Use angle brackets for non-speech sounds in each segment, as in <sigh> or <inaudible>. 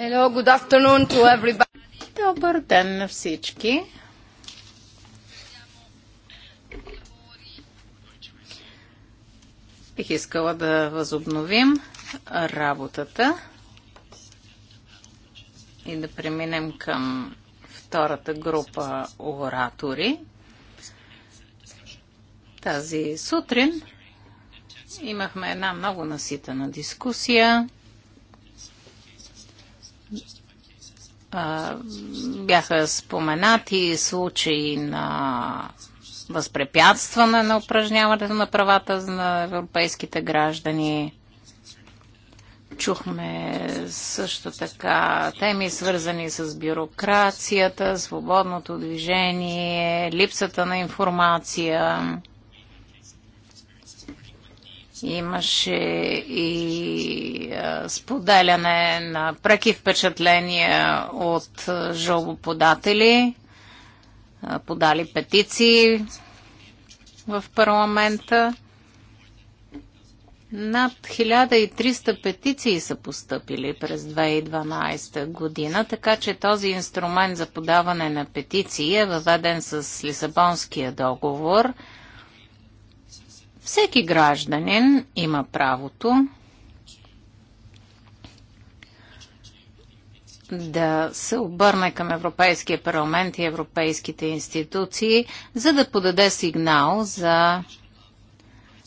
Hello, good afternoon to everybody. Добър ден на всички. Бих искала да възобновим работата и да преминем към втората група оратори. Тази сутрин имахме една много наситена дискусия бяха споменати случаи на възпрепятстване на упражняването на правата на европейските граждани. Чухме също така теми свързани с бюрокрацията, свободното движение, липсата на информация. Имаше и а, споделяне на преки впечатления от жалбоподатели, подали петиции в парламента. Над 1300 петиции са поступили през 2012 година, така че този инструмент за подаване на петиции е въведен с Лисабонския договор – всеки гражданин има правото да се обърне към Европейския парламент и европейските институции, за да подаде сигнал за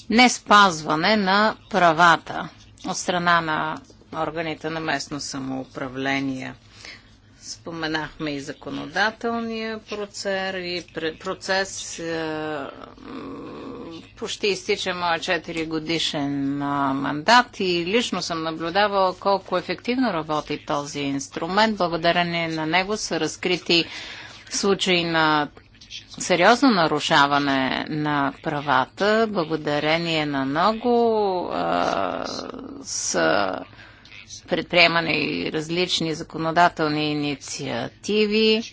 не спазване на правата от страна на органите на местно самоуправление. Споменахме и законодателния процес и е, процес почти изтича моя 4 годишен мандат и лично съм наблюдавала колко ефективно работи този инструмент. Благодарение на него са разкрити случаи на сериозно нарушаване на правата. Благодарение на много са предприемане и различни законодателни инициативи.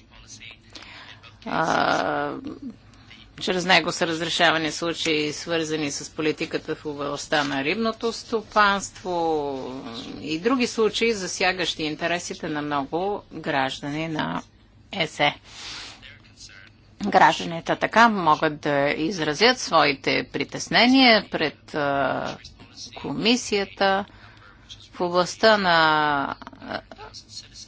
А, чрез него са разрешавани случаи, свързани с политиката в областта на рибното стопанство и други случаи, засягащи интересите на много граждани на ЕСЕ. Гражданите така могат да изразят своите притеснения пред комисията в областта на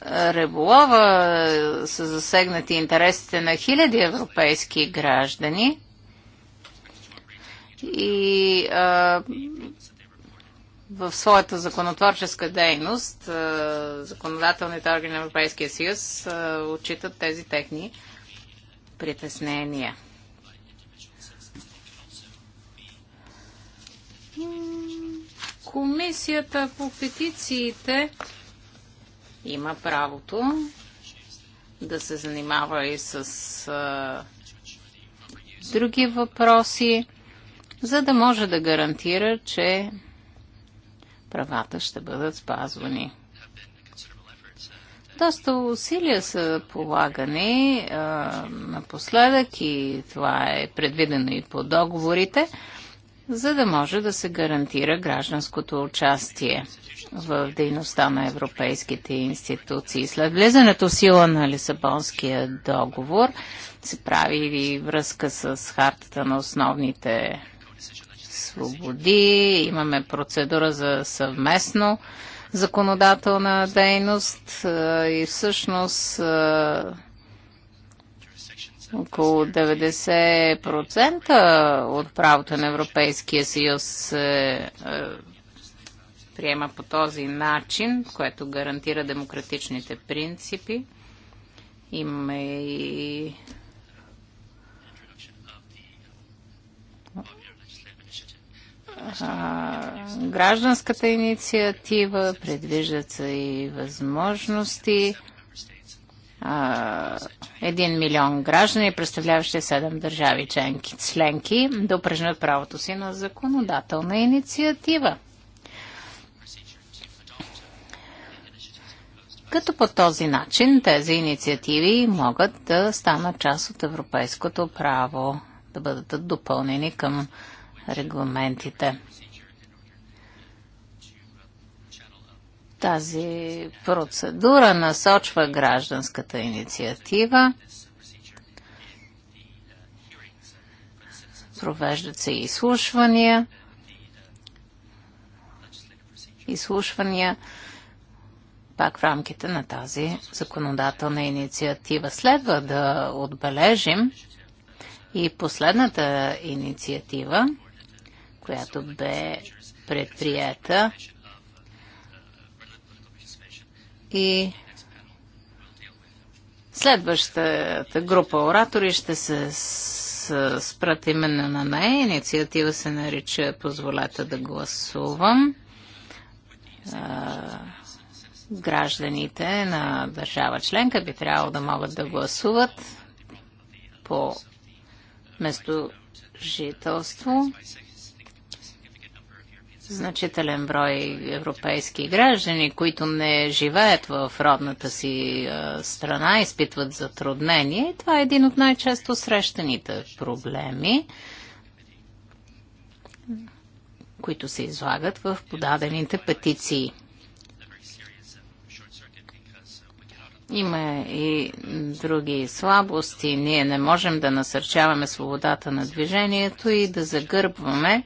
риболова са засегнати интересите на хиляди европейски граждани и в своята законотворческа дейност законодателните органи на Европейския съюз отчитат тези техни притеснения. Комисията по петициите има правото да се занимава и с а, други въпроси, за да може да гарантира, че правата ще бъдат спазвани. Доста усилия са полагани а, напоследък и това е предвидено и по договорите за да може да се гарантира гражданското участие в дейността на европейските институции. След влизането сила на Лисабонския договор се прави и връзка с хартата на основните свободи. Имаме процедура за съвместно законодателна дейност и всъщност около 90% от правото на Европейския съюз се е, приема по този начин, което гарантира демократичните принципи. Има и гражданската инициатива, предвиждат се и възможности 1 милион граждани, представляващи 7 държави членки, членки да упражнят правото си на законодателна инициатива. Като по този начин тези инициативи могат да станат част от европейското право, да бъдат допълнени към регламентите. Тази процедура насочва гражданската инициатива. Провеждат се изслушвания. Изслушвания пак в рамките на тази законодателна инициатива. Следва да отбележим и последната инициатива, която бе предприета и следващата група оратори ще се спрат именно на нея. Инициатива се нарича Позволете да гласувам. гражданите на държава членка би трябвало да могат да гласуват по местожителство значителен брой европейски граждани, които не живеят в родната си страна, изпитват затруднения. Това е един от най-често срещаните проблеми, които се излагат в подадените петиции. Има и други слабости. Ние не можем да насърчаваме свободата на движението и да загърбваме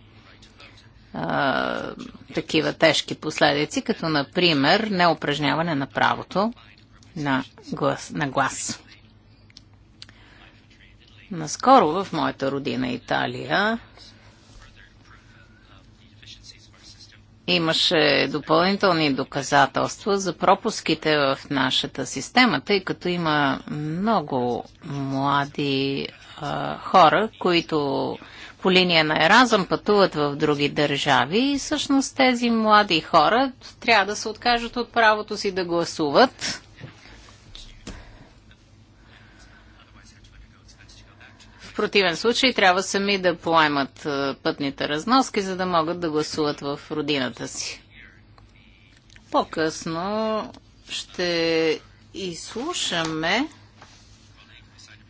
такива тежки последици, като например неупражняване на правото на глас. На глас. Наскоро в моята родина Италия имаше допълнителни доказателства за пропуските в нашата система, тъй като има много млади а, хора, които по линия на Еразъм пътуват в други държави и всъщност тези млади хора трябва да се откажат от правото си да гласуват. В противен случай трябва сами да поемат пътните разноски, за да могат да гласуват в родината си. По-късно ще изслушаме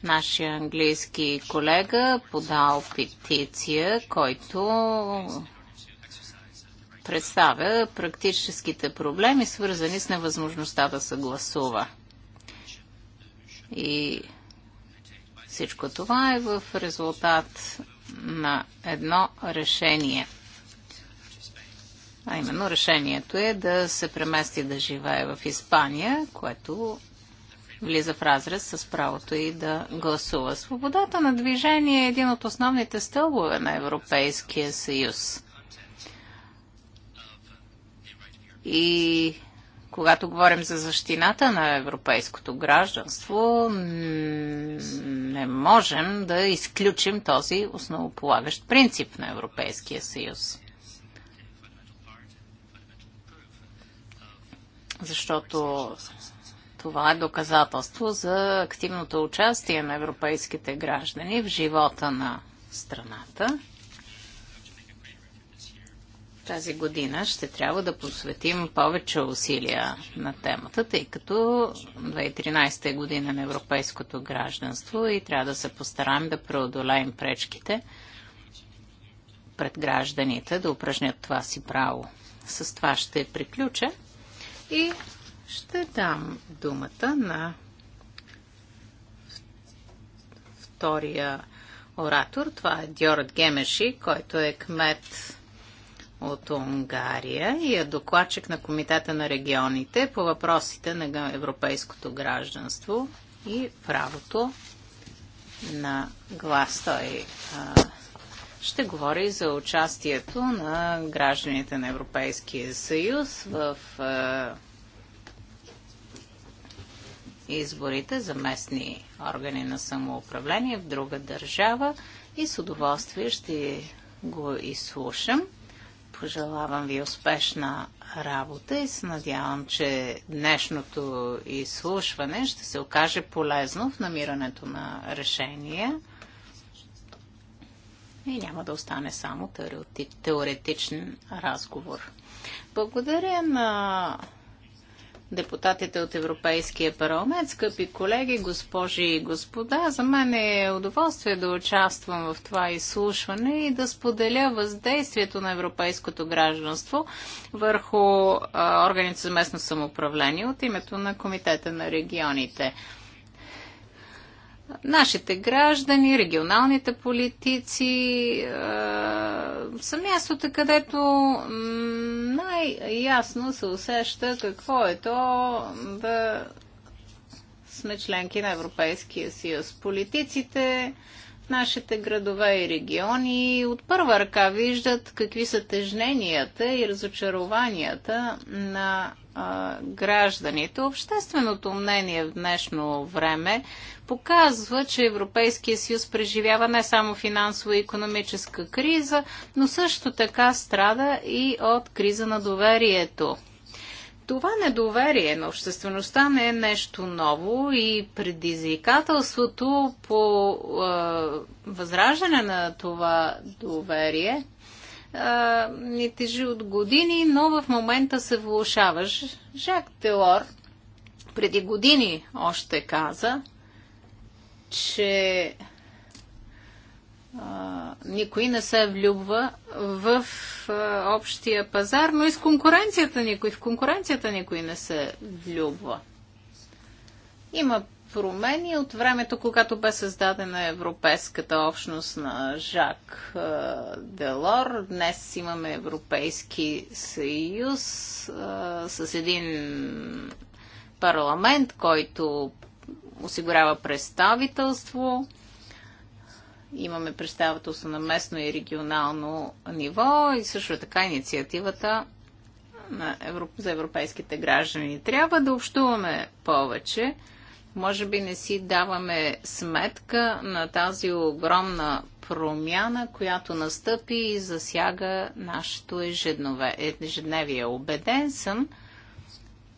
нашия английски колега, подал петиция, който представя практическите проблеми, свързани с невъзможността да се гласува. И всичко това е в резултат на едно решение. А именно решението е да се премести да живее в Испания, което влиза в разрез с правото и да гласува. Свободата на движение е един от основните стълбове на Европейския съюз. И когато говорим за защината на европейското гражданство, не можем да изключим този основополагащ принцип на Европейския съюз. Защото това е доказателство за активното участие на европейските граждани в живота на страната. Тази година ще трябва да посветим повече усилия на темата, тъй като 2013 е година на европейското гражданство и трябва да се постараем да преодолеем пречките пред гражданите да упражнят това си право. С това ще приключа и ще дам думата на втория оратор. Това е Дьорът Гемеши, който е кмет от Унгария и е докладчик на Комитета на регионите по въпросите на европейското гражданство и правото на глас. Той а, ще говори за участието на гражданите на Европейския съюз в а, изборите за местни органи на самоуправление в друга държава и с удоволствие ще го изслушам. Пожелавам ви успешна работа и се надявам, че днешното изслушване ще се окаже полезно в намирането на решения и няма да остане само теоретичен разговор. Благодаря на депутатите от Европейския парламент, скъпи колеги, госпожи и господа. За мен е удоволствие да участвам в това изслушване и да споделя въздействието на европейското гражданство върху органите за местно самоуправление от името на Комитета на регионите. Нашите граждани, регионалните политици е, са мястото, където най-ясно се усеща какво е то да сме членки на Европейския съюз. Политиците в нашите градове и региони от първа ръка виждат какви са тежненията и разочарованията на гражданите. Общественото мнение в днешно време показва, че Европейския съюз преживява не само финансова и економическа криза, но също така страда и от криза на доверието. Това недоверие на обществеността не е нещо ново и предизвикателството по е, възраждане на това доверие – ни тежи от години, но в момента се влушаваш. Жак Телор преди години още каза, че а, никой не се влюбва в а, общия пазар, но и с конкуренцията никой, в конкуренцията никой не се влюбва. Има промени от времето, когато бе създадена Европейската общност на Жак е, Делор. Днес имаме Европейски съюз е, с един парламент, който осигурява представителство. Имаме представителство на местно и регионално ниво и също така инициативата на Европ... за европейските граждани. Трябва да общуваме повече може би не си даваме сметка на тази огромна промяна, която настъпи и засяга нашето ежедневие. Обеден съм,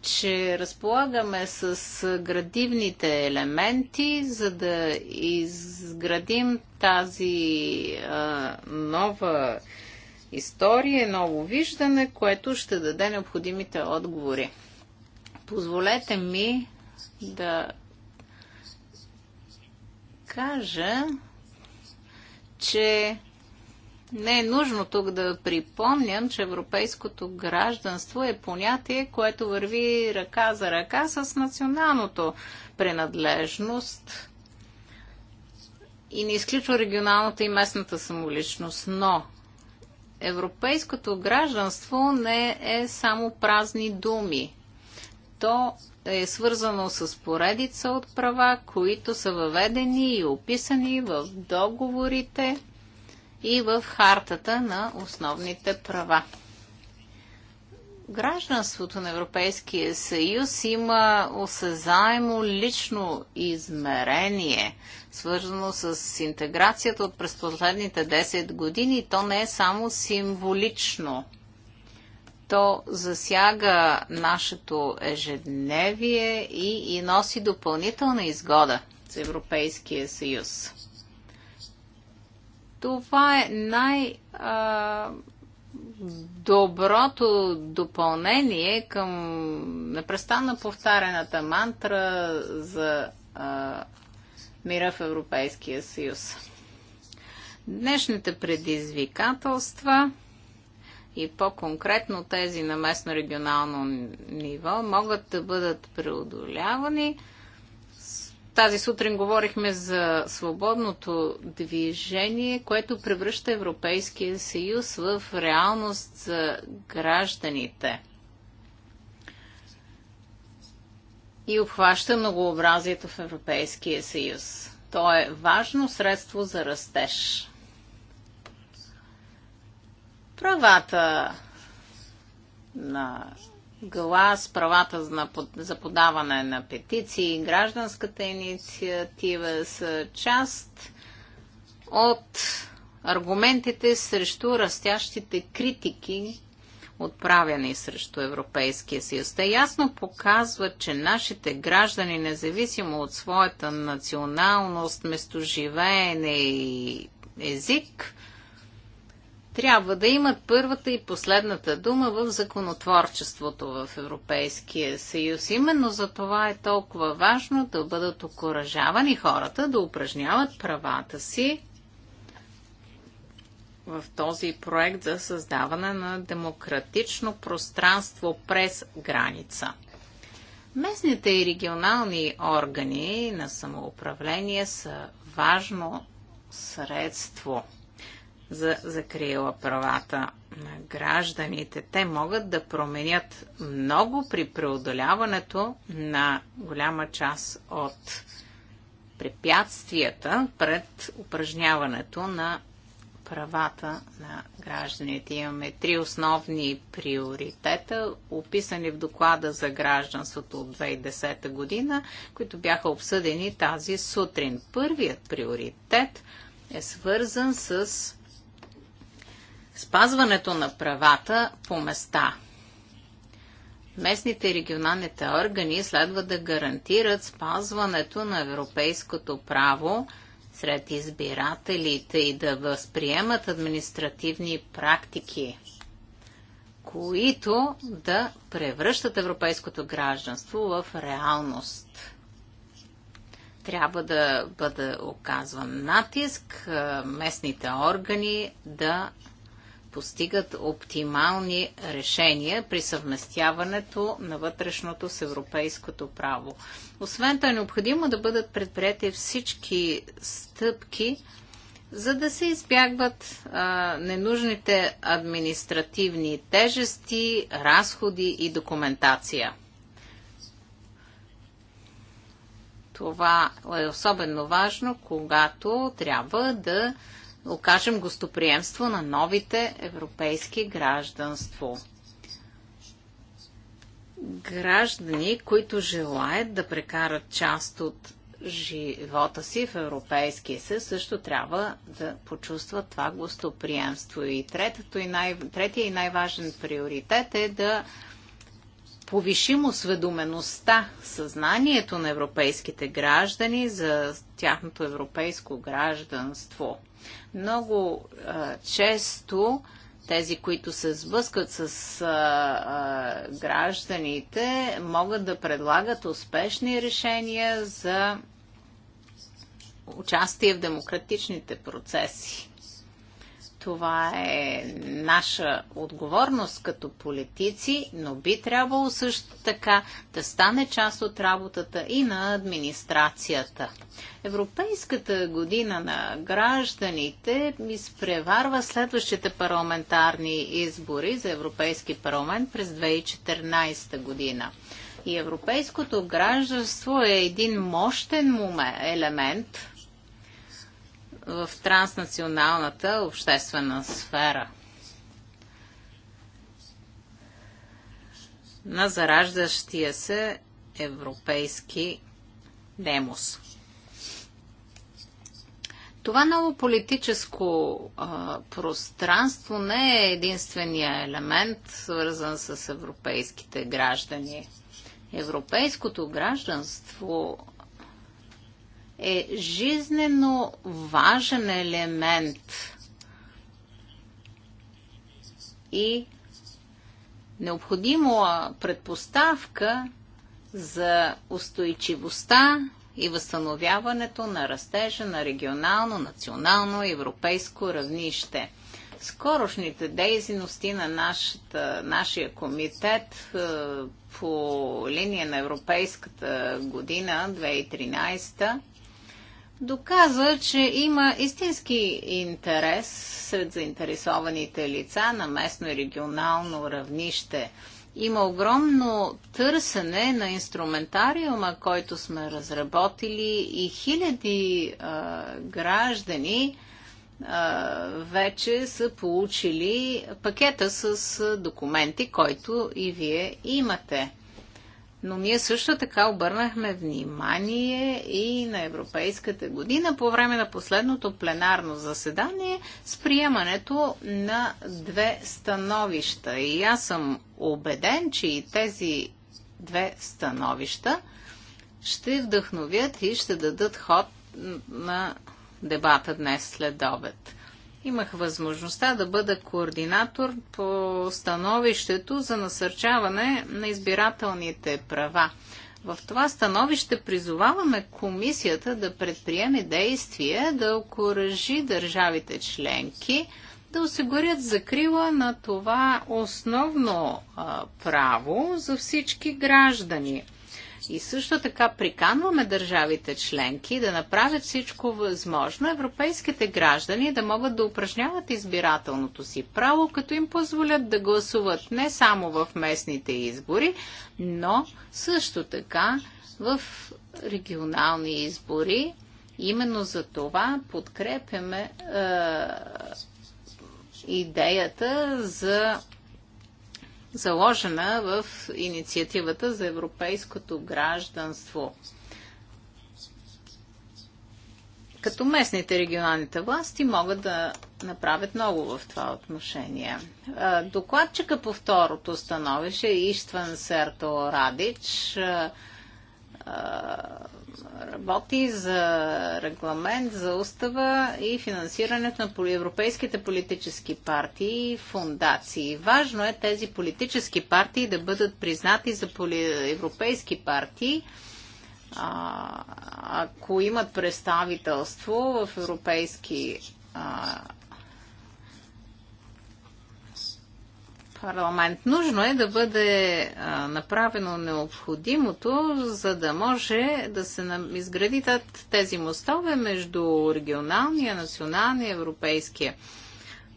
че разполагаме с градивните елементи, за да изградим тази а, нова история, ново виждане, което ще даде необходимите отговори. Позволете ми да кажа, че не е нужно тук да припомням, че европейското гражданство е понятие, което върви ръка за ръка с националното принадлежност и не изключва регионалната и местната самоличност. Но европейското гражданство не е само празни думи. То е свързано с поредица от права, които са въведени и описани в договорите и в хартата на основните права. Гражданството на Европейския съюз има осезаемо лично измерение, свързано с интеграцията от през последните 10 години. То не е само символично то засяга нашето ежедневие и, и носи допълнителна изгода за Европейския съюз. Това е най- доброто допълнение към непрестанно повтарената мантра за а, мира в Европейския съюз. Днешните предизвикателства и по-конкретно тези на местно-регионално ниво могат да бъдат преодолявани. Тази сутрин говорихме за свободното движение, което превръща Европейския съюз в реалност за гражданите. И обхваща многообразието в Европейския съюз. То е важно средство за растеж. Правата на глас, правата за подаване на петиции, гражданската инициатива са част от аргументите срещу растящите критики, отправяни срещу Европейския съюз. Те ясно показват, че нашите граждани, независимо от своята националност, местоживеене и език, трябва да имат първата и последната дума в законотворчеството в Европейския съюз. Именно за това е толкова важно да бъдат окоръжавани хората да упражняват правата си в този проект за създаване на демократично пространство през граница. Местните и регионални органи на самоуправление са важно средство – за закрила правата на гражданите. Те могат да променят много при преодоляването на голяма част от препятствията пред упражняването на правата на гражданите. Имаме три основни приоритета, описани в доклада за гражданството от 2010 година, които бяха обсъдени тази сутрин. Първият приоритет е свързан с спазването на правата по места. Местните и регионалните органи следва да гарантират спазването на европейското право сред избирателите и да възприемат административни практики, които да превръщат европейското гражданство в реалност. Трябва да бъде оказван натиск местните органи да постигат оптимални решения при съвместяването на вътрешното с европейското право. Освен това е необходимо да бъдат предприяти всички стъпки, за да се избягват а, ненужните административни тежести, разходи и документация. Това е особено важно, когато трябва да окажем гостоприемство на новите европейски гражданство. Граждани, които желаят да прекарат част от живота си в Европейския съюз, също трябва да почувстват това гостоприемство. И, и най, третия и най-важен приоритет е да повишим осведомеността, съзнанието на европейските граждани за тяхното европейско гражданство. Много а, често тези, които се сблъскат с а, а, гражданите, могат да предлагат успешни решения за участие в демократичните процеси. Това е наша отговорност като политици, но би трябвало също така да стане част от работата и на администрацията. Европейската година на гражданите изпреварва следващите парламентарни избори за Европейски парламент през 2014 година. И европейското гражданство е един мощен елемент – в транснационалната обществена сфера. на зараждащия се европейски демос. Това ново политическо а, пространство не е единствения елемент, свързан с европейските граждани. Европейското гражданство е жизнено важен елемент и необходима предпоставка за устойчивостта и възстановяването на растежа на регионално, национално и европейско равнище. Скорошните дейности на нашата, нашия комитет е, по линия на Европейската година 2013 доказа, че има истински интерес сред заинтересованите лица на местно и регионално равнище. Има огромно търсене на инструментариума, който сме разработили и хиляди а, граждани а, вече са получили пакета с документи, който и вие имате. Но ние също така обърнахме внимание и на Европейската година по време на последното пленарно заседание с приемането на две становища. И аз съм убеден, че и тези две становища ще вдъхновят и ще дадат ход на дебата днес след обед имах възможността да бъда координатор по становището за насърчаване на избирателните права. В това становище призоваваме комисията да предприеме действия да окоръжи държавите членки да осигурят закрила на това основно а, право за всички граждани – и също така приканваме държавите членки да направят всичко възможно европейските граждани да могат да упражняват избирателното си право, като им позволят да гласуват не само в местните избори, но също така в регионални избори. Именно за това подкрепяме е, идеята за заложена в инициативата за европейското гражданство. Като местните регионалните власти могат да направят много в това отношение. Докладчика по второто становище Иштван Серто Радич работи за регламент за устава и финансирането на европейските политически партии и фундации. Важно е тези политически партии да бъдат признати за европейски партии, а, ако имат представителство в европейски а, парламент. Нужно е да бъде а, направено необходимото, за да може да се изгради тези мостове между регионалния, националния, и европейския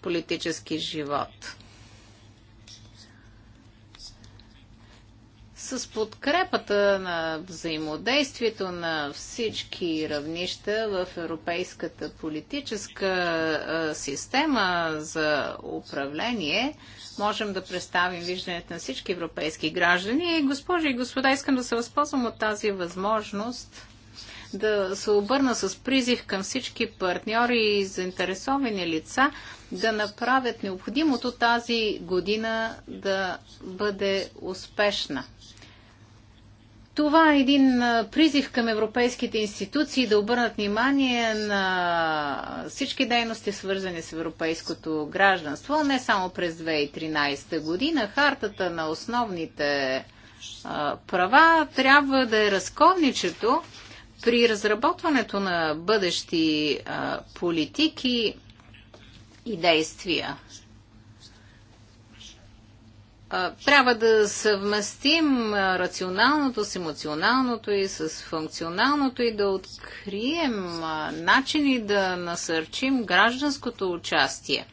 политически живот. с подкрепата на взаимодействието на всички равнища в европейската политическа система за управление, можем да представим виждането на всички европейски граждани. И, госпожи и господа, искам да се възползвам от тази възможност да се обърна с призив към всички партньори и заинтересовани лица да направят необходимото тази година да бъде успешна. Това е един призив към европейските институции да обърнат внимание на всички дейности, свързани с европейското гражданство, не само през 2013 година. Хартата на основните права трябва да е разковничето при разработването на бъдещи политики и действия трябва да съвместим рационалното с емоционалното и с функционалното и да открием начини да насърчим гражданското участие.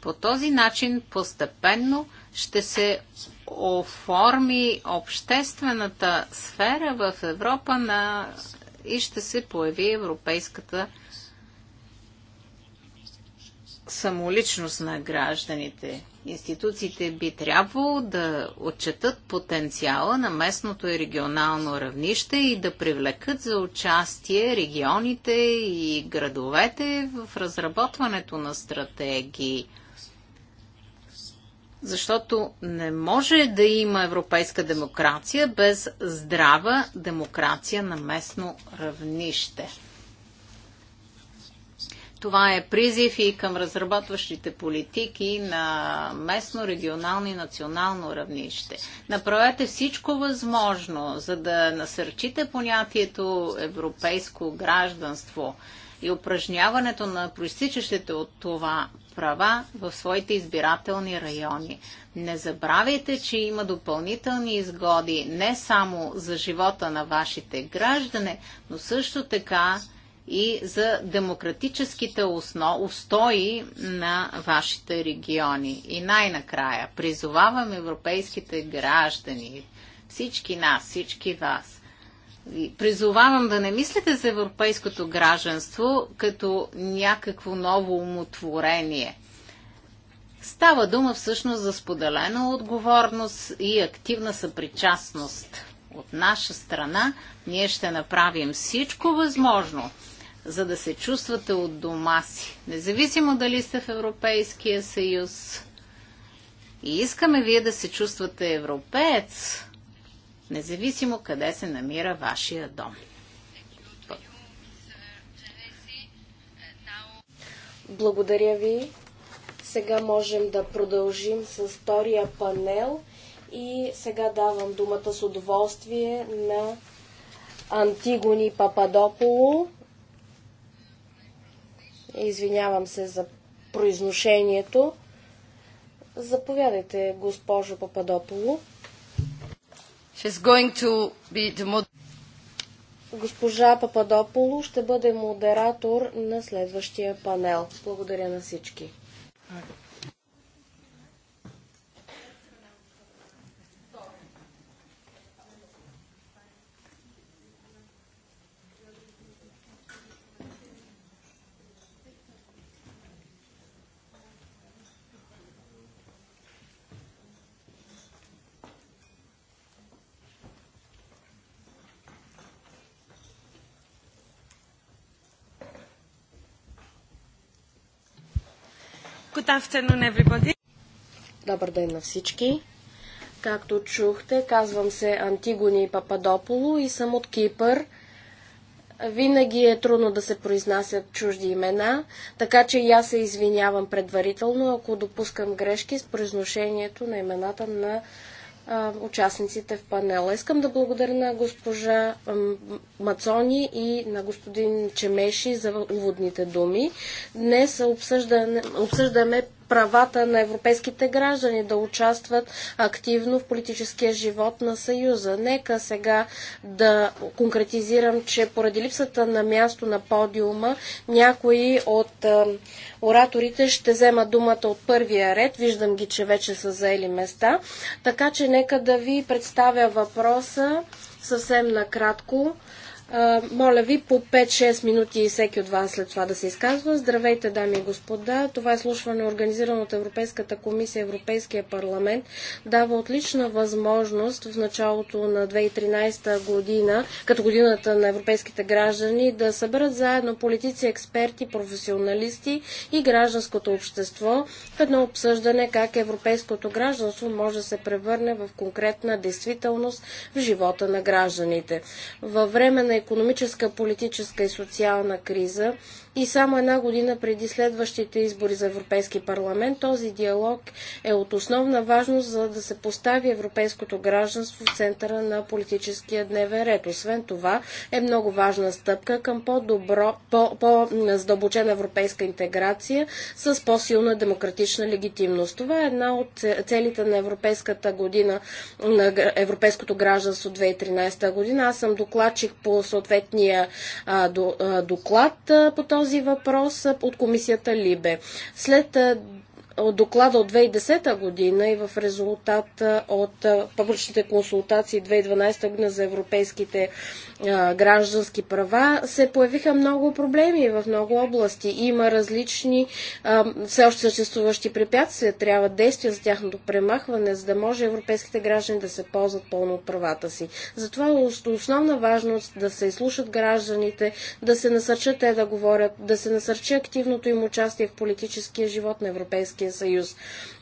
По този начин постепенно ще се оформи обществената сфера в Европа на... и ще се появи европейската самоличност на гражданите. Институциите би трябвало да отчетат потенциала на местното и регионално равнище и да привлекат за участие регионите и градовете в разработването на стратегии. Защото не може да има европейска демокрация без здрава демокрация на местно равнище. Това е призив и към разработващите политики на местно, регионално и национално равнище. Направете всичко възможно, за да насърчите понятието европейско гражданство и упражняването на проистичащите от това права в своите избирателни райони. Не забравяйте, че има допълнителни изгоди не само за живота на вашите граждане, но също така и за демократическите устои на вашите региони. И най-накрая, призовавам европейските граждани, всички нас, всички вас, призовавам да не мислите за европейското гражданство като някакво ново умотворение. Става дума всъщност за споделена отговорност и активна съпричастност от наша страна ние ще направим всичко възможно за да се чувствате от дома си, независимо дали сте в Европейския съюз. И искаме вие да се чувствате европеец, независимо къде се намира вашия дом. Благодаря ви. Сега можем да продължим с втория панел и сега давам думата с удоволствие на Антигони Пападополо, Извинявам се за произношението. Заповядайте, госпожо Пападополо. She's going to be the Госпожа Пападополо ще бъде модератор на следващия панел. Благодаря на всички. Добър ден на всички. Както чухте, казвам се Антигони Пападополо и съм от Кипър. Винаги е трудно да се произнасят чужди имена, така че и аз се извинявам предварително, ако допускам грешки с произношението на имената на участниците в панела. Искам да благодаря на госпожа Мацони и на господин Чемеши за уводните думи. Днес обсъждаме правата на европейските граждани да участват активно в политическия живот на Съюза. Нека сега да конкретизирам, че поради липсата на място на подиума, някои от ораторите ще вземат думата от първия ред. Виждам ги, че вече са заели места. Така че нека да ви представя въпроса съвсем накратко моля ви по 5-6 минути всеки от вас след това да се изказва. Здравейте, дами и господа! Това е слушване, организирано от Европейската комисия Европейския парламент. Дава отлична възможност в началото на 2013 година, като годината на европейските граждани, да съберат заедно политици, експерти, професионалисти и гражданското общество в едно обсъждане как европейското гражданство може да се превърне в конкретна действителност в живота на гражданите. Във време на на економическа, политическа и социална криза, и само една година преди следващите избори за Европейски парламент този диалог е от основна важност за да се постави европейското гражданство в центъра на политическия дневен ред. Освен това е много важна стъпка към по-добро, по-задълбочена европейска интеграция с по-силна демократична легитимност. Това е една от целите на Европейската година, на Европейското гражданство 2013 година. Аз съм докладчик по съответния доклад по този този въпрос от комисията Либе. След от доклада от 2010 година и в резултат от публичните консултации 2012 година за европейските граждански права се появиха много проблеми в много области. Има различни все още съществуващи препятствия. Трябва действия за тяхното премахване, за да може европейските граждани да се ползват пълно от правата си. Затова е основна важност да се изслушат гражданите, да се насърчат те да говорят, да се насърчи активното им участие в политическия живот на Европейския Европейския съюз,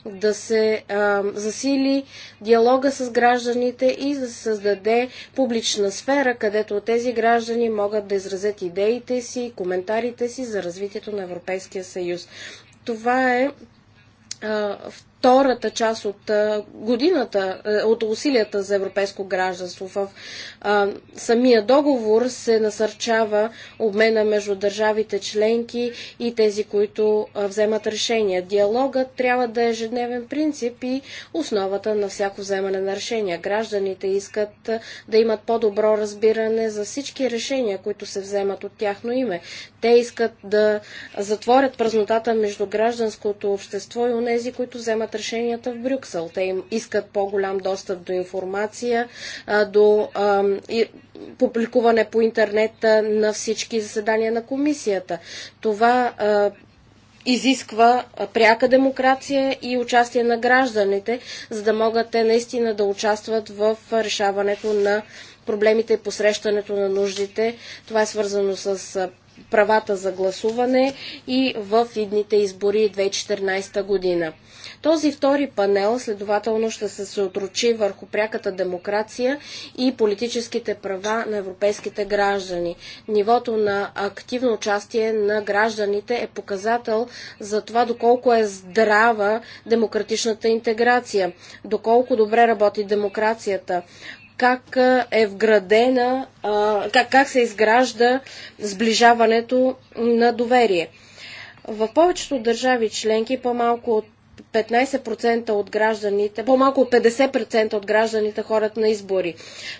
да се а, засили диалога с гражданите и да се създаде публична сфера, където тези граждани могат да изразят идеите си, коментарите си за развитието на Европейския съюз. Това е а, втората част от годината, от усилията за европейско гражданство. В самия договор се насърчава обмена между държавите членки и тези, които вземат решения. Диалогът трябва да е ежедневен принцип и основата на всяко вземане на решения. Гражданите искат да имат по-добро разбиране за всички решения, които се вземат от тяхно име. Те искат да затворят празнотата между гражданското общество и онези, които вземат решенията в Брюксел. Те им искат по-голям достъп до информация, до публикуване по интернет на всички заседания на комисията. Това изисква пряка демокрация и участие на гражданите, за да могат те наистина да участват в решаването на проблемите и посрещането на нуждите. Това е свързано с правата за гласуване и в идните избори 2014 година. Този втори панел следователно ще се съотрочи върху пряката демокрация и политическите права на европейските граждани. Нивото на активно участие на гражданите е показател за това доколко е здрава демократичната интеграция, доколко добре работи демокрацията, как е вградена, как, как се изгражда сближаването на доверие. В повечето държави членки по-малко от 15% от гражданите, по-малко от 50% от гражданите ходят на избори,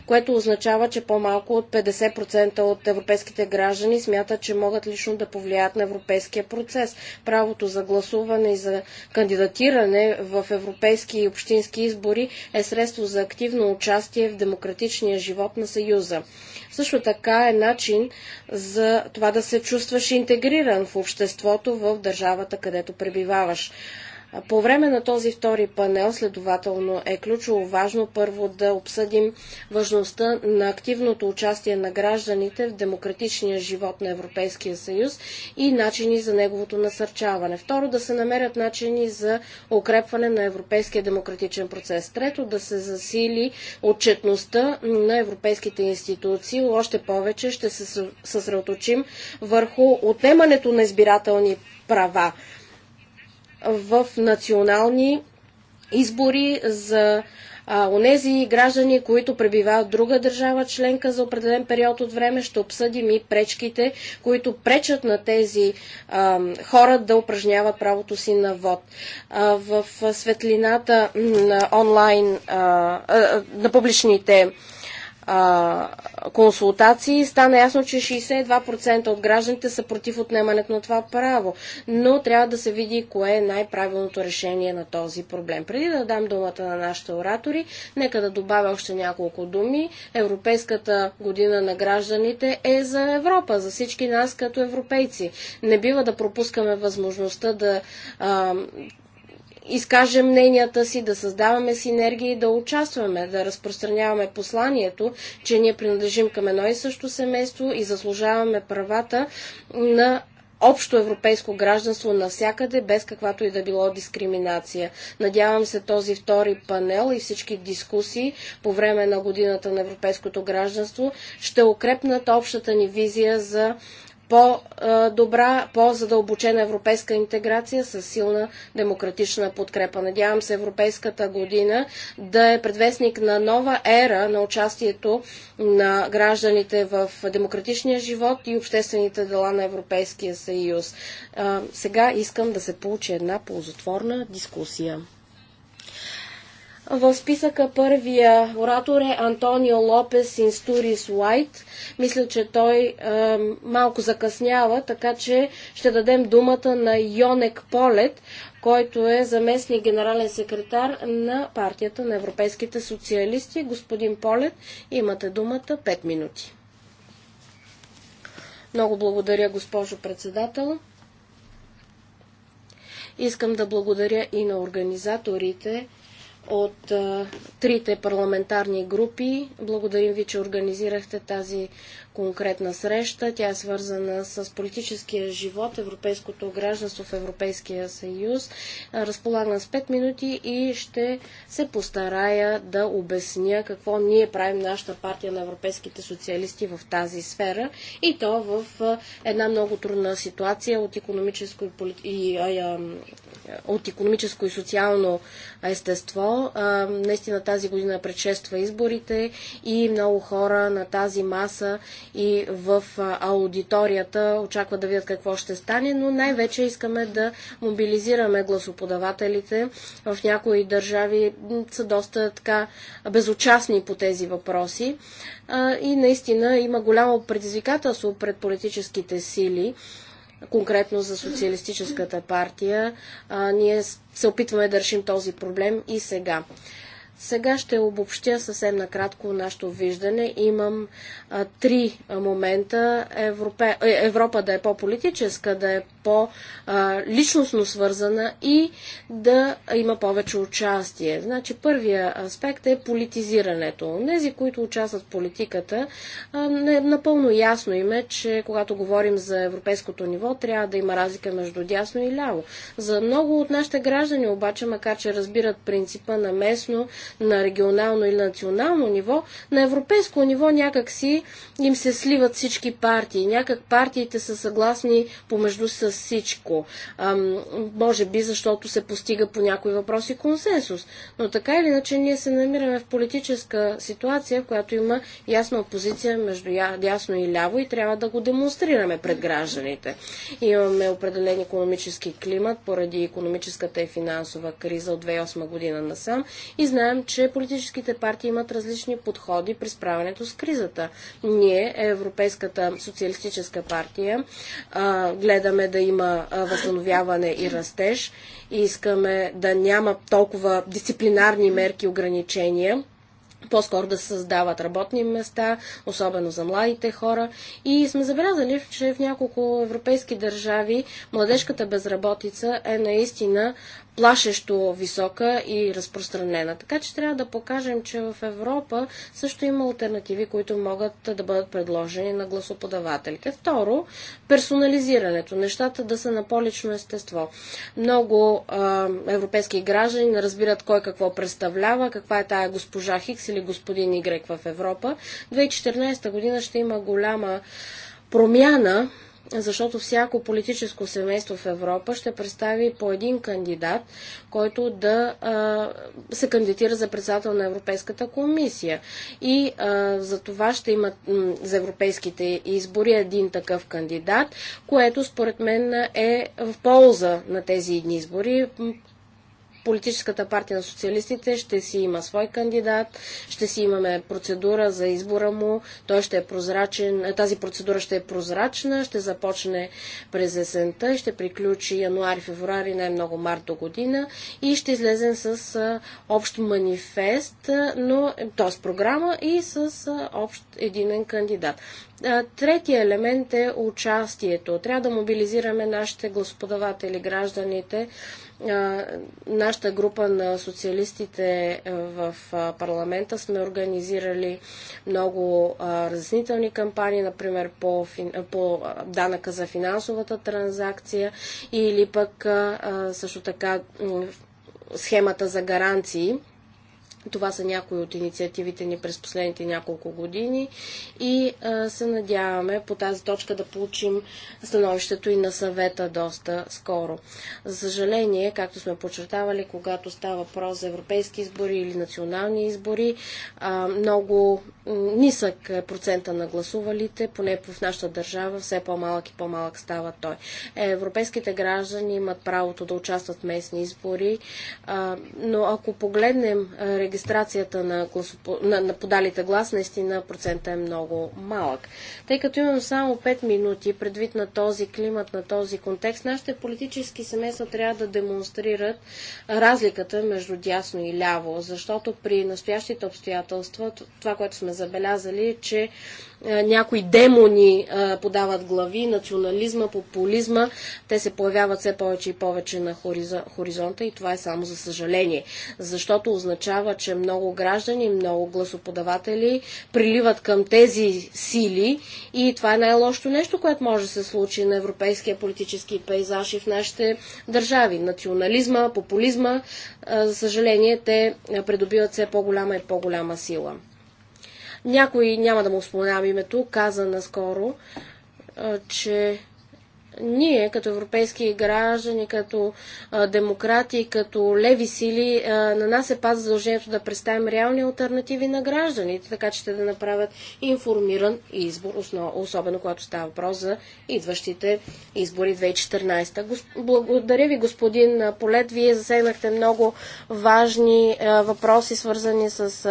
което означава, че по-малко от 50% от европейските граждани смятат, че могат лично да повлияят на европейския процес. Правото за гласуване и за кандидатиране в европейски и общински избори е средство за активно участие в демократичния живот на Съюза. Също така е начин за това да се чувстваш интегриран в обществото в държавата, където пребиваваш. По време на този втори панел, следователно, е ключово важно първо да обсъдим важността на активното участие на гражданите в демократичния живот на Европейския съюз и начини за неговото насърчаване. Второ, да се намерят начини за укрепване на европейския демократичен процес. Трето, да се засили отчетността на европейските институции. Още повече ще се съсредоточим върху отнемането на избирателни права в национални избори за а, онези граждани, които пребивават друга държава членка за определен период от време, ще обсъдим и пречките, които пречат на тези а, хора да упражняват правото си на вод. А, в светлината на онлайн, а, а, на публичните а, консултации стана ясно, че 62% от гражданите са против отнемането на това право. Но трябва да се види кое е най-правилното решение на този проблем. Преди да дам думата на нашите оратори, нека да добавя още няколко думи. Европейската година на гражданите е за Европа, за всички нас като европейци. Не бива да пропускаме възможността да а, изкажем мненията си, да създаваме синергии, да участваме, да разпространяваме посланието, че ние принадлежим към едно и също семейство и заслужаваме правата на общо европейско гражданство навсякъде, без каквато и да било дискриминация. Надявам се този втори панел и всички дискусии по време на годината на европейското гражданство ще укрепнат общата ни визия за по-добра, по-задълбочена европейска интеграция с силна демократична подкрепа. Надявам се Европейската година да е предвестник на нова ера на участието на гражданите в демократичния живот и обществените дела на Европейския съюз. Сега искам да се получи една ползотворна дискусия. В списъка първия оратор е Антонио Лопес Инстурис Уайт. Мисля, че той е, малко закъснява, така че ще дадем думата на Йонек Полет, който е заместник генерален секретар на партията на европейските социалисти. Господин Полет, имате думата 5 минути. Много благодаря, госпожо председател. Искам да благодаря и на организаторите, от а, трите парламентарни групи. Благодарим ви, че организирахте тази конкретна среща. Тя е свързана с политическия живот, европейското гражданство в Европейския съюз. Разполагам с 5 минути и ще се постарая да обясня какво ние правим нашата партия на европейските социалисти в тази сфера и то в една много трудна ситуация от економическо и, полит... и, а, а, от економическо и социално естество. А, наистина тази година предшества изборите и много хора на тази маса и в аудиторията очакват да видят какво ще стане, но най-вече искаме да мобилизираме гласоподавателите. В някои държави са доста така безучастни по тези въпроси и наистина има голямо предизвикателство пред политическите сили конкретно за Социалистическата партия. ние се опитваме да решим този проблем и сега. Сега ще обобщя съвсем накратко нашето виждане. Имам а, три момента. Европе, е, Европа да е по-политическа, да е по-личностно свързана и да има повече участие. Значи първия аспект е политизирането. Нези, които участват в политиката, а, не, напълно ясно им е, че когато говорим за европейското ниво, трябва да има разлика между дясно и ляво. За много от нашите граждани обаче, макар че разбират принципа на местно, на регионално или национално ниво, на европейско ниво някак си им се сливат всички партии. Някак партиите са съгласни помежду с всичко. Ам, може би защото се постига по някои въпроси консенсус. Но така или иначе ние се намираме в политическа ситуация, в която има ясна опозиция между дясно и ляво и трябва да го демонстрираме пред гражданите. Имаме определен економически климат поради економическата и финансова криза от 2008 година насам и знаем, знаем, че политическите партии имат различни подходи при справянето с кризата. Ние, Европейската социалистическа партия, гледаме да има възстановяване и растеж и искаме да няма толкова дисциплинарни мерки, ограничения, по-скоро да се създават работни места, особено за младите хора. И сме забелязали, че в няколко европейски държави младежката безработица е наистина плашещо висока и разпространена. Така че трябва да покажем, че в Европа също има альтернативи, които могат да бъдат предложени на гласоподавателите. Второ, персонализирането, нещата да са на полично естество. Много а, европейски граждани не разбират кой какво представлява, каква е тая госпожа Хикс или господин Игрек в Европа. 2014 година ще има голяма промяна защото всяко политическо семейство в Европа ще представи по един кандидат, който да а, се кандидатира за председател на Европейската комисия. И а, за това ще има за европейските избори един такъв кандидат, което според мен е в полза на тези едни избори, политическата партия на социалистите ще си има свой кандидат, ще си имаме процедура за избора му, той ще е прозрачен, е, тази процедура ще е прозрачна, ще започне през есента и ще приключи януари, февруари, най-много март до година и ще излезем с общ манифест, но, т.е. програма и с общ единен кандидат. Третия елемент е участието. Трябва да мобилизираме нашите господаватели, гражданите, Нашата група на социалистите в парламента сме организирали много разяснителни кампании, например по, по данъка за финансовата транзакция или пък също така схемата за гаранции това са някои от инициативите ни през последните няколко години и а, се надяваме по тази точка да получим становището и на съвета доста скоро. За съжаление, както сме подчертавали, когато става въпрос за европейски избори или национални избори, а, много нисък е процента на гласувалите, поне в нашата държава все по-малък и по-малък става той. Е, европейските граждани имат правото да участват в местни избори, а, но ако погледнем регионите, регистрацията на, на, на подалите глас, наистина процента е много малък. Тъй като имам само 5 минути, предвид на този климат, на този контекст, нашите политически семейства трябва да демонстрират разликата между дясно и ляво, защото при настоящите обстоятелства това, което сме забелязали е, че някои демони подават глави, национализма, популизма, те се появяват все повече и повече на хоризонта и това е само за съжаление. Защото означава, че много граждани, много гласоподаватели приливат към тези сили и това е най-лошото нещо, което може да се случи на европейския политически пейзаж и в нашите държави. Национализма, популизма, за съжаление, те придобиват все по-голяма и по-голяма сила. Някой, няма да му споменавам името, каза наскоро, че ние като европейски граждани, като а, демократи, като леви сили, а, на нас се пазва задължението да представим реални альтернативи на гражданите, така че те да направят информиран избор, особено когато става въпрос за идващите избори 2014. Гос... Благодаря ви, господин Полет. Вие засегнахте много важни а, въпроси, свързани с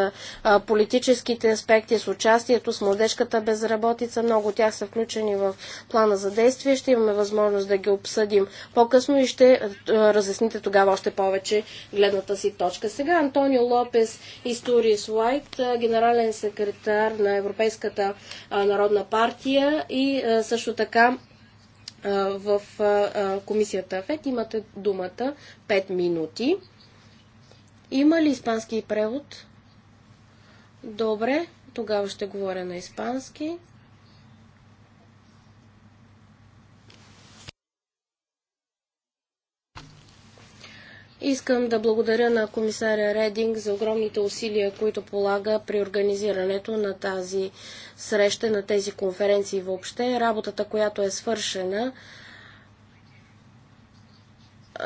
политическите аспекти, с участието, с младежката безработица. Много от тях са включени в плана за действие. Ще имаме имаме възможност да ги обсъдим по-късно и ще разясните тогава още повече гледната си точка. Сега Антонио Лопес и Сторис Лайт, генерален секретар на Европейската народна партия и също така в комисията ФЕД имате думата 5 минути. Има ли испански превод? Добре, тогава ще говоря на испански. Искам да благодаря на комисаря Рединг за огромните усилия, които полага при организирането на тази среща, на тези конференции въобще. Работата, която е свършена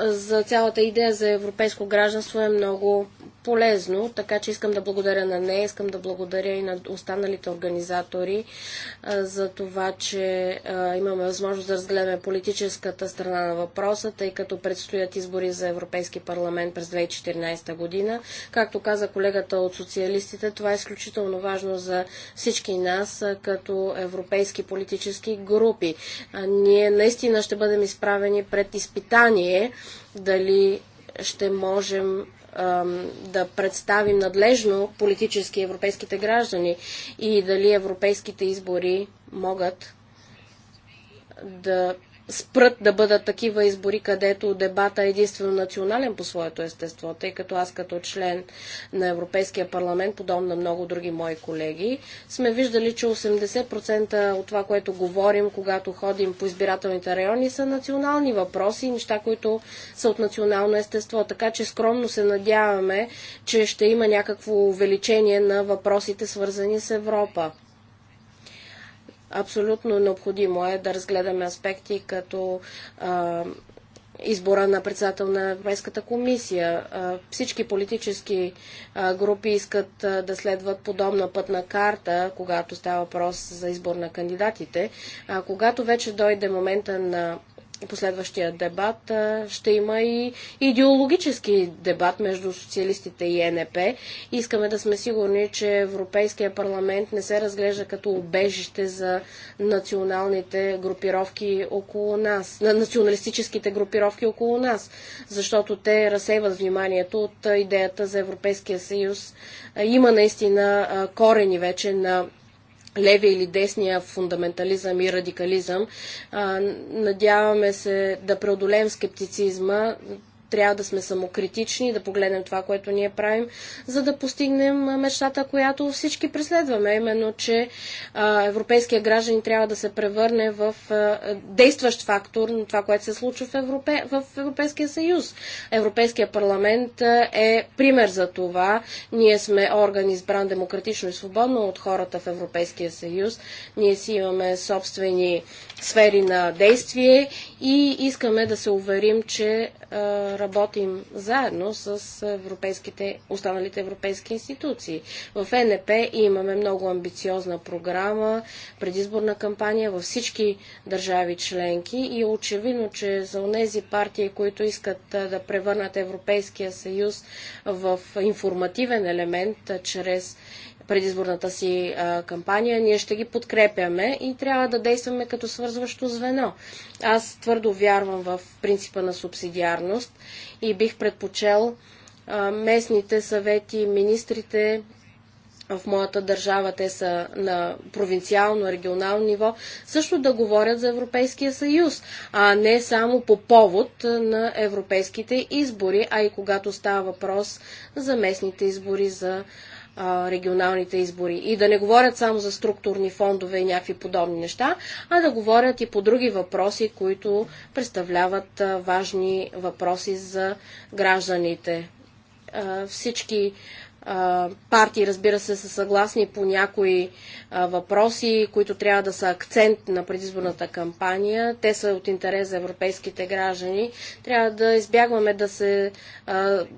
за цялата идея за европейско гражданство е много полезно, така че искам да благодаря на нея, искам да благодаря и на останалите организатори а, за това, че а, имаме възможност да разгледаме политическата страна на въпроса, тъй като предстоят избори за Европейски парламент през 2014 година. Както каза колегата от социалистите, това е изключително важно за всички нас а, като европейски политически групи. Ние наистина ще бъдем изправени пред изпитание дали ще можем да представим надлежно политически европейските граждани и дали европейските избори могат да спрат да бъдат такива избори, където дебата е единствено национален по своето естество, тъй като аз като член на Европейския парламент, подобно на много други мои колеги, сме виждали, че 80% от това, което говорим, когато ходим по избирателните райони, са национални въпроси, неща, които са от национално естество. Така че скромно се надяваме, че ще има някакво увеличение на въпросите, свързани с Европа. Абсолютно необходимо е да разгледаме аспекти като а, избора на председател на Европейската комисия. Всички политически групи искат да следват подобна пътна карта, когато става въпрос за избор на кандидатите. А когато вече дойде момента на последващия дебат ще има и идеологически дебат между социалистите и ЕНП. Искаме да сме сигурни, че Европейския парламент не се разглежда като обежище за националните групировки около нас, на националистическите групировки около нас, защото те разсейват вниманието от идеята за Европейския съюз. Има наистина корени вече на левия или десния фундаментализъм и радикализъм. Надяваме се да преодолеем скептицизма, трябва да сме самокритични, да погледнем това, което ние правим, за да постигнем мечтата, която всички преследваме, именно, че европейския граждан трябва да се превърне в действащ фактор на това, което се случва в, Европе, в Европейския съюз. Европейския парламент е пример за това. Ние сме орган избран демократично и свободно от хората в Европейския съюз. Ние си имаме собствени сфери на действие и искаме да се уверим, че работим заедно с европейските, останалите европейски институции. В НП имаме много амбициозна програма, предизборна кампания във всички държави членки и очевидно, че за тези партии, които искат да превърнат Европейския съюз в информативен елемент чрез предизборната си а, кампания, ние ще ги подкрепяме и трябва да действаме като свързващо звено. Аз твърдо вярвам в принципа на субсидиарност и бих предпочел а, местните съвети, министрите в моята държава, те са на провинциално, регионално ниво, също да говорят за Европейския съюз, а не само по повод на европейските избори, а и когато става въпрос за местните избори, за а, регионалните избори. И да не говорят само за структурни фондове и някакви подобни неща, а да говорят и по други въпроси, които представляват а, важни въпроси за гражданите. А, всички партии, разбира се, са съгласни по някои въпроси, които трябва да са акцент на предизборната кампания. Те са от интерес за европейските граждани. Трябва да избягваме да се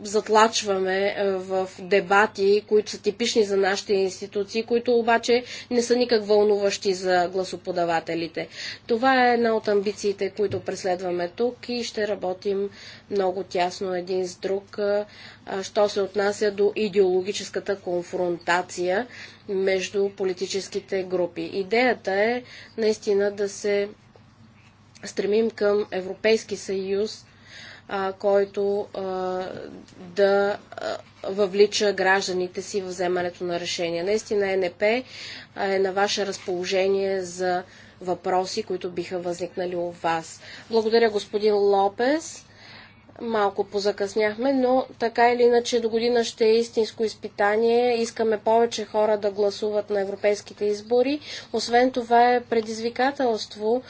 затлачваме в дебати, които са типични за нашите институции, които обаче не са никак вълнуващи за гласоподавателите. Това е една от амбициите, които преследваме тук и ще работим много тясно един с друг що се отнася до идеологическата конфронтация между политическите групи. Идеята е наистина да се стремим към Европейски съюз, който да въвлича гражданите си в вземането на решения. Наистина НП е на ваше разположение за въпроси, които биха възникнали у вас. Благодаря господин Лопес. Малко позакъсняхме, но така или иначе до година ще е истинско изпитание. Искаме повече хора да гласуват на европейските избори. Освен това е предизвикателство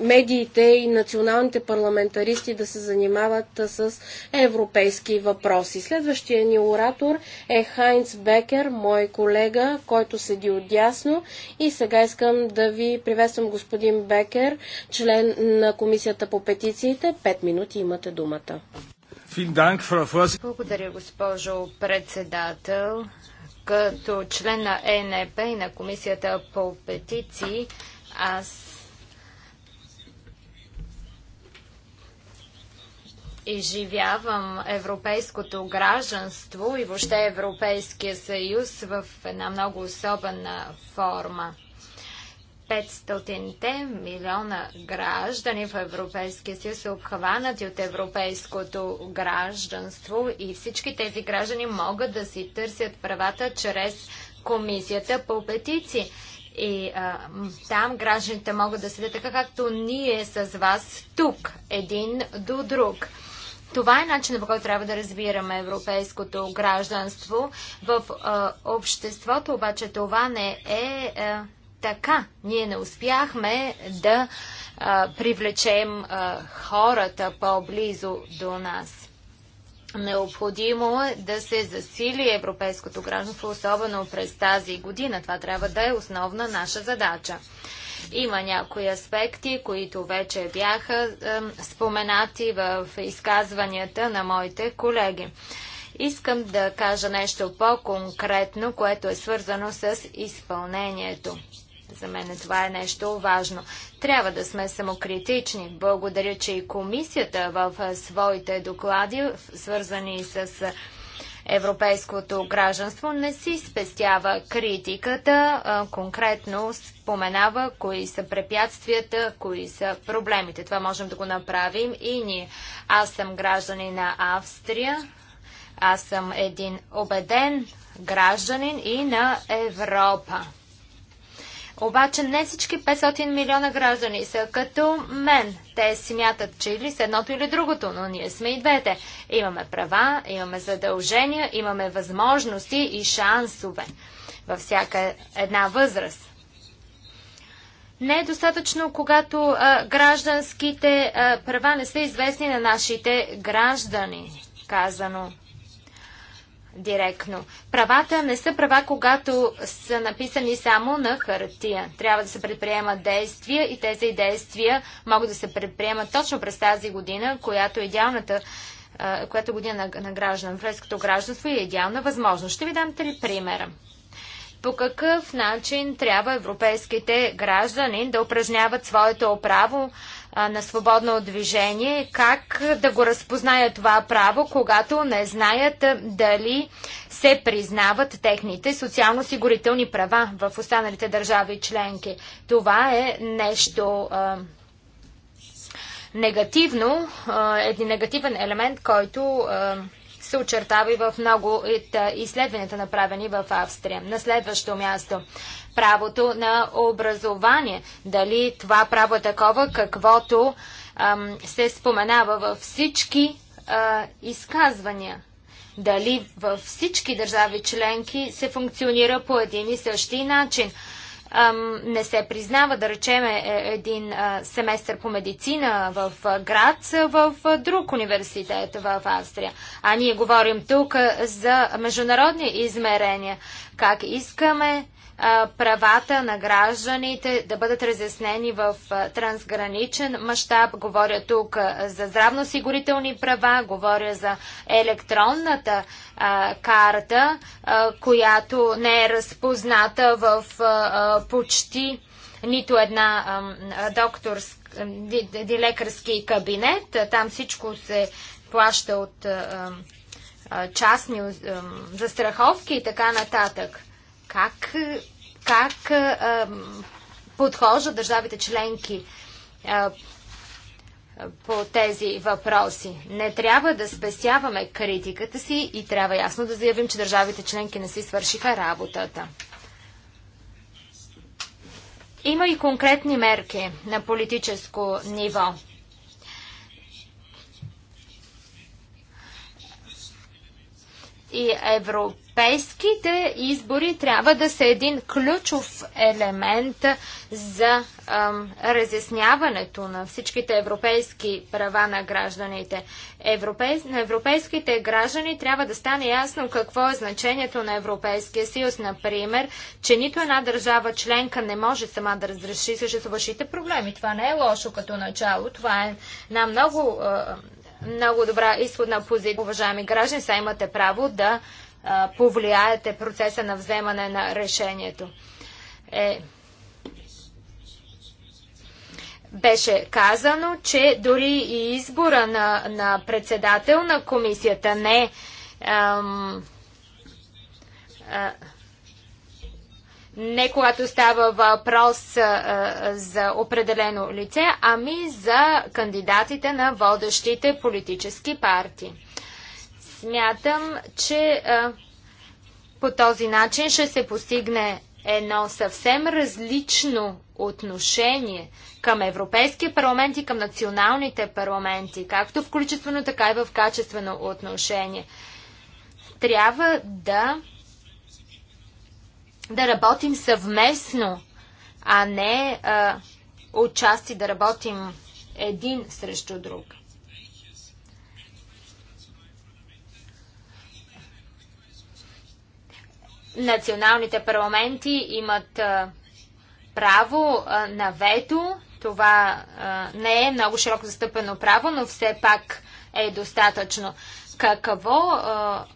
медиите и националните парламентаристи да се занимават с европейски въпроси. Следващия ни оратор е Хайнц Бекер, мой колега, който седи отдясно. И сега искам да ви приветствам господин Бекер, член на Комисията по петициите. Пет минути има имате думата. Благодаря, госпожо председател. Като член на ЕНЕП и на Комисията по петиции, аз изживявам европейското гражданство и въобще Европейския съюз в една много особена форма. 500-те милиона граждани в Европейския съюз са обхванати от европейското гражданство и всички тези граждани могат да си търсят правата чрез комисията по петиции. И а, там гражданите могат да седят така, както ние с вас тук, един до друг. Това е начинът, по който трябва да разбираме европейското гражданство. В а, обществото обаче това не е. А, е, така ние не успяхме да а, привлечем а, хората по-близо до нас. Необходимо е да се засили европейското гражданство, особено през тази година. Това трябва да е основна наша задача. Има някои аспекти, които вече бяха е, споменати в изказванията на моите колеги. Искам да кажа нещо по-конкретно, което е свързано с изпълнението. За мен това е нещо важно. Трябва да сме самокритични. Благодаря, че и комисията в своите доклади, свързани с европейското гражданство, не си спестява критиката, конкретно споменава кои са препятствията, кои са проблемите. Това можем да го направим и ние. Аз съм граждани на Австрия, аз съм един обеден гражданин и на Европа. Обаче не всички 500 милиона граждани са като мен. Те смятат, че или с едното или другото, но ние сме и двете. Имаме права, имаме задължения, имаме възможности и шансове във всяка една възраст. Не е достатъчно, когато а, гражданските а, права не са известни на нашите граждани, казано директно. Правата не са права, когато са написани само на хартия. Трябва да се предприемат действия и тези действия могат да се предприемат точно през тази година, която е идеалната която е година на, на граждан, френското гражданство е идеална възможност. Ще ви дам три примера. По какъв начин трябва европейските граждани да упражняват своето право на свободно движение, как да го разпознаят това право, когато не знаят дали се признават техните социално-сигурителни права в останалите държави членки. Това е нещо а, негативно, а, един негативен елемент, който се очертава и в много от изследванията направени в Австрия. На следващо място правото на образование. Дали това право е такова, каквото ам, се споменава във всички а, изказвания? Дали във всички държави членки се функционира по един и същи начин? не се признава, да речеме, е, един семестър по медицина в град, в друг университет в Австрия. А ние говорим тук за международни измерения. Как искаме правата на гражданите да бъдат разяснени в трансграничен мащаб. Говоря тук за здравноосигурителни права, говоря за електронната карта, която не е разпозната в почти нито една докторска лекарски кабинет. Там всичко се плаща от частни застраховки и така нататък. Как, как а, подхожат държавите членки а, по тези въпроси. Не трябва да спестяваме критиката си и трябва ясно да заявим, че държавите членки не си свършиха работата. Има и конкретни мерки на политическо ниво. и европейските избори трябва да са един ключов елемент за ам, разясняването на всичките европейски права на гражданите. Европейс... На европейските граждани трябва да стане ясно какво е значението на Европейския съюз. Например, че нито една държава членка не може сама да разреши съществуващите проблеми. Това не е лошо като начало. Това е една много много добра изходна позиция. Уважаеми граждани, сега имате право да а, повлияете процеса на вземане на решението. Е, беше казано, че дори и избора на, на председател на комисията не ам, а, не когато става въпрос а, за определено лице, ами за кандидатите на водещите политически партии. Смятам, че а, по този начин ще се постигне едно съвсем различно отношение към Европейския парламент и към националните парламенти, както в количествено, така и в качествено отношение. Трябва да да работим съвместно, а не а, отчасти да работим един срещу друг. Националните парламенти имат а, право а, на вето. Това а, не е много широко застъпено право, но все пак е достатъчно. Какво а,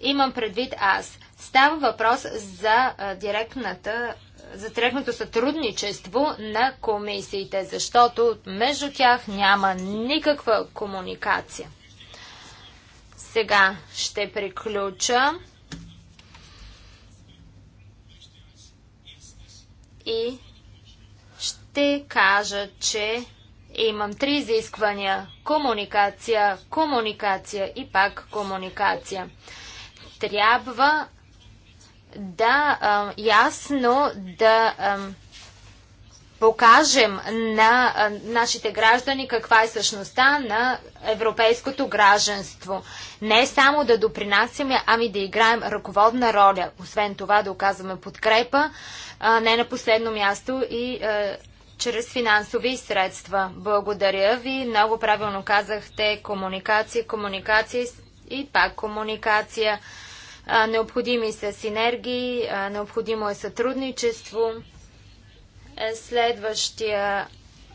имам предвид аз? Става въпрос за директната за директното сътрудничество на комисиите, защото между тях няма никаква комуникация. Сега ще приключа и ще кажа, че имам три изисквания. Комуникация, комуникация и пак комуникация. Трябва да а, ясно да а, покажем на а, нашите граждани каква е същността на европейското гражданство. Не само да допринасяме, ами да играем ръководна роля. Освен това да оказваме подкрепа, а, не на последно място и а, чрез финансови средства. Благодаря ви. Много правилно казахте комуникация, комуникация и пак комуникация. Необходими са синергии, необходимо е сътрудничество. Е, следващия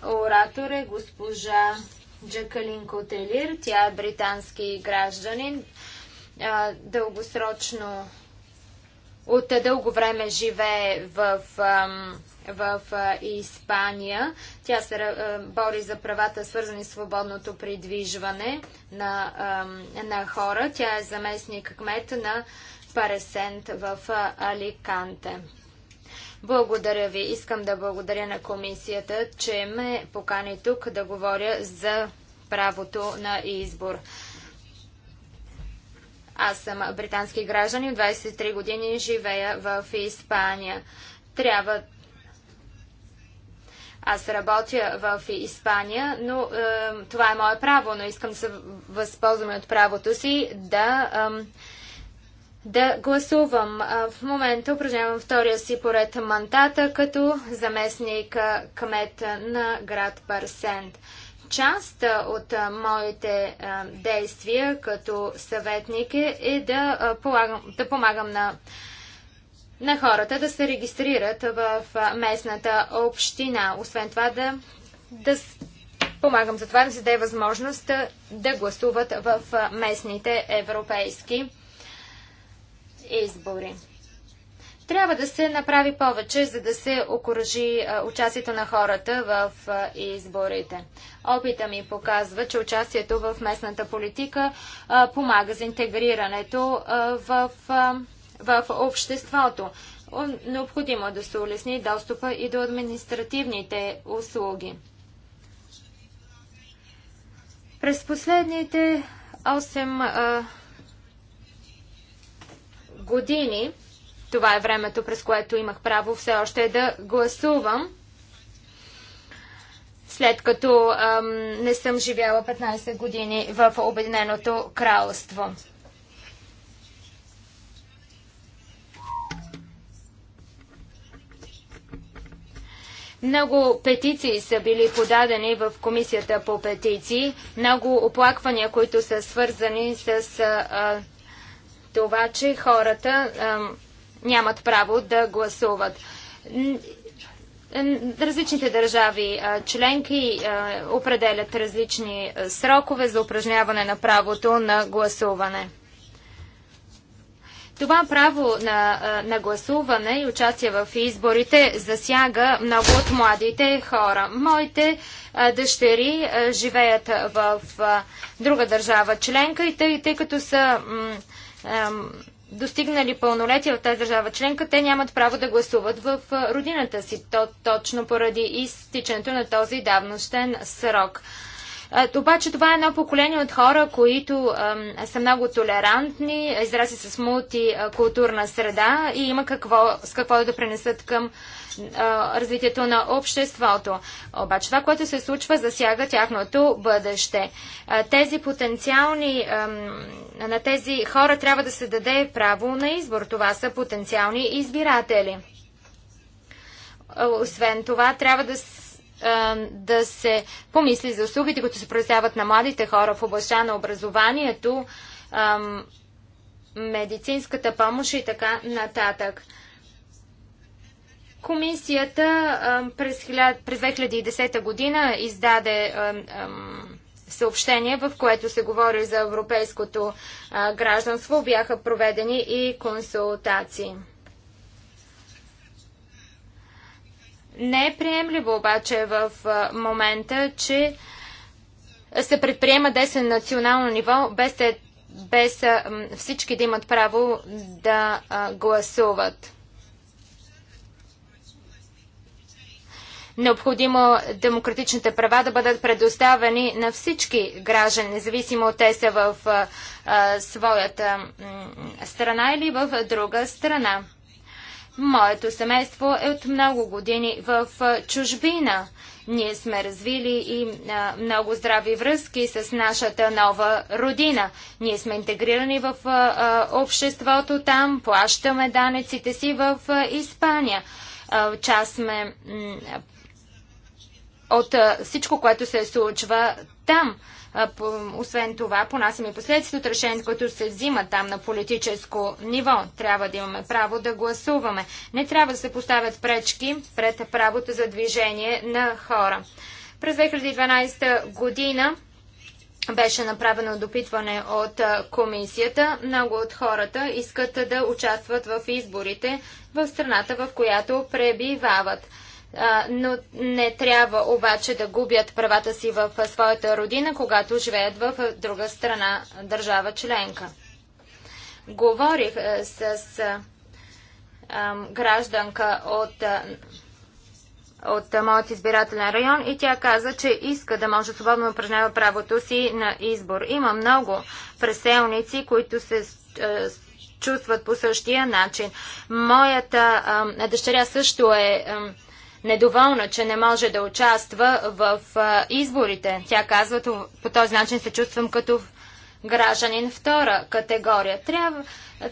оратор е госпожа Джакалин Котелир. Тя е британски гражданин. Дългосрочно от дълго време живее в в Испания. Тя се бори за правата, свързани с свободното придвижване на, на хора. Тя е заместник кмет на Паресент в Аликанте. Благодаря ви. Искам да благодаря на комисията, че ме покани тук да говоря за правото на избор. Аз съм британски граждани, 23 години живея в Испания. Трябва аз работя в Испания, но е, това е мое право, но искам да се възползвам от правото си да, е, да гласувам. В момента упражнявам втория си поред мантата като заместник кмет на град Парсент. Част от моите действия като съветник е, е да, полагам, да помагам на на хората да се регистрират в местната община. Освен това да, да помагам за това да се даде възможност да гласуват в местните европейски избори. Трябва да се направи повече, за да се окоръжи участието на хората в изборите. Опита ми показва, че участието в местната политика помага за интегрирането в в обществото. Необходимо да се улесни достъпа и до административните услуги. През последните 8 години, това е времето, през което имах право все още да гласувам, след като ам, не съм живяла 15 години в Обединеното кралство. Много петиции са били подадени в комисията по петиции, много оплаквания, които са свързани с а, това, че хората а, нямат право да гласуват. Различните държави членки определят различни срокове за упражняване на правото на гласуване. Това право на, на гласуване и участие в изборите засяга много от младите хора. Моите дъщери живеят в друга държава членка и тъй, тъй като са достигнали пълнолетие в тази държава членка, те нямат право да гласуват в родината си, то, точно поради изтичането на този давнощен срок. Обаче това е едно поколение от хора, които а, са много толерантни, израси с мултикултурна среда и има какво, с какво да пренесат към а, развитието на обществото. Обаче това, което се случва, засяга тяхното бъдеще. А, тези потенциални, на тези хора трябва да се даде право на избор. Това са потенциални избиратели. Освен това, трябва да се да се помисли за услугите, които се произяват на младите хора в областта на образованието, медицинската помощ и така нататък. Комисията през 2010 година издаде съобщение, в което се говори за европейското гражданство. Бяха проведени и консултации. Не е приемливо обаче в момента, че се предприема десен национално ниво, без, те, без всички да имат право да гласуват. Необходимо демократичните права да бъдат предоставени на всички граждани, независимо от те са в а, своята страна или в друга страна. Моето семейство е от много години в чужбина. Ние сме развили и а, много здрави връзки с нашата нова родина. Ние сме интегрирани в а, обществото там, плащаме данеците си в а, Испания. Част сме от всичко, което се случва там. Освен това, понасяме последствия от решението, което се взима там на политическо ниво. Трябва да имаме право да гласуваме. Не трябва да се поставят пречки пред правото за движение на хора. През 2012 година беше направено допитване от комисията. Много от хората искат да участват в изборите в страната, в която пребивават но не трябва обаче да губят правата си в своята родина, когато живеят в друга страна, държава членка. Говорих с гражданка от, от моят избирателен район и тя каза, че иска да може свободно упражнява правото си на избор. Има много преселници, които се чувстват по същия начин. Моята дъщеря също е а, недоволна, че не може да участва в изборите. Тя казва, по този начин се чувствам като гражданин втора категория. Трябва,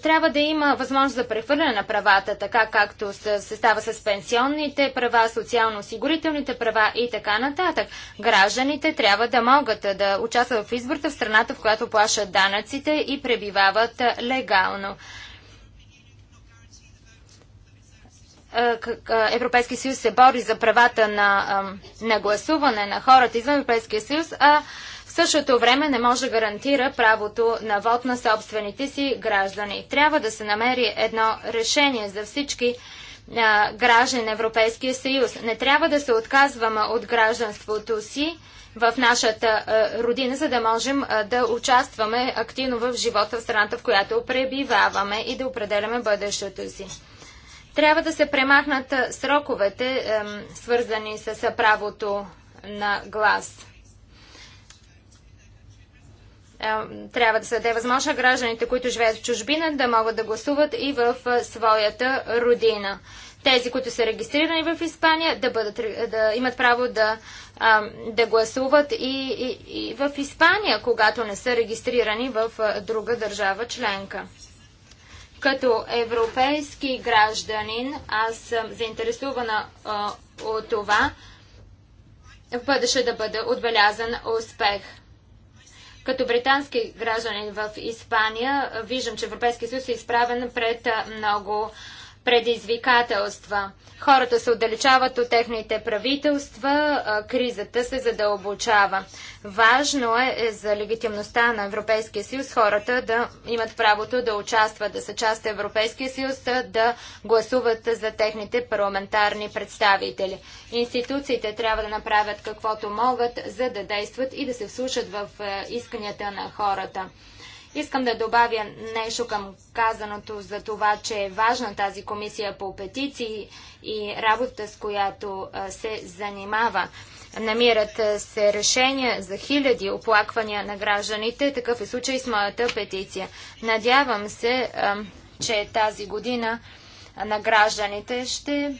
трябва да има възможност за прехвърляне на правата, така както се, става с пенсионните права, социално-осигурителните права и така нататък. Гражданите трябва да могат да участват в изборите в страната, в която плащат данъците и пребивават легално. Е, е, Европейския съюз се бори за правата на, е, на гласуване на хората извън Европейския съюз, а в същото време не може да гарантира правото на вод на собствените си граждани. Трябва да се намери едно решение за всички граждани на Европейския съюз. Не трябва да се отказваме от гражданството си в нашата родина, за да можем да участваме активно в живота в страната, в която пребиваваме и да определяме бъдещето си. Трябва да се премахнат сроковете, свързани с правото на глас. Трябва да се даде възможност гражданите, които живеят в чужбина, да могат да гласуват и в своята родина. Тези, които са регистрирани в Испания, да, бъдат, да имат право да, да гласуват и, и, и в Испания, когато не са регистрирани в друга държава членка. Като европейски гражданин аз съм заинтересувана а, от това в бъдеще да бъде отбелязан успех. Като британски гражданин в Испания виждам, че Европейския съюз е изправен пред много предизвикателства. Хората се отдалечават от техните правителства, кризата се задълбочава. Важно е, е, за легитимността на Европейския съюз хората да имат правото да участват, да са част от Европейския съюз, да гласуват за техните парламентарни представители. Институциите трябва да направят каквото могат, за да действат и да се вслушат в е, исканията на хората. Искам да добавя нещо към казаното за това, че е важна тази комисия по петиции и работата, с която се занимава. Намират се решения за хиляди оплаквания на гражданите. Такъв е случай с моята петиция. Надявам се, че тази година на гражданите ще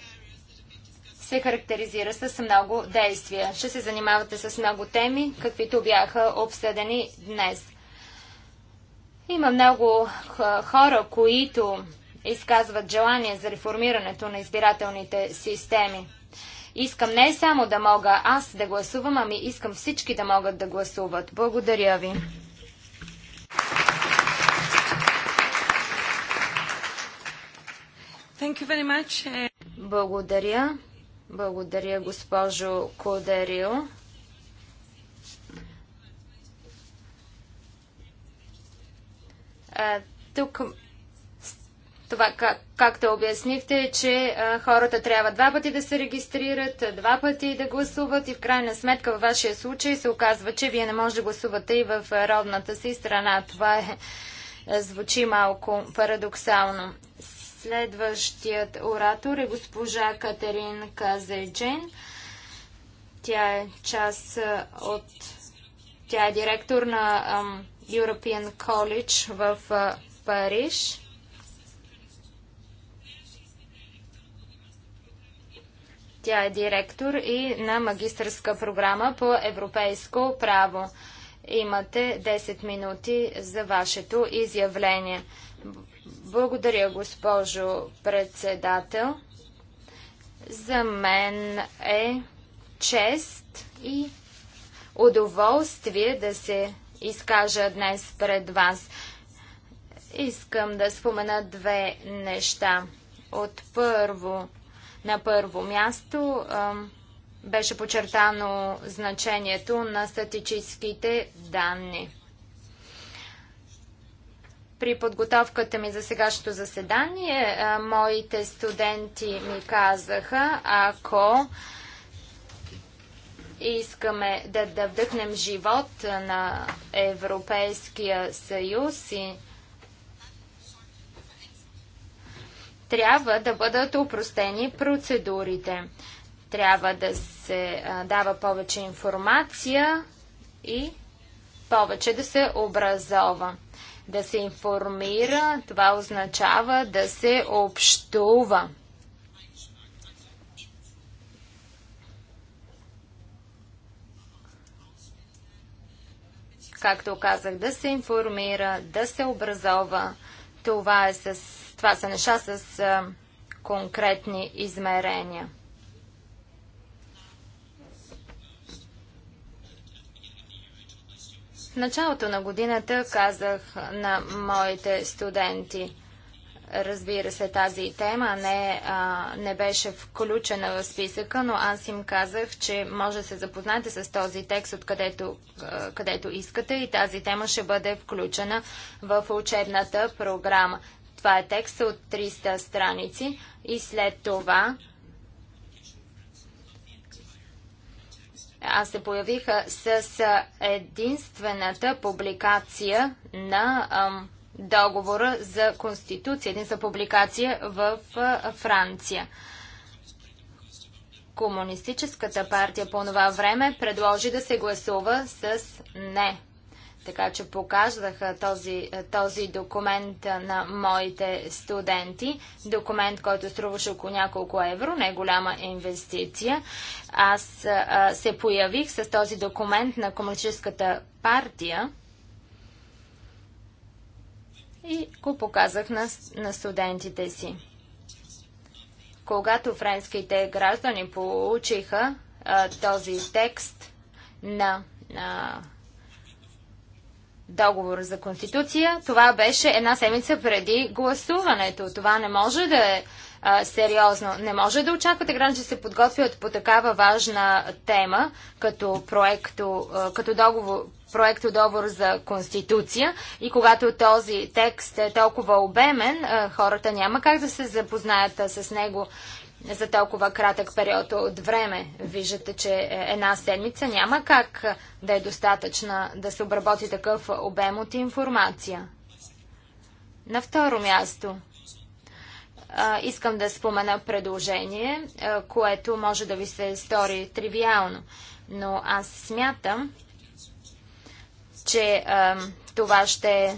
се характеризира с много действия. Ще се занимавате с много теми, каквито бяха обсъдени днес. Има много хора, които изказват желание за реформирането на избирателните системи. Искам не само да мога аз да гласувам, ами искам всички да могат да гласуват. Благодаря ви. Благодаря. Благодаря, госпожо Кодерио. тук това, как, както обяснихте, че а, хората трябва два пъти да се регистрират, два пъти да гласуват и в крайна сметка във вашия случай се оказва, че вие не можете да гласувате и в родната си страна. Това е, е, звучи малко парадоксално. Следващият оратор е госпожа Катерин Казеджен. Тя е част от... Тя е директор на... Ам, European College в Париж. Тя е директор и на магистрска програма по европейско право. Имате 10 минути за вашето изявление. Благодаря, госпожо председател. За мен е чест и удоволствие да се изкажа днес пред вас. Искам да спомена две неща. От първо, на първо място беше подчертано значението на статическите данни. При подготовката ми за сегашното заседание, моите студенти ми казаха, ако Искаме да, да вдъхнем живот на Европейския съюз и трябва да бъдат упростени процедурите. Трябва да се а, дава повече информация и повече да се образова. Да се информира, това означава да се общува. както казах, да се информира, да се образова. Това, е с, това са неща с а, конкретни измерения. В началото на годината казах на моите студенти, Разбира се, тази тема не, а, не беше включена в списъка, но аз им казах, че може да се запознаете с този текст, откъдето където искате и тази тема ще бъде включена в учебната програма. Това е текст от 300 страници и след това аз се появиха с единствената публикация на А, договора за Конституция, един за публикация в Франция. Комунистическата партия по това време предложи да се гласува с не. Така че показвах този, този документ на моите студенти. Документ, който струваше около няколко евро, не е голяма инвестиция. Аз а, се появих с този документ на Комунистическата партия и го показах на, на студентите си. Когато френските граждани получиха а, този текст на, на договор за Конституция, това беше една седмица преди гласуването. Това не може да е а, сериозно. Не може да очаквате граждани, че се подготвят по такава важна тема, като проекто, а, като договор, проекто договор за Конституция и когато този текст е толкова обемен, хората няма как да се запознаят с него за толкова кратък период от време. Виждате, че е, една седмица няма как да е достатъчна да се обработи такъв обем от информация. На второ място искам да спомена предложение, което може да ви се стори тривиално, но аз смятам, че а, това ще е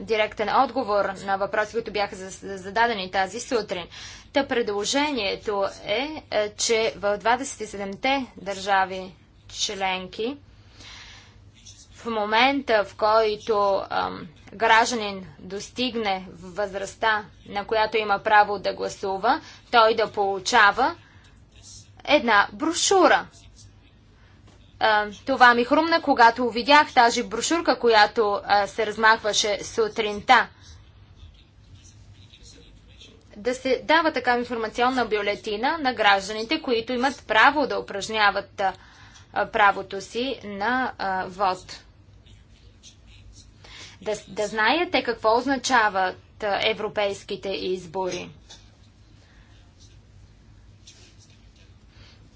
директен отговор на въпроси, които бяха зададени тази сутрин. Та предложението е, е че в 27-те държави членки в момента, в който ам, гражданин достигне възрастта, на която има право да гласува, той да получава една брошура, това ми хрумна, когато видях тази брошурка, която а, се размахваше сутринта. Да се дава такава информационна бюлетина на гражданите, които имат право да упражняват а, правото си на а, вод. Да, да какво означават европейските избори.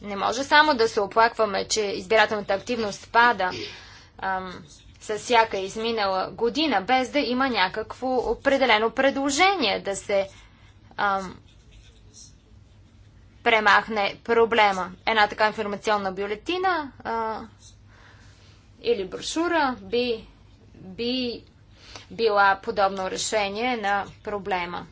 Не може само да се оплакваме, че избирателната активност пада ам, с всяка изминала година, без да има някакво определено предложение да се ам, премахне проблема. Една така информационна бюлетина а, или брошура би, би била подобно решение на проблема.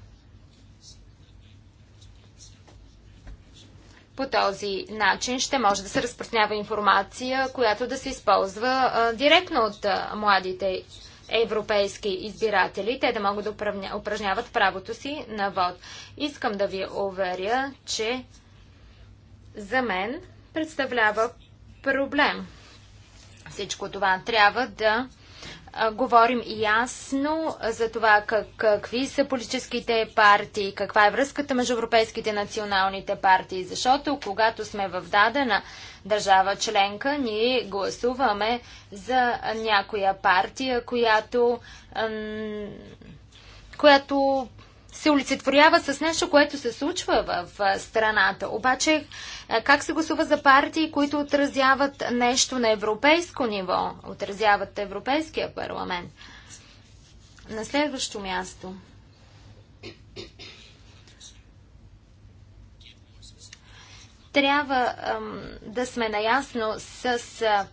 По този начин ще може да се разпространява информация, която да се използва директно от младите европейски избиратели, те да могат да упражняват правото си на вод. Искам да ви уверя, че за мен представлява проблем. Всичко това трябва да говорим ясно за това как, какви са политическите партии, каква е връзката между европейските националните партии, защото когато сме в дадена държава членка, ние гласуваме за някоя партия, която, която се олицетворява с нещо, което се случва в страната. Обаче, как се гласува за партии, които отразяват нещо на европейско ниво, отразяват Европейския парламент? На следващо място. Трябва да сме наясно с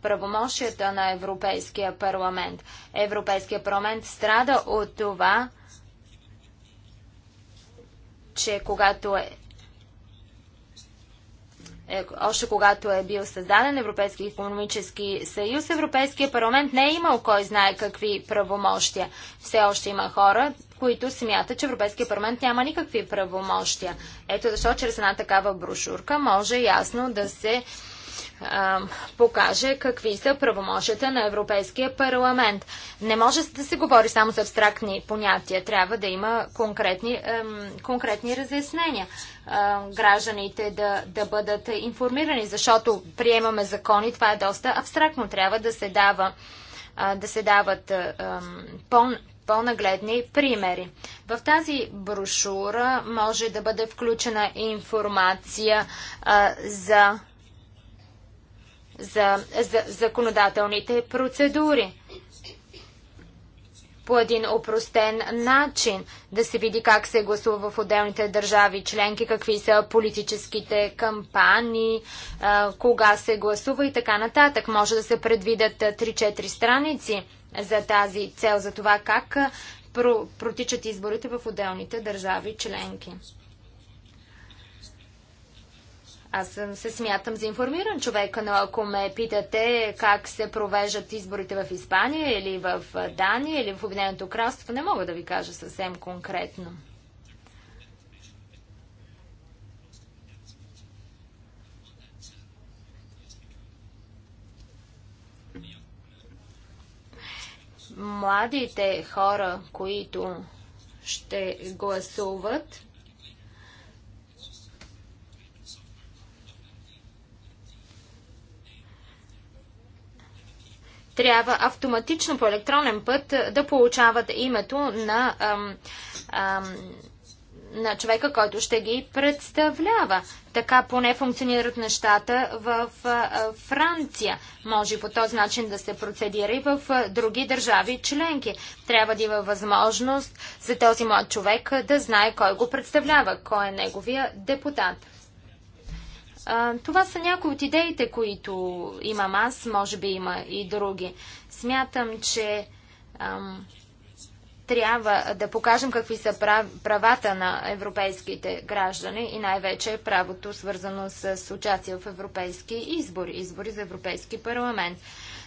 правомощията на Европейския парламент. Европейския парламент страда от това, че когато е, е още когато е бил създаден Европейски економически съюз, Европейския парламент не е имал кой знае какви правомощия. Все още има хора, които смятат, че Европейския парламент няма никакви правомощия. Ето защо чрез една такава брошурка може ясно да се а, покаже какви са правомощията на Европейския парламент. Не може да се говори само с абстрактни понятия, трябва да има конкретни, конкретни разяснения. А, гражданите да, да бъдат информирани, защото приемаме закони, това е доста абстрактно. Трябва да се, дава, а, да се дават ам, по-нагледни примери. В тази брошура може да бъде включена информация а, за за, за законодателните процедури по един опростен начин, да се види как се гласува в отделните държави членки, какви са политическите кампании, кога се гласува и така нататък. Може да се предвидят 3-4 страници за тази цел, за това как протичат изборите в отделните държави членки. Аз съм се смятам за информиран човек, но ако ме питате как се провеждат изборите в Испания или в Дания или в Обединеното кралство, не мога да ви кажа съвсем конкретно. Младите хора, които ще гласуват, трябва автоматично по електронен път да получават името на, ам, ам, на човека, който ще ги представлява. Така поне функционират нещата в а, Франция. Може по този начин да се процедира и в а, други държави членки. Трябва да има възможност за този млад човек да знае кой го представлява, кой е неговия депутат това са някои от идеите, които имам аз, може би има и други. Смятам, че ам, трябва да покажем какви са прав, правата на европейските граждани и най-вече правото свързано с участие в европейски избори, избори за Европейски парламент.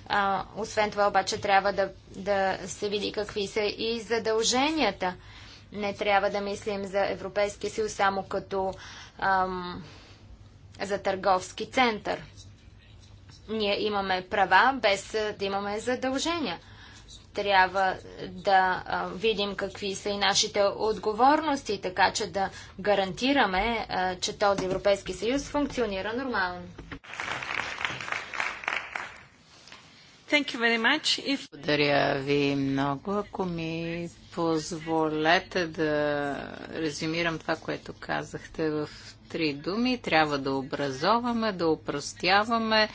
А, освен това обаче трябва да, да се види какви са и задълженията. Не трябва да мислим за Европейския съюз само като ам, за търговски център. Ние имаме права, без да имаме задължения. Трябва да видим какви са и нашите отговорности, така че да гарантираме, че този Европейски съюз функционира нормално. Благодаря ви много. Ако ми позволете да резюмирам това, което казахте в три думи. Трябва да образоваме, да упростяваме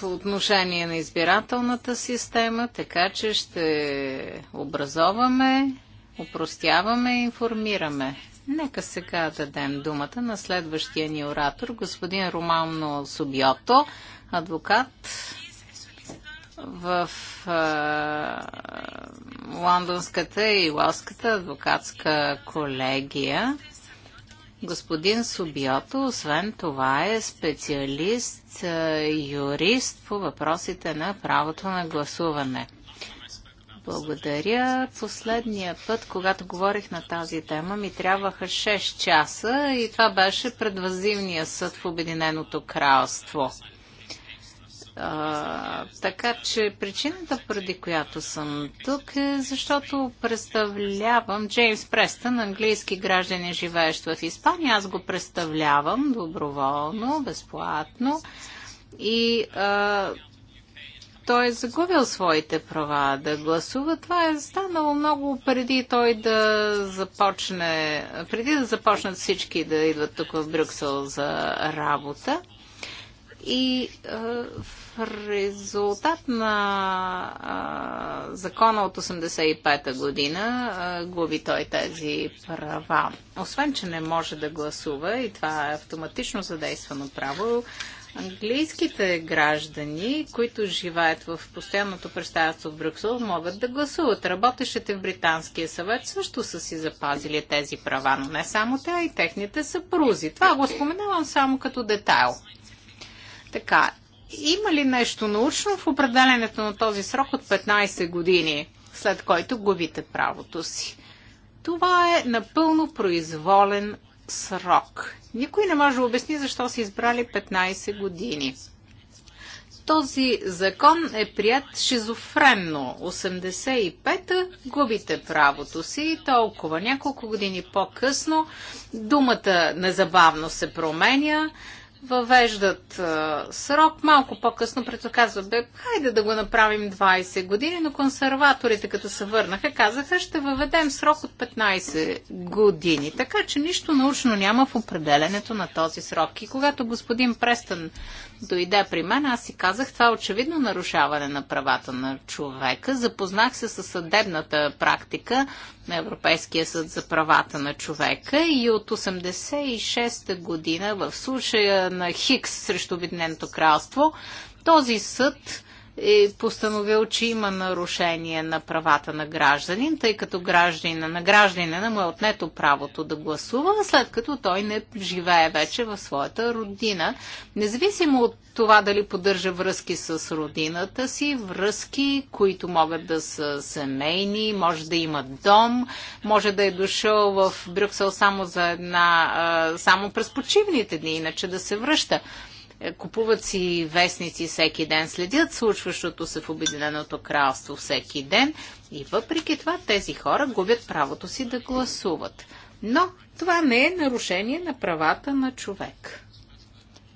по отношение на избирателната система, така че ще образоваме, упростяваме и информираме. Нека сега дадем думата на следващия ни оратор, господин Романо Субиото, адвокат в е, Лондонската и Лоската адвокатска колегия. Господин Субиото, освен това, е специалист, е, юрист по въпросите на правото на гласуване. Благодаря. Последния път, когато говорих на тази тема, ми трябваха 6 часа и това беше предвазивния съд в Обединеното кралство. А, така че причината, преди която съм тук, е защото представлявам Джеймс Престън, английски гражданин, живеещ в Испания. Аз го представлявам доброволно, безплатно. И а, той е загубил своите права да гласува. Това е станало много преди той да започне, преди да започнат всички да идват тук в Брюксел за работа. И а, в резултат на а, закона от 85-та година а, губи той тези права. Освен, че не може да гласува и това е автоматично задействано право, английските граждани, които живеят в постоянното представство в Брюксел, могат да гласуват. Работещите в Британския съвет също са си запазили тези права, но не само те, а и техните съпрузи. Това го споменавам само като детайл. Така, има ли нещо научно в определенето на този срок от 15 години, след който губите правото си? Това е напълно произволен срок. Никой не може да обясни защо са избрали 15 години. Този закон е прият шизофренно. 85-та губите правото си и толкова. Няколко години по-късно думата незабавно се променя въвеждат а, срок. Малко по-късно прето бе, хайде да го направим 20 години, но консерваторите, като се върнаха, казаха, ще въведем срок от 15 години. Така че нищо научно няма в определенето на този срок. И когато господин Престън дойде при мен, аз си казах, това е очевидно нарушаване на правата на човека. Запознах се с съдебната практика на Европейския съд за правата на човека и от 86-та година в случая на Хикс срещу Обединеното кралство, този съд е постановил, че има нарушение на правата на гражданин, тъй като гражданина на гражданина му е отнето правото да гласува, след като той не живее вече в своята родина. Независимо от това дали поддържа връзки с родината си, връзки, които могат да са семейни, може да има дом, може да е дошъл в Брюксел само за една, само през почивните дни, иначе да се връща купуват си вестници всеки ден, следят случващото се в Обединеното кралство всеки ден и въпреки това тези хора губят правото си да гласуват. Но това не е нарушение на правата на човек.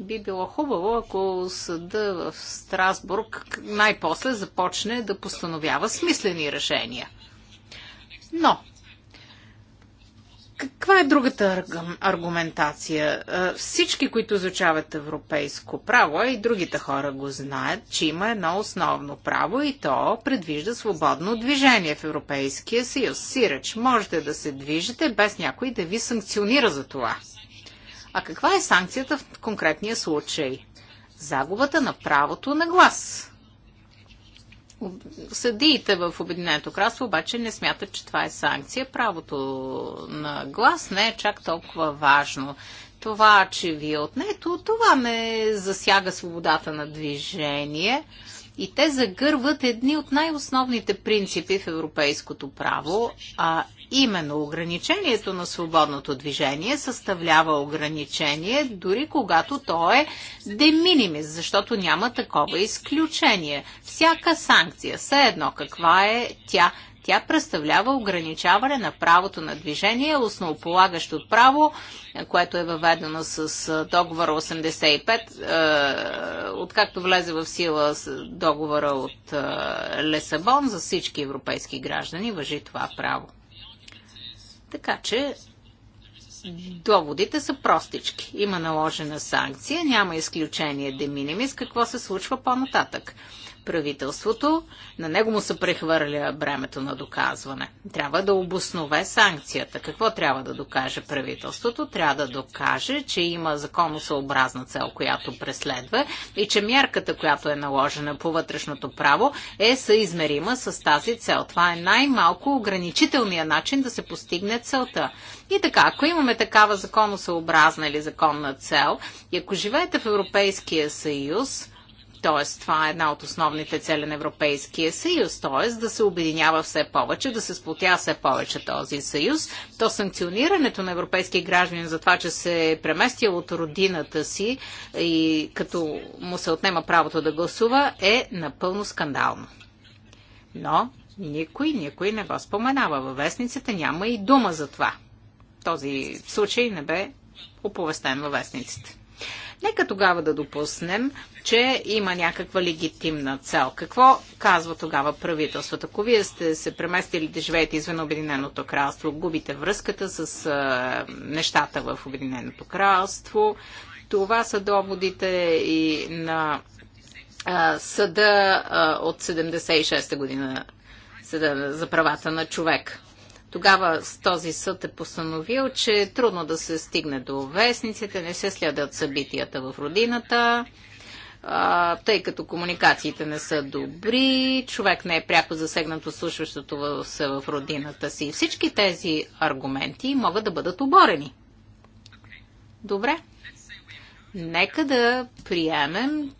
Би било хубаво, ако съда в Страсбург най-после започне да постановява смислени решения. Но каква е другата аргументация? Е, всички, които изучават европейско право, и другите хора го знаят, че има едно основно право и то предвижда свободно движение в Европейския съюз. Сиреч, можете да се движите без някой да ви санкционира за това. А каква е санкцията в конкретния случай? Загубата на правото на глас. Съдиите в Обединеното кралство обаче не смятат, че това е санкция. Правото на глас не е чак толкова важно. Това, че ви е отнето, това не засяга свободата на движение. И те загърват едни от най-основните принципи в европейското право, а Именно ограничението на свободното движение съставлява ограничение, дори когато то е деминимис, защото няма такова изключение. Всяка санкция, все едно каква е тя, тя представлява ограничаване на правото на движение, основополагащо право, което е въведено с договора 85, откакто влезе в сила договора от Лесабон за всички европейски граждани, въжи това право. Така че доводите са простички. Има наложена санкция, няма изключение де минимис. Какво се случва по-нататък? правителството, на него му се прехвърля бремето на доказване. Трябва да обоснове санкцията. Какво трябва да докаже правителството? Трябва да докаже, че има законосъобразна цел, която преследва и че мярката, която е наложена по вътрешното право, е съизмерима с тази цел. Това е най-малко ограничителния начин да се постигне целта. И така, ако имаме такава законосъобразна или законна цел и ако живеете в Европейския съюз, т.е. това е една от основните цели на Европейския съюз, т.е. да се обединява все повече, да се сплотя все повече този съюз. То санкционирането на европейски граждани за това, че се е преместил от родината си и като му се отнема правото да гласува, е напълно скандално. Но никой, никой не го споменава. Във вестниците няма и дума за това. Този случай не бе оповестен във вестниците. Нека тогава да допуснем, че има някаква легитимна цел. Какво казва тогава правителството? Ако вие сте се преместили да живеете извън Обединеното кралство, губите връзката с а, нещата в Обединеното кралство, това са доводите и на а, съда а, от 76-та година съда за правата на човек. Тогава този съд е постановил, че е трудно да се стигне до вестниците, не се следят събитията в родината, тъй като комуникациите не са добри, човек не е пряко засегнат от слушващото в, се в родината си. Всички тези аргументи могат да бъдат оборени. Добре. Нека да приемем,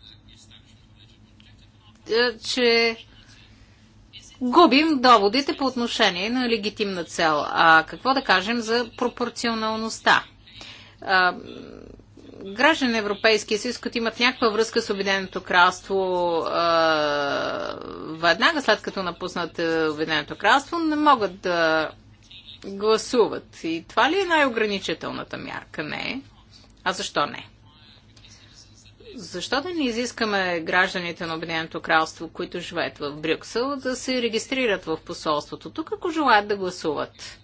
е, че губим доводите по отношение на легитимна цел. А какво да кажем за пропорционалността? Граждане граждани на Европейския съюз, които имат някаква връзка с Обединеното кралство веднага след като напуснат Обединеното кралство, не могат да гласуват. И това ли е най-ограничителната мярка? Не. А защо не? Защо да не изискаме гражданите на Обединеното кралство, които живеят в Брюксел, да се регистрират в посолството тук, ако желаят да гласуват?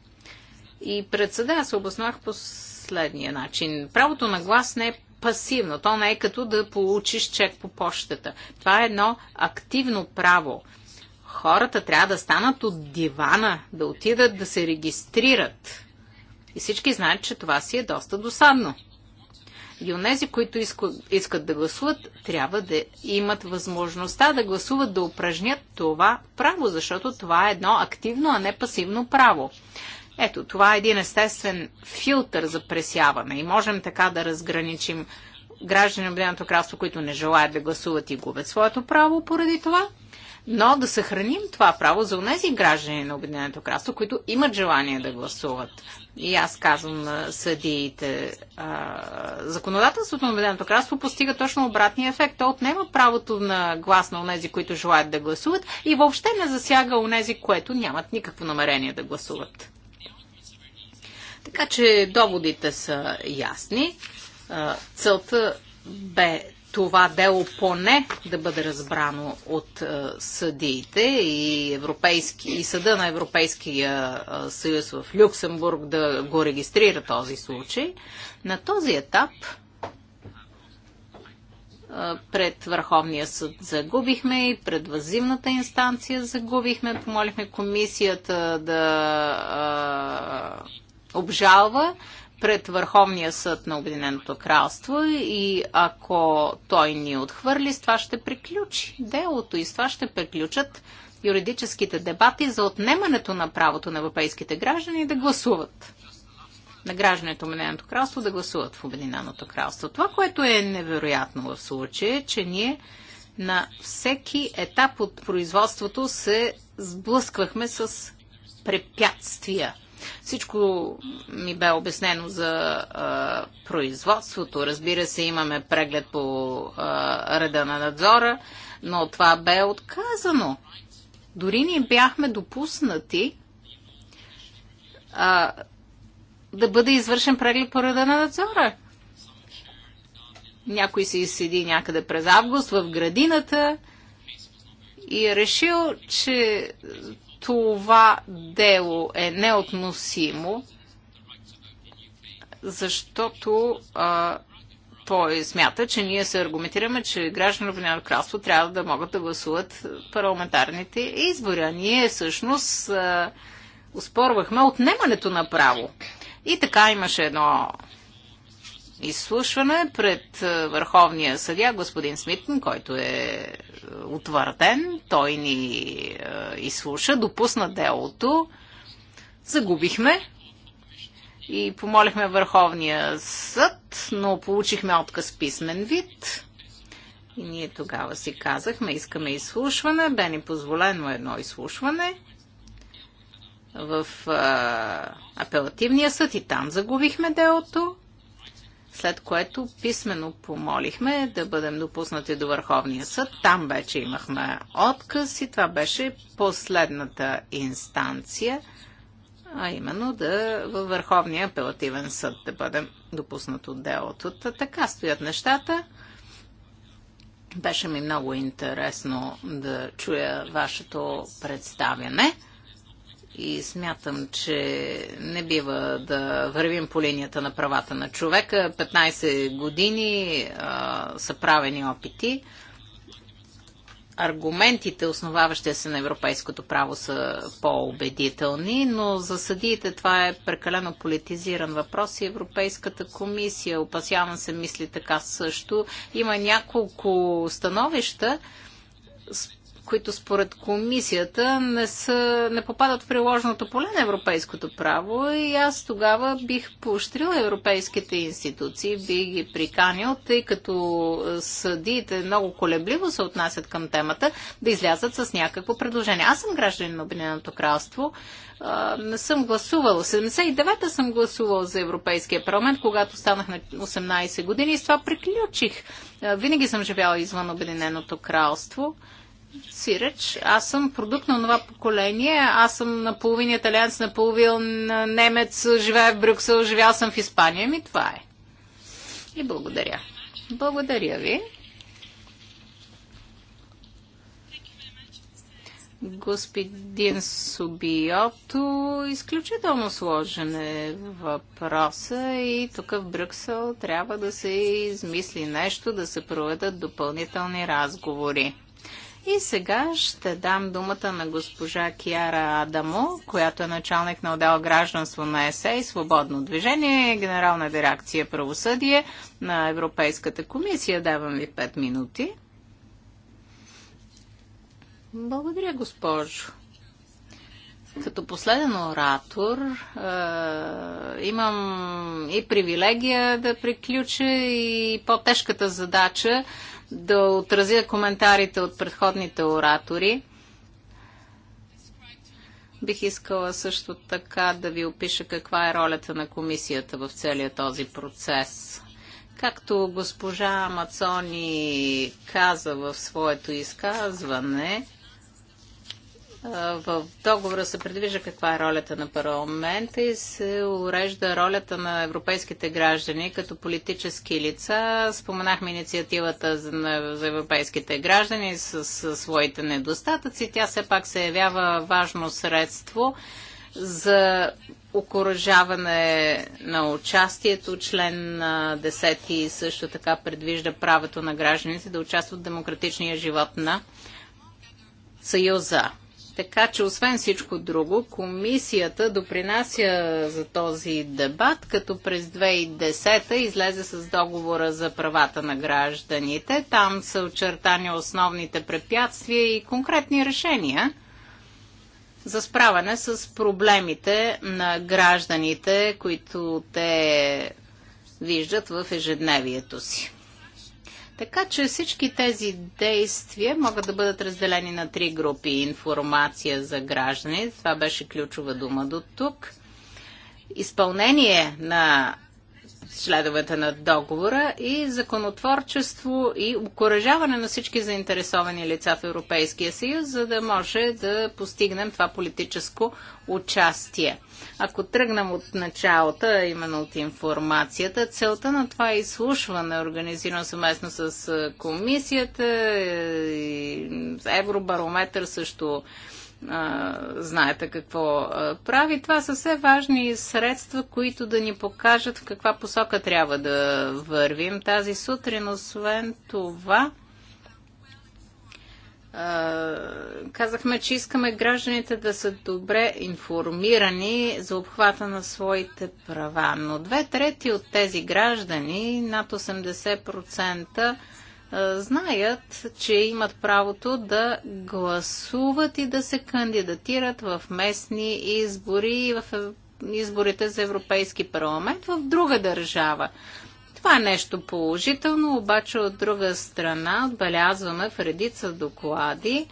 И пред съда се обоснах по следния начин. Правото на глас не е пасивно. То не е като да получиш чек по почтата. Това е едно активно право. Хората трябва да станат от дивана, да отидат да се регистрират. И всички знаят, че това си е доста досадно. И онези, които искат, искат да гласуват, трябва да имат възможността да гласуват, да упражнят това право, защото това е едно активно, а не пасивно право. Ето, това е един естествен филтър за пресяване и можем така да разграничим граждани на Обединеното кралство, които не желаят да гласуват и губят своето право поради това но да съхраним това право за унези граждани на Обединеното кралство, които имат желание да гласуват. И аз казвам на съдиите, законодателството на Обединеното кралство постига точно обратния ефект. То отнема правото на глас на унези, които желаят да гласуват и въобще не засяга унези, които нямат никакво намерение да гласуват. Така че доводите са ясни. Целта бе това дело поне да бъде разбрано от е, съдиите и, европейски, и съда на Европейския е, съюз в Люксембург да го регистрира този случай. На този етап е, пред Върховния съд загубихме и пред въззивната инстанция загубихме. Помолихме комисията да е, обжалва пред Върховния съд на Обединеното кралство и ако той ни отхвърли, с това ще приключи делото и с това ще приключат юридическите дебати за отнемането на правото на европейските граждани да гласуват. На гражданите Обединеното кралство да гласуват в Обединеното кралство. Това, което е невероятно в случая, е, че ние на всеки етап от производството се сблъсквахме с препятствия – всичко ми бе обяснено за а, производството. Разбира се, имаме преглед по а, реда на надзора, но това бе отказано. Дори ние бяхме допуснати а, да бъде извършен преглед по реда на надзора. Някой се изседи някъде през август в градината и е решил, че това дело е неотносимо, защото а, той смята, че ние се аргументираме, че граждани на Обединеното кралство трябва да могат да гласуват парламентарните избори. А ние всъщност а, успорвахме отнемането на право. И така имаше едно изслушване пред Върховния съдя, господин Смитън, който е утвърден, той ни е, изслуша, допусна делото, загубихме и помолихме Върховния съд, но получихме отказ писмен вид. И ние тогава си казахме, искаме изслушване, бе ни позволено едно изслушване в а, е, апелативния съд и там загубихме делото след което писменно помолихме да бъдем допуснати до Върховния съд. Там вече имахме отказ и това беше последната инстанция, а именно да във Върховния апелативен съд да бъдем допуснат от делото. Та, така стоят нещата. Беше ми много интересно да чуя вашето представяне и смятам, че не бива да вървим по линията на правата на човека. 15 години а, са правени опити. Аргументите, основаващи се на европейското право, са по-убедителни, но за съдиите това е прекалено политизиран въпрос и Европейската комисия, опасявам се, мисли така също. Има няколко становища, които според комисията не, са, не попадат в приложеното поле на европейското право и аз тогава бих поощрила европейските институции, бих ги приканил, тъй като съдиите много колебливо се отнасят към темата, да излязат с някакво предложение. Аз съм гражданин на Обединеното кралство, не съм гласувал. 79-та съм гласувал за Европейския парламент, когато станах на 18 години и с това приключих. Винаги съм живяла извън Обединеното кралство сиреч. Аз съм продукт на това поколение. Аз съм наполовин италианец, наполовин немец, живея в Брюксел, живял съм в Испания. Ми това е. И благодаря. Благодаря ви. Господин Субиото, изключително сложен е въпроса и тук в Брюксел трябва да се измисли нещо, да се проведат допълнителни разговори. И сега ще дам думата на госпожа Киара Адамо, която е началник на отдел гражданство на ЕСЕ и свободно движение, генерална дирекция правосъдие на Европейската комисия. Давам ви 5 минути. Благодаря, госпожо като последен оратор е, имам и привилегия да приключа и по-тежката задача да отразя коментарите от предходните оратори. Бих искала също така да ви опиша каква е ролята на комисията в целия този процес. Както госпожа Мацони каза в своето изказване, в договора се предвижда каква е ролята на парламента и се урежда ролята на европейските граждани като политически лица. Споменахме инициативата за европейските граждани с, с своите недостатъци. Тя все пак се явява важно средство за окоръжаване на участието. Член на 10 също така предвижда правото на гражданите да участват в демократичния живот на Съюза. Така че, освен всичко друго, комисията допринася за този дебат, като през 2010 излезе с договора за правата на гражданите. Там са очертани основните препятствия и конкретни решения за справяне с проблемите на гражданите, които те виждат в ежедневието си. Така че всички тези действия могат да бъдат разделени на три групи. Информация за граждани, това беше ключова дума до тук. Изпълнение на членовете на договора и законотворчество и укоръжаване на всички заинтересовани лица в Европейския съюз, за да може да постигнем това политическо участие. Ако тръгнем от началото, именно от информацията, целта на това изслушване, организирано съместно с комисията е, и Евробарометър също знаете какво прави. Това са все важни средства, които да ни покажат в каква посока трябва да вървим тази сутрин. Освен това, казахме, че искаме гражданите да са добре информирани за обхвата на своите права. Но две трети от тези граждани, над 80%, знаят, че имат правото да гласуват и да се кандидатират в местни избори и в изборите за Европейски парламент в друга държава това е нещо положително, обаче от друга страна отбелязваме в редица доклади,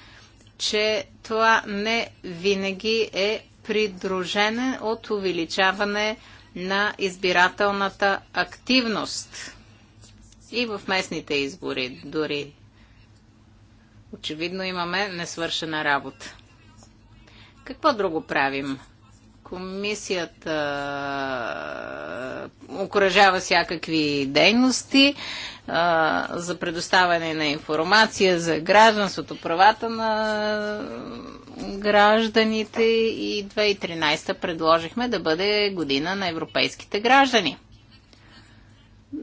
че това не винаги е придружене от увеличаване на избирателната активност и в местните избори дори. Очевидно имаме несвършена работа. Какво друго правим? Комисията окоръжава всякакви дейности за предоставяне на информация за гражданството, правата на гражданите и 2013 предложихме да бъде година на европейските граждани.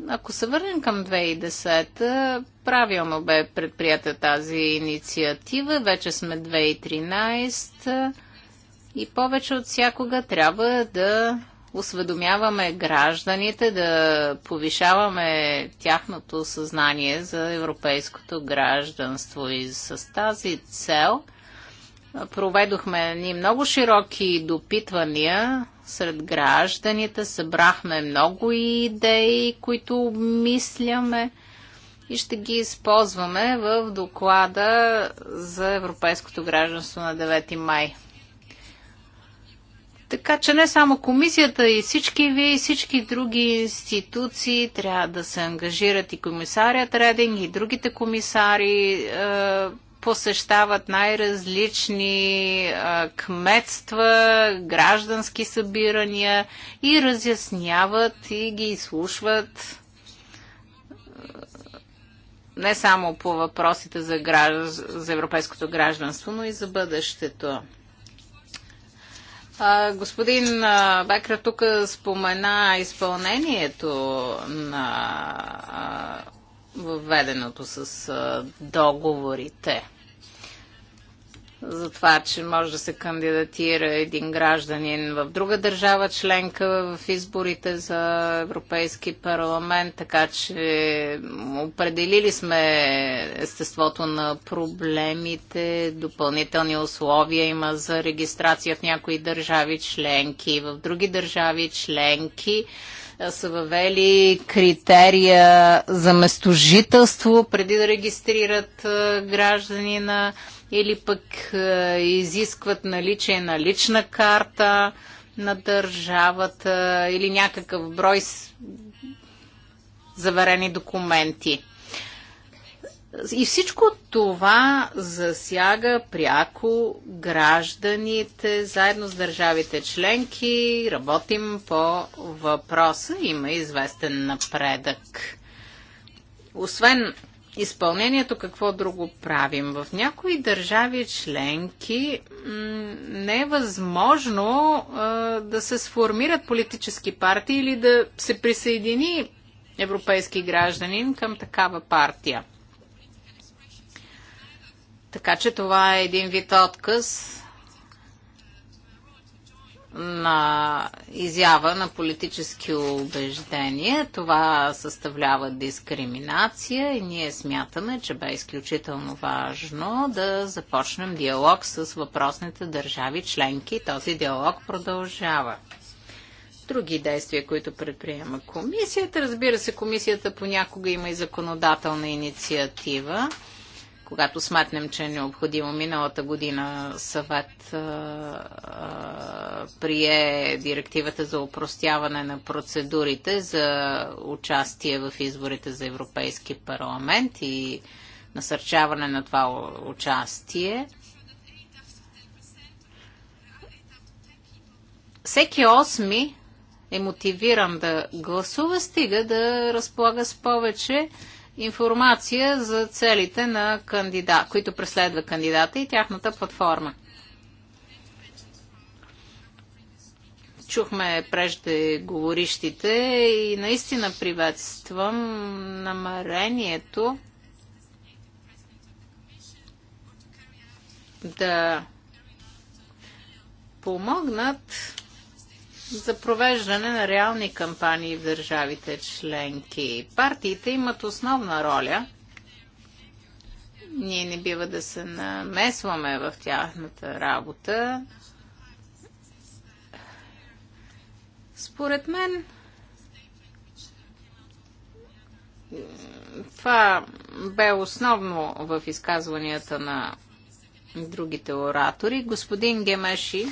Ако се върнем към 2010, правилно бе предприята тази инициатива. Вече сме 2013 и повече от всякога трябва да осведомяваме гражданите, да повишаваме тяхното съзнание за европейското гражданство. И с тази цел проведохме ни много широки допитвания сред гражданите, събрахме много идеи, които обмисляме и ще ги използваме в доклада за европейското гражданство на 9 май. Така че не само комисията и всички вие и всички други институции трябва да се ангажират и комисарият Рединг и другите комисари е, посещават най-различни е, кметства, граждански събирания и разясняват и ги изслушват е, не само по въпросите за, гражд... за европейското гражданство, но и за бъдещето. Господин Бекра тук спомена изпълнението на введеното с договорите за това, че може да се кандидатира един гражданин в друга държава членка в изборите за Европейски парламент, така че определили сме естеството на проблемите, допълнителни условия има за регистрация в някои държави членки, в други държави членки е, са въвели критерия за местожителство преди да регистрират е, гражданина или пък е, изискват наличие на лична карта на държавата или някакъв брой заверени документи. И всичко това засяга пряко гражданите, заедно с държавите членки. Работим по въпроса. Има известен напредък. Освен изпълнението, какво друго правим? В някои държави членки не е възможно а, да се сформират политически партии или да се присъедини европейски гражданин към такава партия. Така че това е един вид отказ на изява на политически убеждения. Това съставлява дискриминация и ние смятаме, че бе изключително важно да започнем диалог с въпросните държави членки. Този диалог продължава. Други действия, които предприема комисията. Разбира се, комисията понякога има и законодателна инициатива когато сметнем, че е необходимо. Миналата година съвет а, а, прие директивата за упростяване на процедурите за участие в изборите за Европейски парламент и насърчаване на това участие. Всеки осми е мотивиран да гласува, стига да разполага с повече информация за целите на кандидат, които преследва кандидата и тяхната платформа. чухме прежде говорищите и наистина приветствам намерението да помогнат за провеждане на реални кампании в държавите членки. Партиите имат основна роля. Ние не бива да се намесваме в тяхната работа. Според мен, това бе основно в изказванията на другите оратори. Господин Гемеши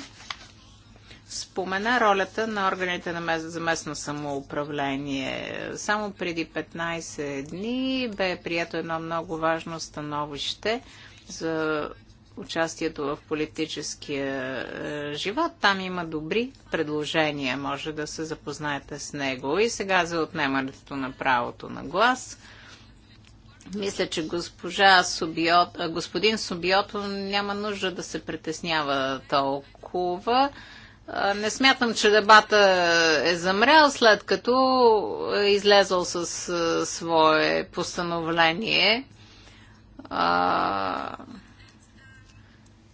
спомена ролята на органите на мест, за местно самоуправление. Само преди 15 дни бе прието едно много важно становище за участието в политическия е, живот. Там има добри предложения, може да се запознаете с него. И сега за отнемането на правото на глас. Мисля, че госпожа Субиот, е, господин Субиото няма нужда да се притеснява толкова. Не смятам, че дебата е замрял след като е излезъл с е, свое постановление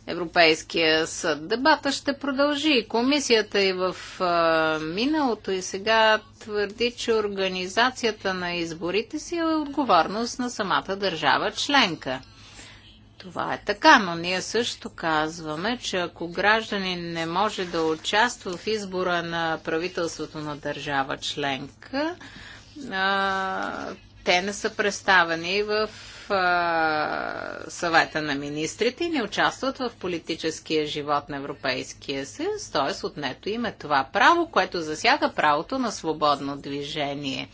Европейския съд. Дебата ще продължи. Комисията и в миналото и сега твърди, че организацията на изборите си е отговорност на самата държава членка. Това е така, но ние също казваме, че ако гражданин не може да участва в избора на правителството на държава членка, те не са представени в съвета на министрите и не участват в политическия живот на Европейския съюз, т.е. отнето им е това право, което засяга правото на свободно движение.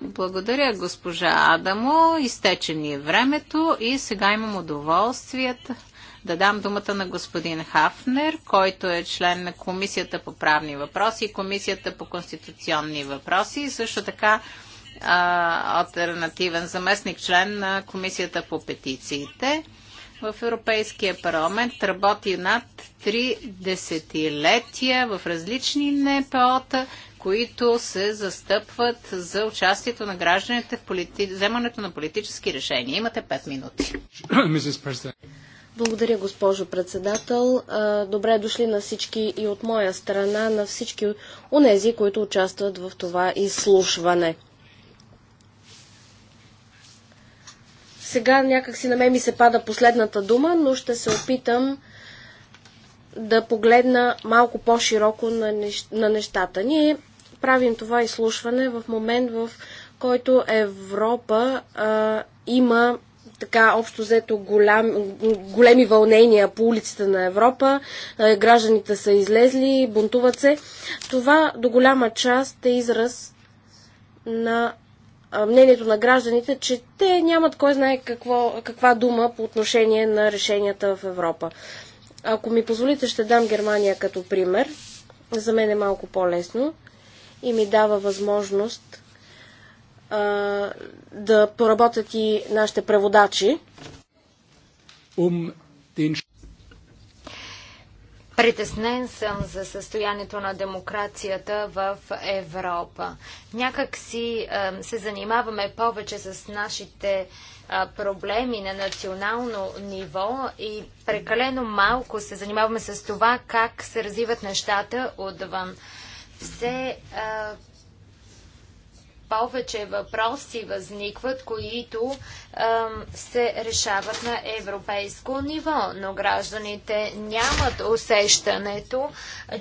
Благодаря, госпожа Адамо. Изтече ни е времето и сега имам удоволствията да дам думата на господин Хафнер, който е член на Комисията по правни въпроси и Комисията по конституционни въпроси и също така а, альтернативен заместник член на Комисията по петициите. В Европейския парламент работи над три десетилетия в различни НПО-та, които се застъпват за участието на гражданите в полити... вземането на политически решения. Имате 5 минути. <coughs> Благодаря, госпожо председател. Добре дошли на всички и от моя страна, на всички унези, които участват в това изслушване. Сега някак си на мен ми се пада последната дума, но ще се опитам да погледна малко по-широко на, на нещата. Ние правим това изслушване в момент, в който Европа а, има така общо взето голям, големи вълнения по улиците на Европа. А, гражданите са излезли, бунтуват се. Това до голяма част е израз на мнението на гражданите, че те нямат кой знае какво, каква дума по отношение на решенията в Европа. Ако ми позволите, ще дам Германия като пример. За мен е малко по-лесно и ми дава възможност а, да поработят и нашите преводачи. Um den... Притеснен съм за състоянието на демокрацията в Европа. Някак си се занимаваме повече с нашите проблеми на национално ниво и прекалено малко се занимаваме с това как се развиват нещата отвън все а, повече въпроси възникват, които а, се решават на европейско ниво, но гражданите нямат усещането,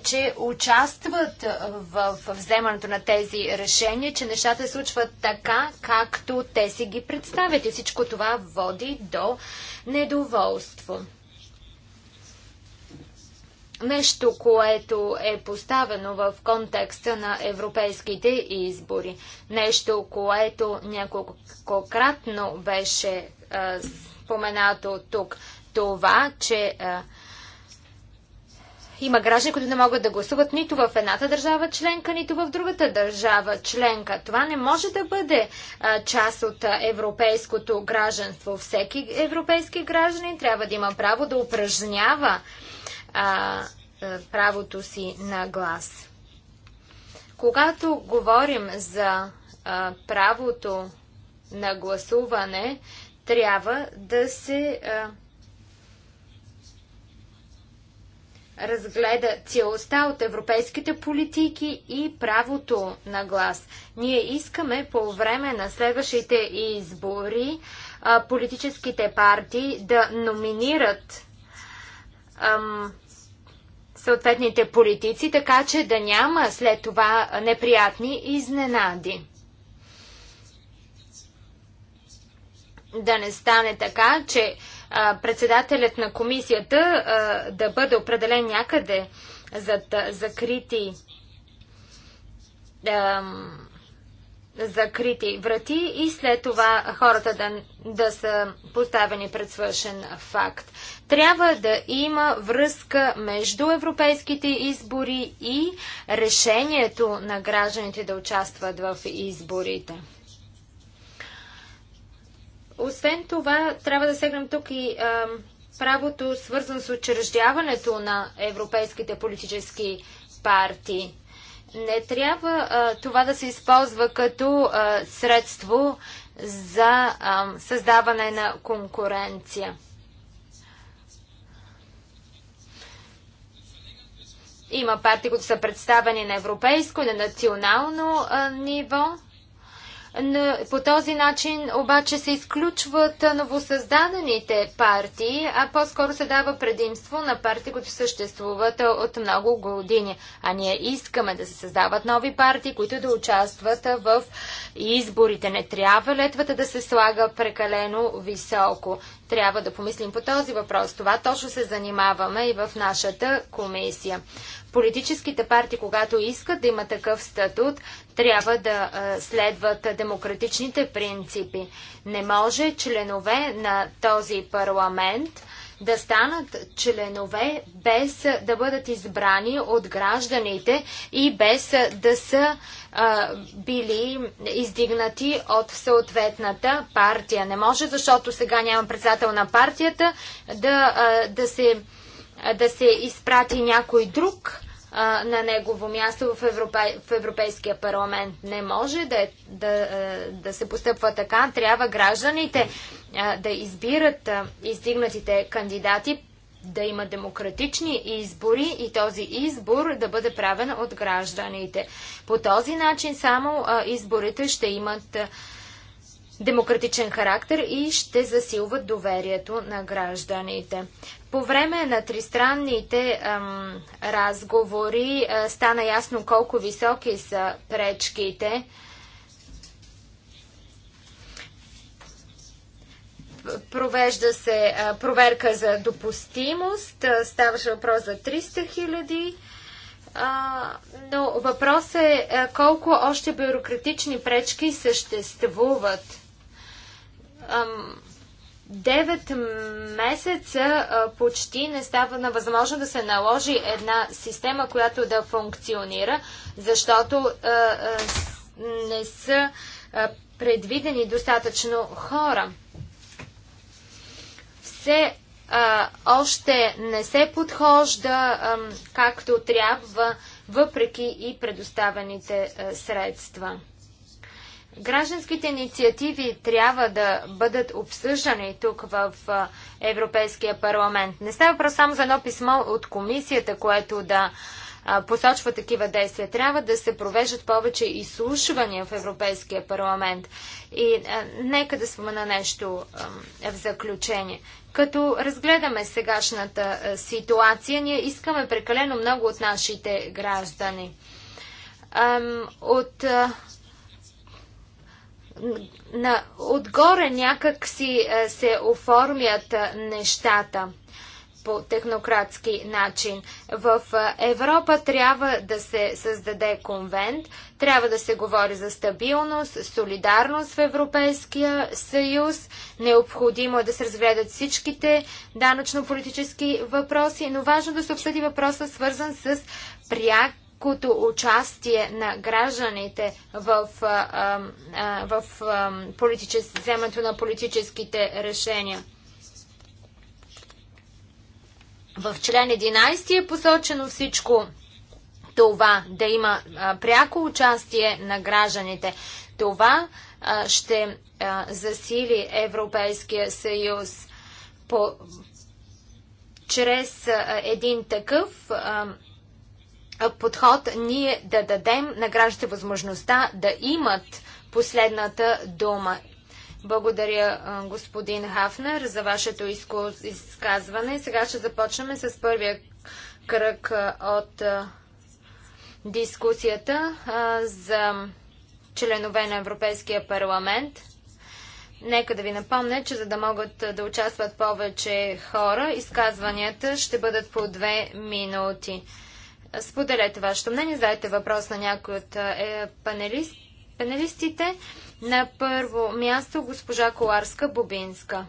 че участват в, в вземането на тези решения, че нещата се случват така, както те си ги представят и всичко това води до недоволство нещо, което е поставено в контекста на европейските избори. Нещо, което няколкократно беше споменато тук. Това, че а, има граждани, които не могат да гласуват нито в едната държава членка, нито в другата държава членка. Това не може да бъде а, част от европейското гражданство. Всеки европейски гражданин трябва да има право да упражнява а, правото си на глас. Когато говорим за а, правото на гласуване, трябва да се а, разгледа цялостта от европейските политики и правото на глас. Ние искаме по време на следващите избори а, политическите партии да номинират ам, съответните политици, така че да няма след това неприятни изненади. Да не стане така, че а, председателят на комисията а, да бъде определен някъде зад закрити закрити врати и след това хората да, да са поставени пред свършен факт. Трябва да има връзка между европейските избори и решението на гражданите да участват в изборите. Освен това, трябва да сегнем тук и а, правото, свързано с учреждяването на европейските политически партии. Не трябва а, това да се използва като а, средство за а, създаване на конкуренция. Има партии, които са представени на европейско и на национално а, ниво. По този начин обаче се изключват новосъздадените партии, а по-скоро се дава предимство на партии, които съществуват от много години. А ние искаме да се създават нови партии, които да участват в изборите. Не трябва летвата да се слага прекалено високо. Трябва да помислим по този въпрос. Това точно се занимаваме и в нашата комисия. Политическите партии, когато искат да има такъв статут, трябва да следват демократичните принципи. Не може членове на този парламент да станат членове без да бъдат избрани от гражданите и без да са а, били издигнати от съответната партия. Не може, защото сега няма председател на партията, да, а, да, се, а, да се изпрати някой друг на негово място в, Европе, в Европейския парламент. Не може да, е, да, е, да се постъпва така. Трябва гражданите да избират издигнатите кандидати, да има демократични избори и този избор да бъде правен от гражданите. По този начин само изборите ще имат демократичен характер и ще засилват доверието на гражданите. По време на тристранните ам, разговори а, стана ясно колко високи са пречките. Провежда се а, проверка за допустимост. А, ставаше въпрос за 300 хиляди. Но въпрос е колко още бюрократични пречки съществуват Девет месеца почти не става невъзможно да се наложи една система, която да функционира, защото не са предвидени достатъчно хора. Все още не се подхожда както трябва, въпреки и предоставените средства. Гражданските инициативи трябва да бъдат обсъждани тук в Европейския парламент. Не става въпрос само за едно писмо от комисията, което да посочва такива действия. Трябва да се провеждат повече изслушвания в Европейския парламент. И а, нека да спомена нещо а, в заключение. Като разгледаме сегашната а, ситуация, ние искаме прекалено много от нашите граждани. От на, отгоре някак си е, се оформят е, нещата по технократски начин. В е, Европа трябва да се създаде конвент, трябва да се говори за стабилност, солидарност в Европейския съюз, необходимо е да се разгледат всичките данъчно-политически въпроси, но важно да се обсъди въпроса свързан с пряк като участие на гражданите в, в политичес... вземането на политическите решения. В член 11 е посочено всичко това, да има пряко участие на гражданите. Това ще засили Европейския съюз по, чрез един такъв подход ние да дадем на гражданите възможността да имат последната дума. Благодаря, господин Хафнер, за вашето изказване. Сега ще започнем с първия кръг от дискусията за членове на Европейския парламент. Нека да ви напомня, че за да могат да участват повече хора, изказванията ще бъдат по две минути. Споделете вашето мнение, задайте въпрос на някой от е, панелист, панелистите. На първо място госпожа Коларска-Бубинска.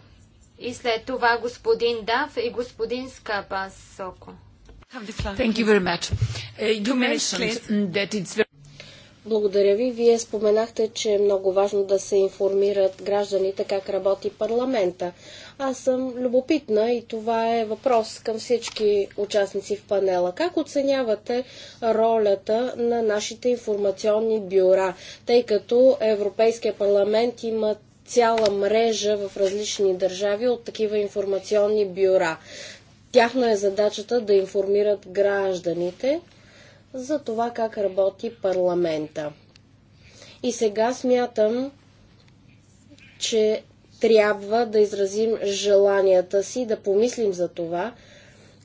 И след това господин Дав и господин Скапа Соко. Thank you very much. Uh, you mentioned that it's very благодаря ви. Вие споменахте, че е много важно да се информират гражданите как работи парламента. Аз съм любопитна и това е въпрос към всички участници в панела. Как оценявате ролята на нашите информационни бюра, тъй като Европейския парламент има цяла мрежа в различни държави от такива информационни бюра. Тяхна е задачата да информират гражданите за това как работи парламента. И сега смятам, че трябва да изразим желанията си, да помислим за това,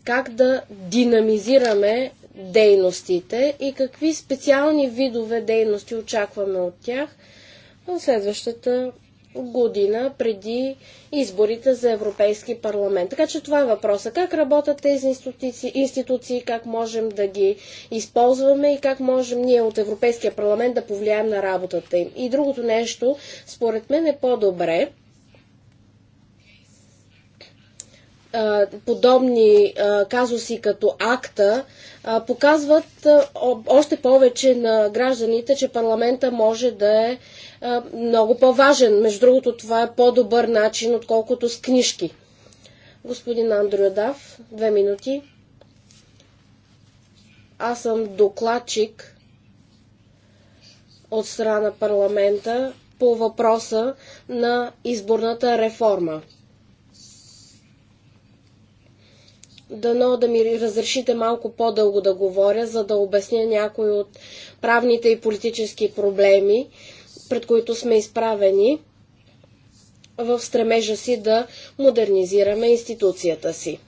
как да динамизираме дейностите и какви специални видове дейности очакваме от тях в следващата година преди изборите за Европейски парламент. Така че това е въпроса. Как работят тези институции, институции как можем да ги използваме и как можем ние от Европейския парламент да повлияем на работата им. И другото нещо, според мен е по-добре подобни казуси като акта показват още повече на гражданите, че парламента може да е много по-важен. Между другото, това е по-добър начин, отколкото с книжки. Господин Андроядав, две минути. Аз съм докладчик от страна парламента по въпроса на изборната реформа. дано да ми разрешите малко по-дълго да говоря, за да обясня някои от правните и политически проблеми, пред които сме изправени в стремежа си да модернизираме институцията си.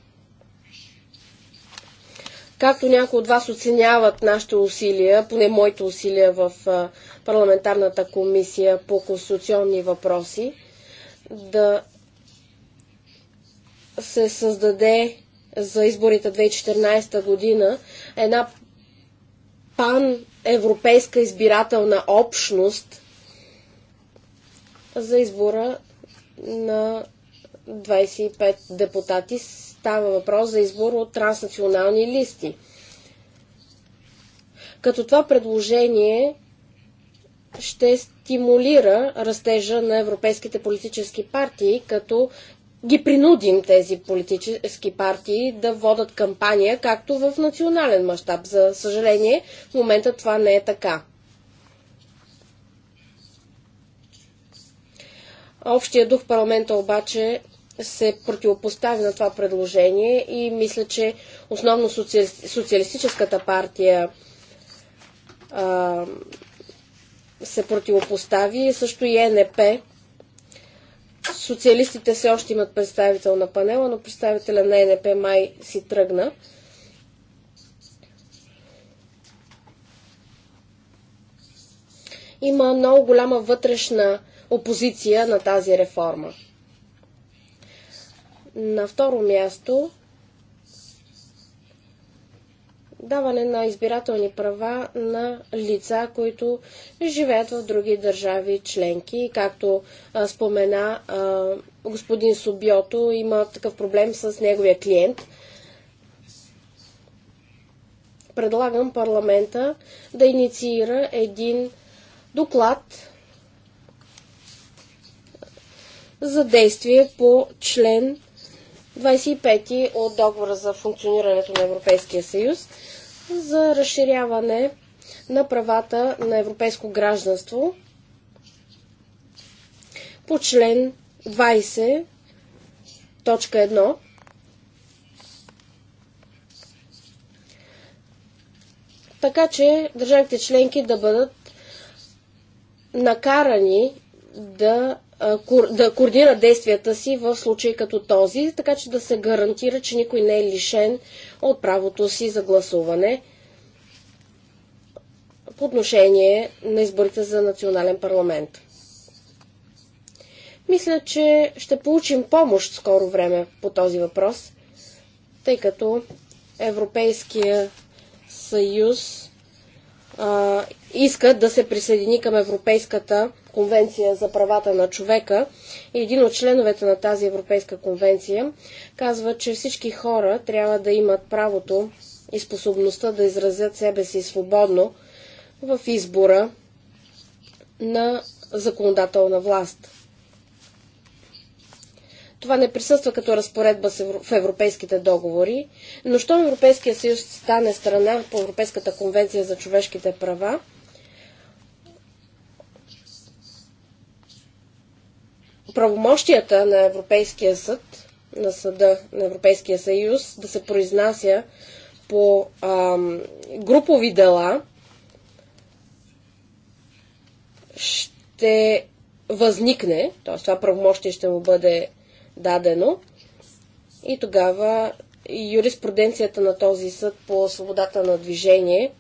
Както някои от вас оценяват нашите усилия, поне моите усилия в парламентарната комисия по конституционни въпроси, да се създаде за изборите 2014 година, една пан-европейска избирателна общност за избора на 25 депутати. Става въпрос за избор от транснационални листи. Като това предложение ще стимулира растежа на европейските политически партии, като ги принудим тези политически партии да водат кампания, както в национален мащаб. За съжаление, в момента това не е така. Общия дух парламента обаче се противопостави на това предложение и мисля, че основно социали... социалистическата партия а, се противопостави, също и ЕНП Социалистите все още имат представител на панела, но представителя на ЕНП май си тръгна. Има много голяма вътрешна опозиция на тази реформа. На второ място даване на избирателни права на лица, които живеят в други държави членки. Както а, спомена а, господин Собиото, има такъв проблем с неговия клиент. Предлагам парламента да инициира един доклад за действие по член 25 от договора за функционирането на Европейския съюз за разширяване на правата на европейско гражданство по член 20, точка 1 така че държавите членки да бъдат накарани да да координира действията си в случай като този, така че да се гарантира, че никой не е лишен от правото си за гласуване по отношение на изборите за национален парламент. Мисля, че ще получим помощ скоро време по този въпрос, тъй като Европейския съюз а, иска да се присъедини към Европейската конвенция за правата на човека и един от членовете на тази Европейска конвенция казва, че всички хора трябва да имат правото и способността да изразят себе си свободно в избора на законодателна власт. Това не присъства като разпоредба в европейските договори, но щом Европейския съюз стане страна по Европейската конвенция за човешките права, правомощията на Европейския съд, на съда на Европейския съюз, да се произнася по ам, групови дела, ще възникне, т.е. това правомощие ще му бъде дадено и тогава юриспруденцията на този съд по свободата на движение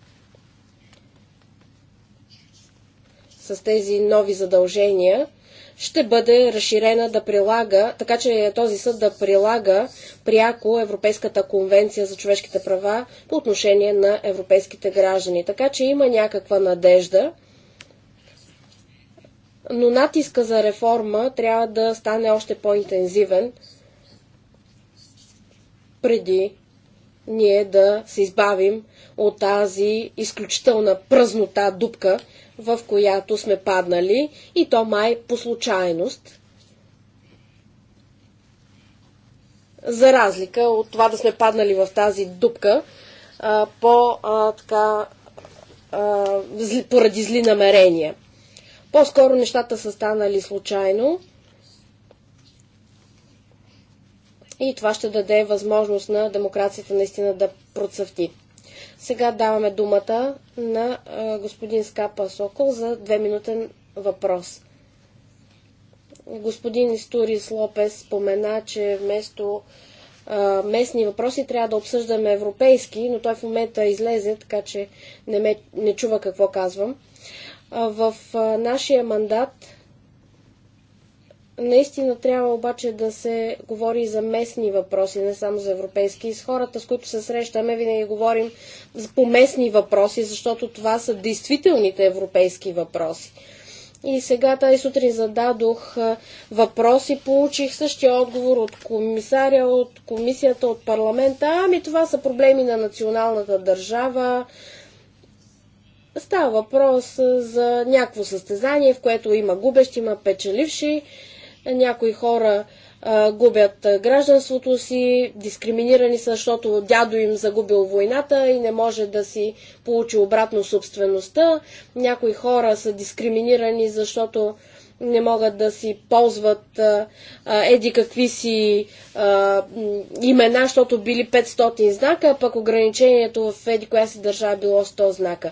с тези нови задължения – ще бъде разширена да прилага, така че този съд да прилага пряко Европейската конвенция за човешките права по отношение на европейските граждани. Така че има някаква надежда, но натиска за реформа трябва да стане още по-интензивен преди ние да се избавим от тази изключителна пръзнота, дупка, в която сме паднали и то май по случайност. За разлика от това да сме паднали в тази дупка а, по а, така а, поради зли намерения. По-скоро нещата са станали случайно и това ще даде възможност на демокрацията наистина да процъфти. Сега даваме думата на господин Скапа Сокол за две минутен въпрос. Господин Историс Лопес спомена, че вместо а, местни въпроси трябва да обсъждаме европейски, но той в момента излезе, така че не, ме, не чува какво казвам. А, в а, нашия мандат Наистина трябва обаче да се говори за местни въпроси, не само за европейски. И с хората, с които се срещаме, винаги говорим по местни въпроси, защото това са действителните европейски въпроси. И сега тази сутрин зададох въпроси, получих същия отговор от комисаря, от комисията, от парламента. Ами това са проблеми на националната държава. Става въпрос за някакво състезание, в което има губещи, има печеливши някои хора а, губят гражданството си, дискриминирани са, защото дядо им загубил войната и не може да си получи обратно собствеността. Някои хора са дискриминирани, защото не могат да си ползват а, еди какви си а, имена, защото били 500 знака, а пък ограничението в еди коя си държава е било 100 знака.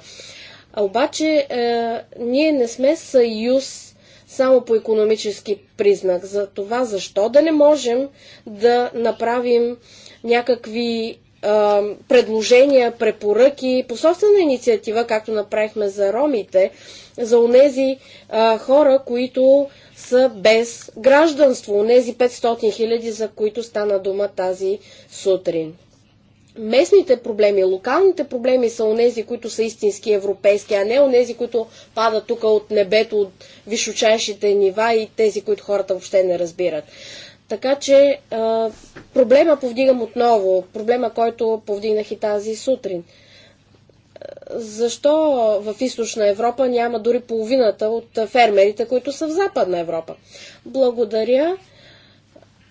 А обаче а, е, ние не сме съюз само по економически признак. За това защо да не можем да направим някакви а, предложения, препоръки по собствена инициатива, както направихме за ромите, за онези а, хора, които са без гражданство, онези 500 хиляди, за които стана дума тази сутрин местните проблеми, локалните проблеми са онези, които са истински европейски, а не онези, които падат тук от небето, от височайшите нива и тези, които хората въобще не разбират. Така че проблема повдигам отново, проблема, който повдигнах и тази сутрин. Защо в източна Европа няма дори половината от фермерите, които са в западна Европа? Благодаря.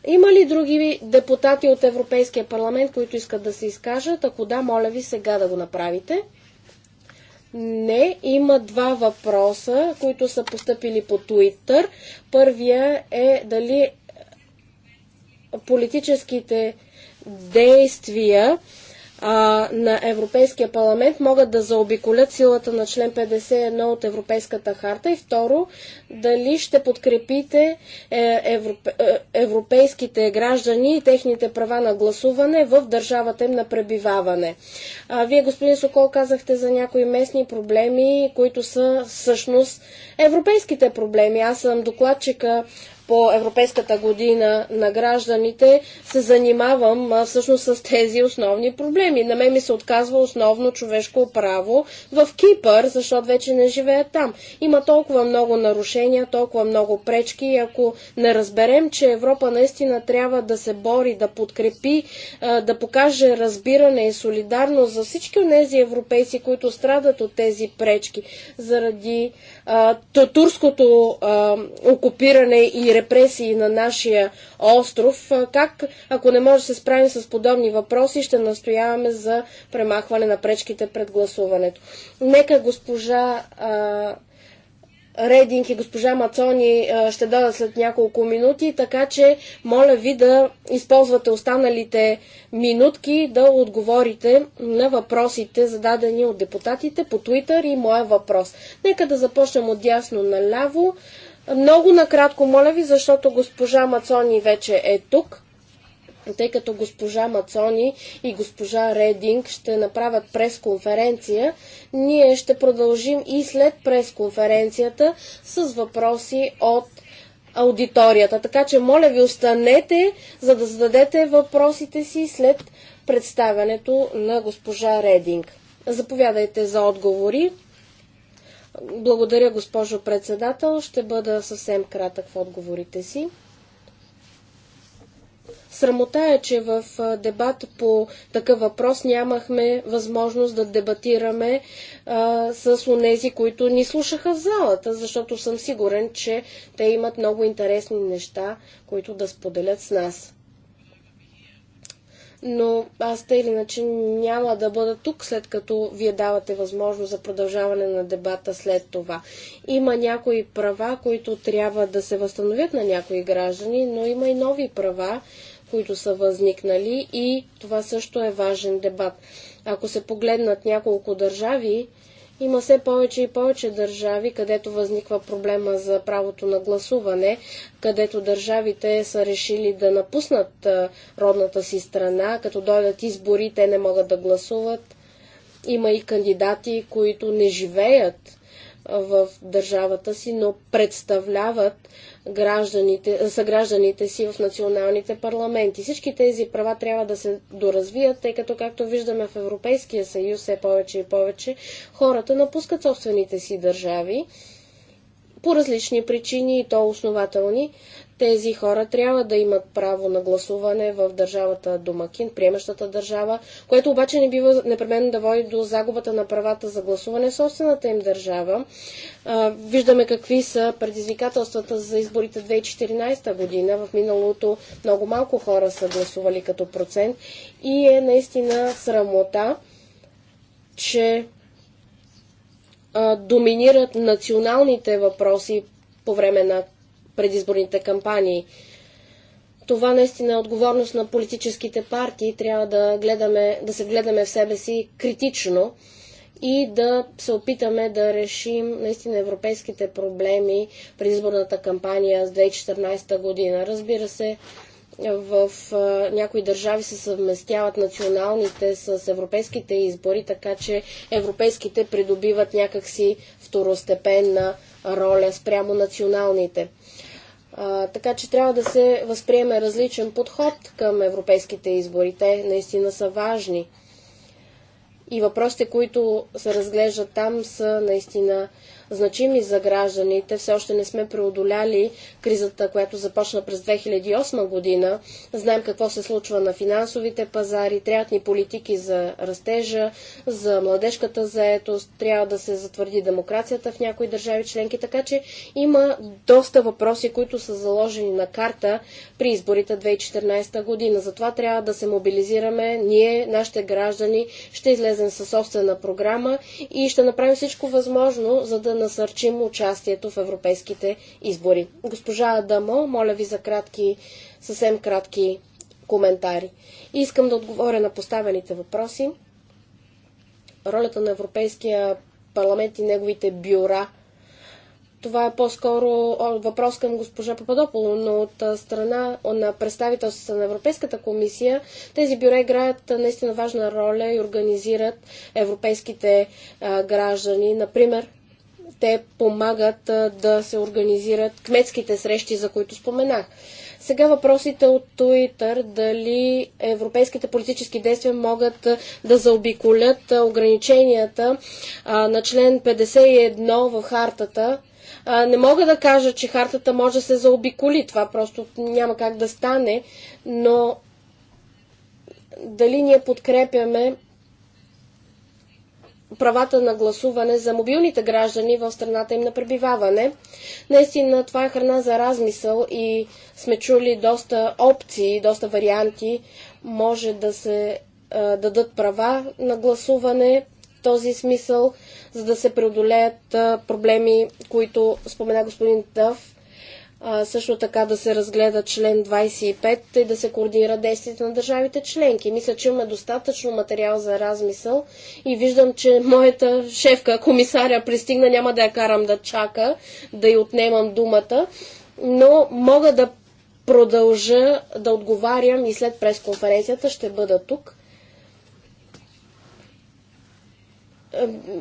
Има ли други депутати от Европейския парламент, които искат да се изкажат? Ако да, моля ви сега да го направите. Не, има два въпроса, които са поступили по Туитър. Първия е дали политическите действия а, на Европейския парламент могат да заобиколят силата на член 51 от Европейската харта? И второ, дали ще подкрепите е, европе, е, европейските граждани и техните права на гласуване в държавата им на пребиваване? А, вие, господин Сокол, казахте за някои местни проблеми, които са всъщност европейските проблеми. Аз съм докладчика по Европейската година на гражданите, се занимавам а, всъщност с тези основни проблеми. На мен ми се отказва основно човешко право в Кипър, защото вече не живея там. Има толкова много нарушения, толкова много пречки и ако не разберем, че Европа наистина трябва да се бори, да подкрепи, а, да покаже разбиране и солидарност за всички от тези европейци, които страдат от тези пречки, заради турското окупиране и репресии на нашия остров. Как, ако не може да се справим с подобни въпроси, ще настояваме за премахване на пречките пред гласуването. Нека госпожа Рединг и госпожа Мацони ще дойдат след няколко минути, така че моля ви да използвате останалите минутки да отговорите на въпросите, зададени от депутатите по Твитър и моя въпрос. Нека да започнем от дясно наляво. Много накратко, моля ви, защото госпожа Мацони вече е тук тъй като госпожа Мацони и госпожа Рединг ще направят пресконференция, ние ще продължим и след пресконференцията с въпроси от аудиторията. Така че, моля ви, останете, за да зададете въпросите си след представянето на госпожа Рединг. Заповядайте за отговори. Благодаря, госпожо председател. Ще бъда съвсем кратък в отговорите си. Срамота е, че в дебат по такъв въпрос нямахме възможност да дебатираме а, с онези, които ни слушаха в залата, защото съм сигурен, че те имат много интересни неща, които да споделят с нас. Но аз те или иначе няма да бъда тук, след като вие давате възможност за продължаване на дебата след това. Има някои права, които трябва да се възстановят на някои граждани, но има и нови права, които са възникнали и това също е важен дебат. Ако се погледнат няколко държави, има все повече и повече държави, където възниква проблема за правото на гласуване, където държавите са решили да напуснат родната си страна, като дойдат избори, те не могат да гласуват. Има и кандидати, които не живеят в държавата си, но представляват гражданите, съгражданите си в националните парламенти. Всички тези права трябва да се доразвият, тъй като, както виждаме в Европейския съюз, все повече и повече хората напускат собствените си държави по различни причини и то основателни, тези хора трябва да имат право на гласуване в държавата домакин, приемащата държава, което обаче не бива непременно да води до загубата на правата за гласуване в собствената им държава. Виждаме какви са предизвикателствата за изборите 2014 година. В миналото много малко хора са гласували като процент и е наистина срамота, че доминират националните въпроси по време на предизборните кампании. Това наистина е отговорност на политическите партии. Трябва да, гледаме, да се гледаме в себе си критично и да се опитаме да решим наистина европейските проблеми през изборната кампания с 2014 година. Разбира се, в някои държави се съвместяват националните с европейските избори, така че европейските придобиват някакси второстепенна роля спрямо националните. А, така че трябва да се възприеме различен подход към европейските избори. Те наистина са важни. И въпросите, които се разглеждат там, са наистина значими за гражданите. Все още не сме преодоляли кризата, която започна през 2008 година. Знаем какво се случва на финансовите пазари, трябват ни политики за растежа, за младежката заетост, трябва да се затвърди демокрацията в някои държави членки, така че има доста въпроси, които са заложени на карта при изборите 2014 година. Затова трябва да се мобилизираме. Ние, нашите граждани, ще излезем със собствена програма и ще направим всичко възможно, за да насърчим участието в европейските избори. Госпожа Адамо, моля ви за кратки, съвсем кратки коментари. И искам да отговоря на поставените въпроси. Ролята на Европейския парламент и неговите бюра. Това е по-скоро въпрос към госпожа Пападополо, но от страна на представителството на Европейската комисия тези бюра играят наистина важна роля и организират европейските граждани. Например, те помагат да се организират кметските срещи, за които споменах. Сега въпросите от Туитър дали европейските политически действия могат да заобиколят ограниченията на член 51 в хартата. Не мога да кажа, че хартата може да се заобиколи. Това просто няма как да стане, но дали ние подкрепяме правата на гласуване за мобилните граждани в страната им на пребиваване. Наистина това е храна за размисъл и сме чули доста опции, доста варианти. Може да се а, дадат права на гласуване в този смисъл, за да се преодолеят а, проблеми, които спомена господин Тъв а, също така да се разгледа член 25 и да се координира действията на държавите членки. Мисля, че имаме достатъчно материал за размисъл и виждам, че моята шефка, комисаря, пристигна, няма да я карам да чака, да й отнемам думата, но мога да продължа да отговарям и след пресконференцията ще бъда тук.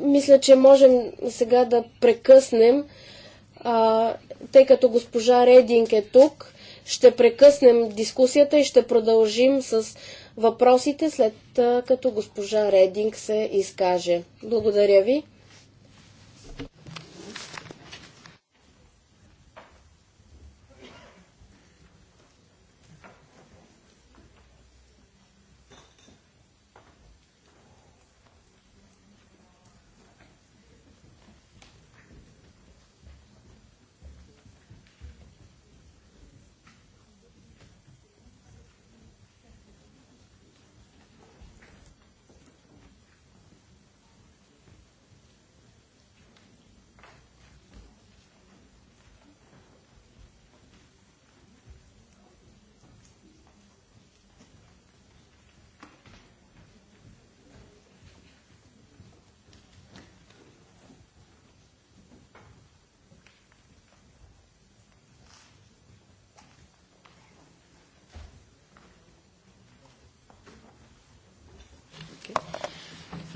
Мисля, че можем сега да прекъснем а, тъй като госпожа Рединг е тук, ще прекъснем дискусията и ще продължим с въпросите след като госпожа Рединг се изкаже. Благодаря ви.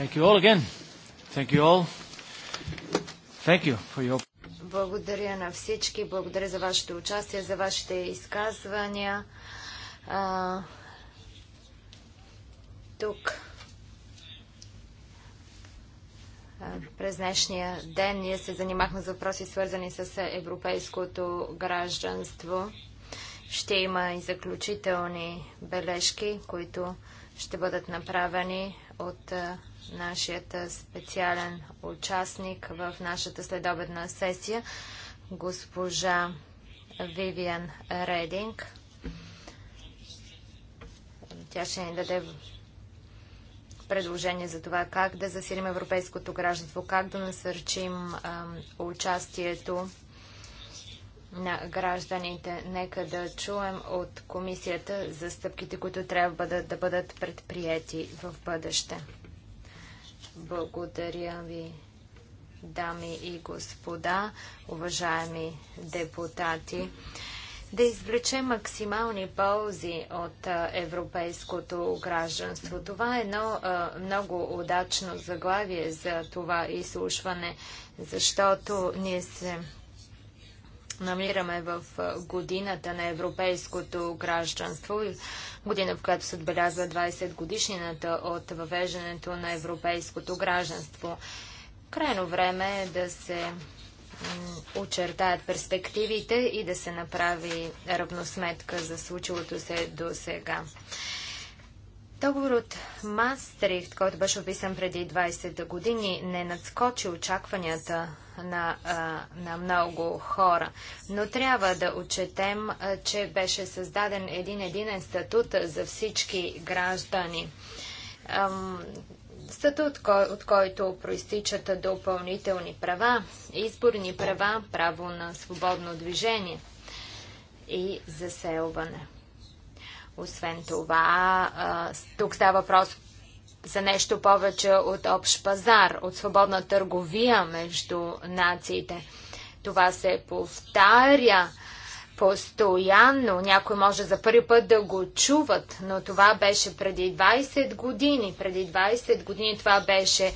Thank you all again. Thank you all. Thank you for your... Благодаря на всички. Благодаря за вашето участие, за вашите изказвания. А, тук през днешния ден ние се занимахме с въпроси, свързани с европейското гражданство. Ще има и заключителни бележки, които ще бъдат направени от нашият специален участник в нашата следобедна сесия, госпожа Вивиан Рединг. Тя ще ни даде предложение за това как да засилим европейското гражданство, как да насърчим а, участието на гражданите. Нека да чуем от комисията за стъпките, които трябва да, да бъдат предприяти в бъдеще. Благодаря ви, дами и господа, уважаеми депутати. Да извлечем максимални ползи от европейското гражданство. Това е едно много удачно заглавие за това изслушване, защото ние се намираме в годината на европейското гражданство, година в която се отбелязва 20 годишнината от въвеждането на европейското гражданство. Крайно време е да се очертаят перспективите и да се направи равносметка за случилото се до сега. Договор от Мастрихт, който беше описан преди 20 години, не надскочи очакванията на, а, на много хора. Но трябва да отчетем, а, че беше създаден един единен статут за всички граждани. Ам, статут, кой, от който проистичат допълнителни права, изборни права, право на свободно движение и заселване. Освен това, тук става въпрос за нещо повече от общ пазар, от свободна търговия между нациите. Това се повтаря постоянно. Някой може за първи път да го чуват, но това беше преди 20 години. Преди 20 години това беше е,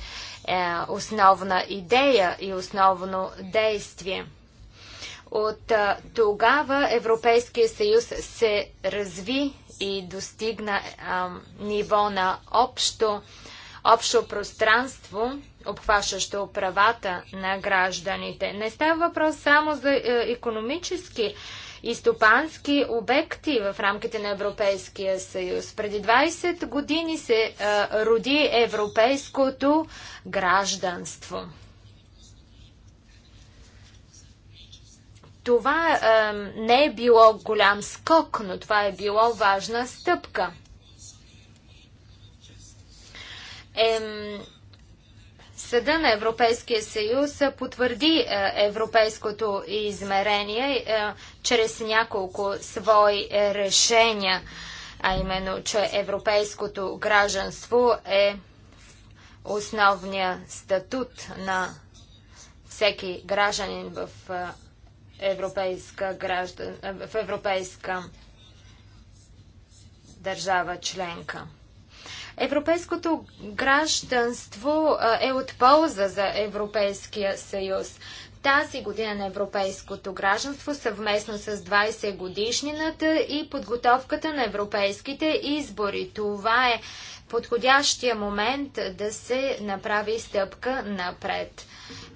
основна идея и основно действие. От е, тогава Европейския съюз се разви и достигна а, ниво на общо, общо пространство, обхващащо правата на гражданите. Не става въпрос само за економически и стопански обекти в рамките на Европейския съюз. Преди 20 години се а, е, роди европейското гражданство. Това е, не е било голям скок, но това е било важна стъпка. Е, Съда на Европейския съюз потвърди е, европейското измерение е, чрез няколко свои е, решения, а именно, че европейското гражданство е основния статут на всеки гражданин в е, европейска граждан, е, в европейска държава членка. Европейското гражданство е, е от полза за Европейския съюз. Тази година на европейското гражданство съвместно с 20 годишнината и подготовката на европейските избори. Това е подходящия момент да се направи стъпка напред.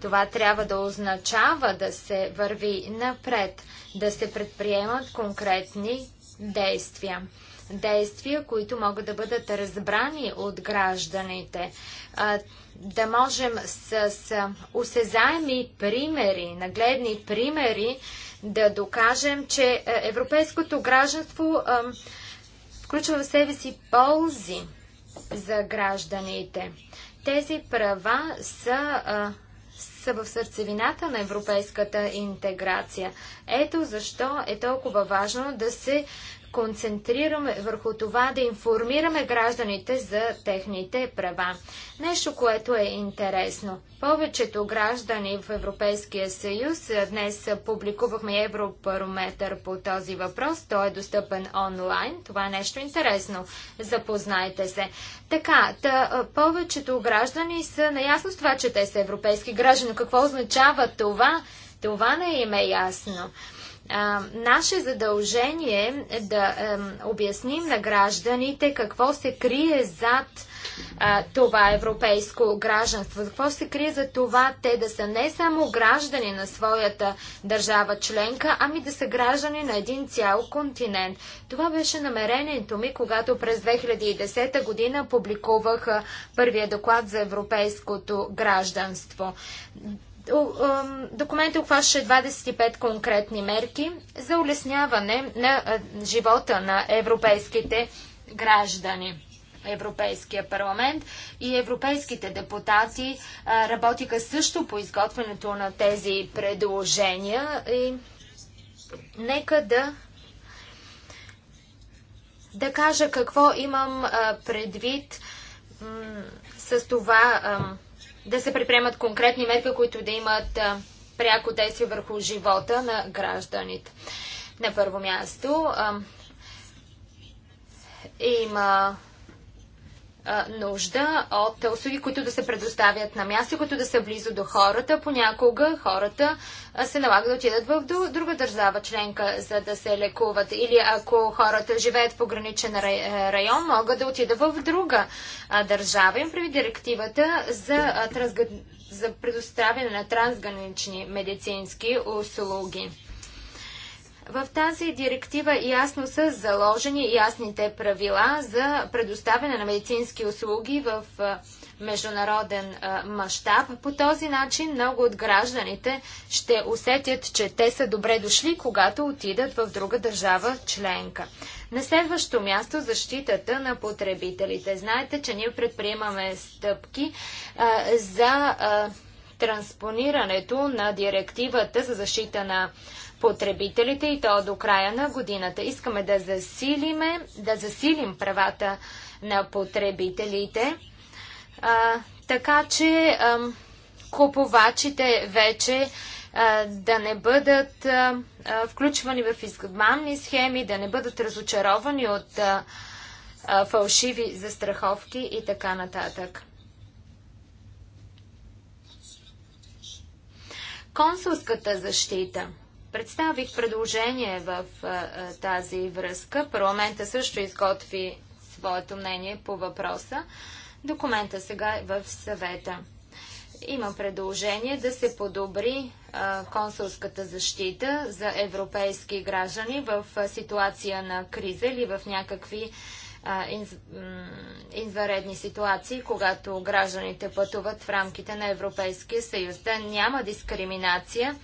Това трябва да означава да се върви напред, да се предприемат конкретни действия. Действия, които могат да бъдат разбрани от гражданите. Да можем с, осезаеми примери, нагледни примери, да докажем, че е, европейското гражданство включва в себе си ползи за гражданите. Тези права са, а, са в сърцевината на европейската интеграция. Ето защо е толкова важно да се концентрираме върху това да информираме гражданите за техните права. Нещо, което е интересно. Повечето граждани в Европейския съюз днес публикувахме Европарометър по този въпрос. Той е достъпен онлайн. Това е нещо интересно. Запознайте се. Така, та, повечето граждани са наясно с това, че те са европейски граждани. Какво означава това? Това не им е ясно наше задължение е да обясним на гражданите какво се крие зад това европейско гражданство, какво се крие за това те да са не само граждани на своята държава членка, ами да са граждани на един цял континент. Това беше намерението ми, когато през 2010 година публикувах първия доклад за европейското гражданство. Документът обхваща 25 конкретни мерки за улесняване на живота на европейските граждани. Европейския парламент и европейските депутати работиха също по изготвянето на тези предложения и нека да да кажа какво имам предвид с това предложение да се предприемат конкретни мерки, които да имат пряко действие върху живота на гражданите. На първо място има нужда от услуги, които да се предоставят на място, които да са близо до хората. Понякога хората се налага да отидат в друга държава членка, за да се лекуват. Или ако хората живеят в пограничен е, район, могат да отидат в друга държава. Им прави директивата за, трансгр... за предоставяне на трансгранични медицински услуги. В тази директива ясно са заложени ясните правила за предоставяне на медицински услуги в международен мащаб. По този начин много от гражданите ще усетят, че те са добре дошли, когато отидат в друга държава членка. На следващо място защитата на потребителите. Знаете, че ние предприемаме стъпки а, за а, транспонирането на директивата за защита на потребителите и то до края на годината. Искаме да засилиме, да засилим правата на потребителите, а, така че а, купувачите вече а, да не бъдат а, включвани в изгъбманни схеми, да не бъдат разочаровани от а, а, фалшиви застраховки и така нататък. Консулската защита – Представих предложение в тази връзка. Парламента също изготви своето мнение по въпроса. Документа сега е в съвета. Има предложение да се подобри консулската защита за европейски граждани в ситуация на криза или в някакви инваредни ситуации, когато гражданите пътуват в рамките на Европейския съюз. Да няма дискриминация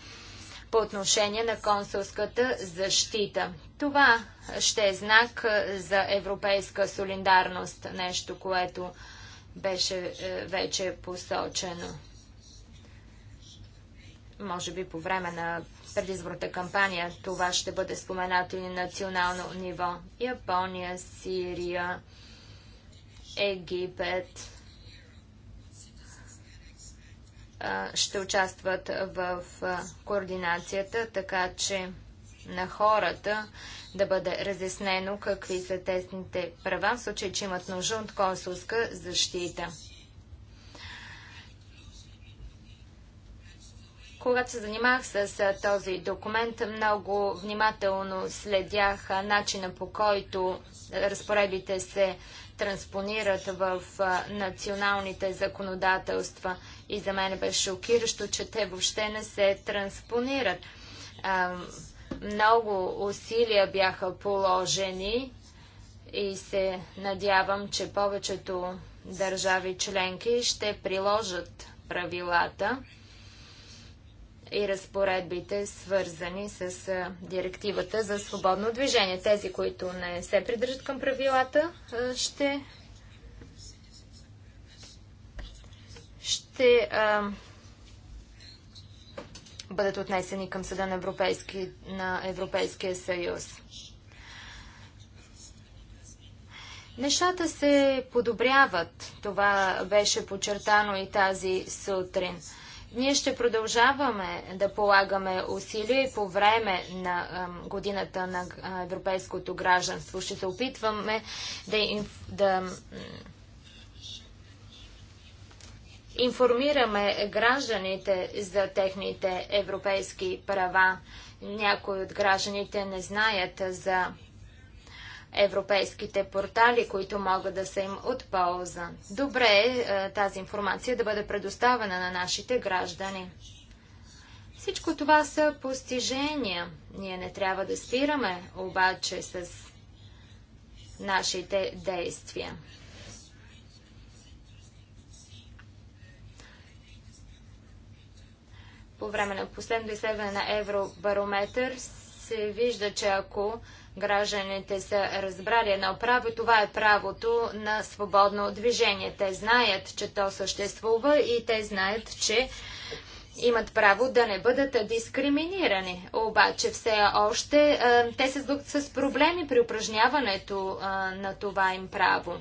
по отношение на консулската защита. Това ще е знак е, за европейска солидарност, нещо, което беше е, вече посочено. Може би по време на предизборната кампания това ще бъде споменато и на национално ниво. Япония, Сирия, Египет. ще участват в координацията, така че на хората да бъде разяснено какви са тесните права, в случай, че имат нужда от консулска защита. Когато се занимах с този документ, много внимателно следях начина по който разпоредбите се транспонират в националните законодателства. И за мен беше шокиращо, че те въобще не се транспонират. Много усилия бяха положени и се надявам, че повечето държави членки ще приложат правилата и разпоредбите, свързани с директивата за свободно движение. Тези, които не се придържат към правилата, ще ще а, бъдат отнесени към съда на, Европейски, на Европейския съюз. Нещата се подобряват. Това беше подчертано и тази сутрин. Ние ще продължаваме да полагаме усилия и по време на годината на европейското гражданство. Ще се опитваме да, да информираме гражданите за техните европейски права. Някои от гражданите не знаят за европейските портали, които могат да са им от полза. Добре е, е тази информация да бъде предоставена на нашите граждани. Всичко това са постижения. Ние не трябва да спираме обаче с нашите действия. По време на последното изследване на Евробарометър се вижда, че ако гражданите са разбрали едно право и това е правото на свободно движение. Те знаят, че то съществува и те знаят, че имат право да не бъдат дискриминирани. Обаче все още те се сблъскват с проблеми при упражняването на това им право.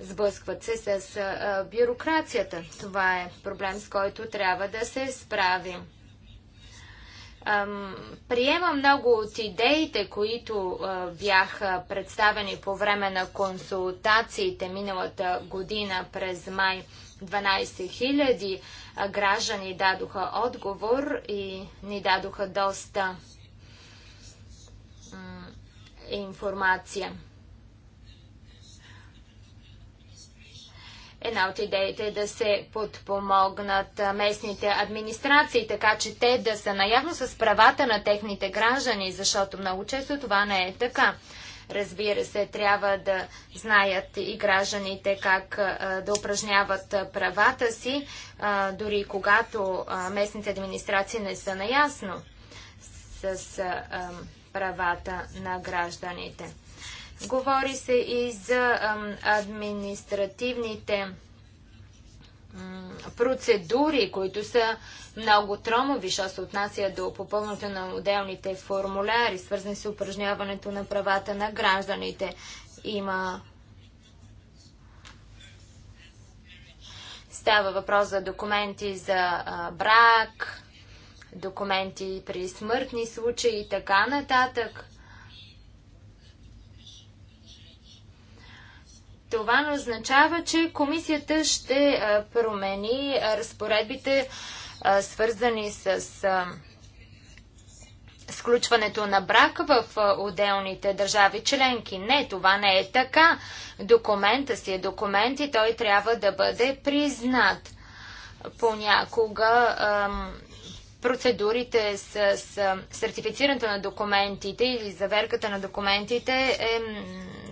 Сблъскват се с бюрокрацията. Това е проблем, с който трябва да се справим приема много от идеите, които бяха представени по време на консултациите миналата година през май. 12 000 граждани дадоха отговор и ни дадоха доста информация. Една от идеите е да се подпомогнат местните администрации, така че те да са наясно с правата на техните граждани, защото много често това не е така. Разбира се, трябва да знаят и гражданите как да упражняват правата си, дори когато местните администрации не са наясно с правата на гражданите. Говори се и за административните процедури, които са много тромови, що се отнася до попълното на отделните формуляри, свързани с упражняването на правата на гражданите. Има Става въпрос за документи за брак, документи при смъртни случаи и така нататък. Това не означава, че комисията ще промени разпоредбите, свързани с сключването на брак в отделните държави членки. Не, това не е така. Документа си е документ и той трябва да бъде признат. Понякога процедурите с, с сертифицирането на документите или заверката на документите е,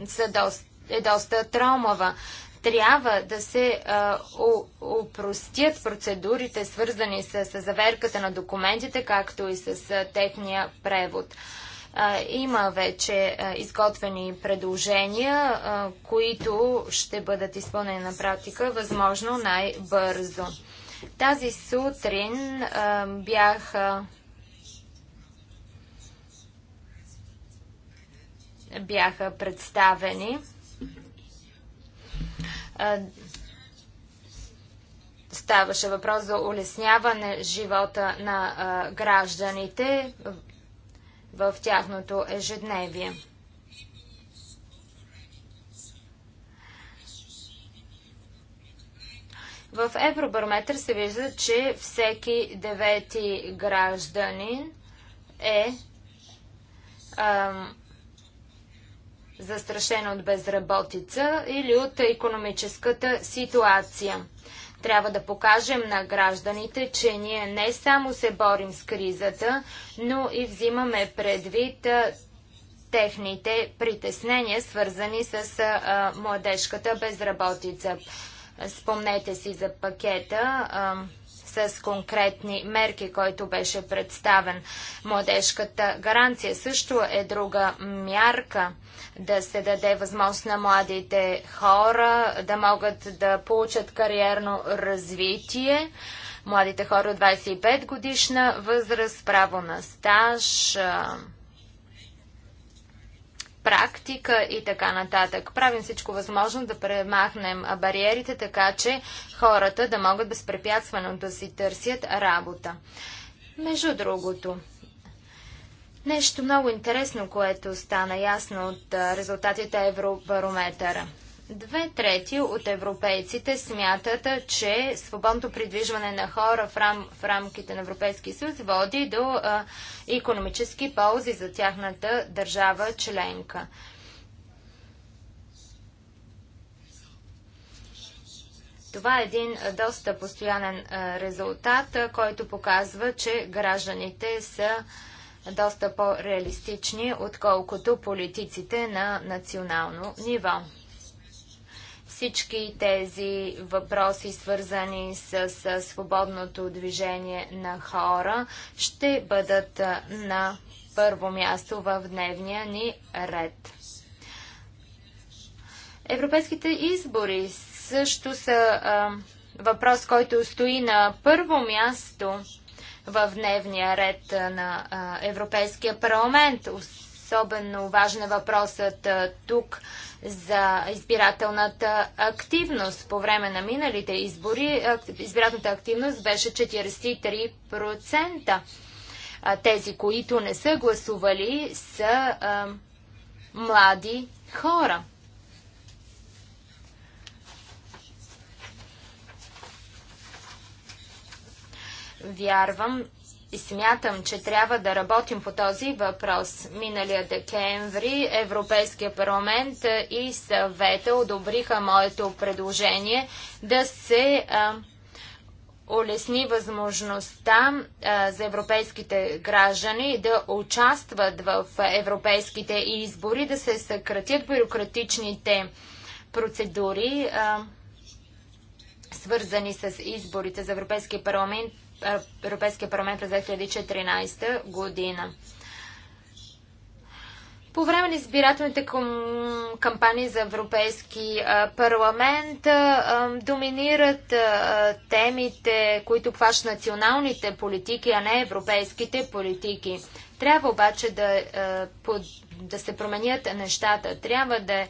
са доста е доста траумава. Трябва да се а, опростят процедурите, свързани с, с заверката на документите, както и с а, техния превод. А, има вече а, изготвени предложения, а, които ще бъдат изпълнени на практика възможно най-бързо. Тази сутрин а, бяха бяха представени Ставаше въпрос за улесняване живота на гражданите в тяхното ежедневие. В Евробарометър се вижда, че всеки девети гражданин е ам, застрашена от безработица или от економическата ситуация. Трябва да покажем на гражданите, че ние не само се борим с кризата, но и взимаме предвид техните притеснения, свързани с а, младежката безработица. Спомнете си за пакета. А, с конкретни мерки, който беше представен. Младежката гаранция също е друга мярка да се даде възможност на младите хора да могат да получат кариерно развитие. Младите хора от 25 годишна възраст, право на стаж, практика и така нататък. Правим всичко възможно да премахнем бариерите, така че хората да могат безпрепятствено да си търсят работа. Между другото, нещо много интересно, което стана ясно от резултатите Евробарометъра – Две трети от европейците смятат, че свободното придвижване на хора в, рам, в рамките на Европейския съюз води до а, економически ползи за тяхната държава членка. Това е един доста постоянен резултат, който показва, че гражданите са доста по-реалистични, отколкото политиците на национално ниво всички тези въпроси, свързани с, с свободното движение на хора, ще бъдат на първо място в дневния ни ред. Европейските избори също са а, въпрос, който стои на първо място в дневния ред на а, Европейския парламент. Особено важен е въпросът а, тук за избирателната активност. По време на миналите избори избирателната активност беше 43%. Тези, които не са гласували, са а, млади хора. Вярвам, и смятам, че трябва да работим по този въпрос. Миналия декември Европейския парламент и съвета одобриха моето предложение да се а, улесни възможността а, за европейските граждани да участват в европейските избори, да се съкратят бюрократичните процедури, а, свързани с изборите за Европейския парламент Европейския парламент през 2014 година. По време на избирателните кампании за Европейски парламент доминират темите, които обхващат националните политики, а не европейските политики. Трябва обаче да, да се променят нещата. Трябва да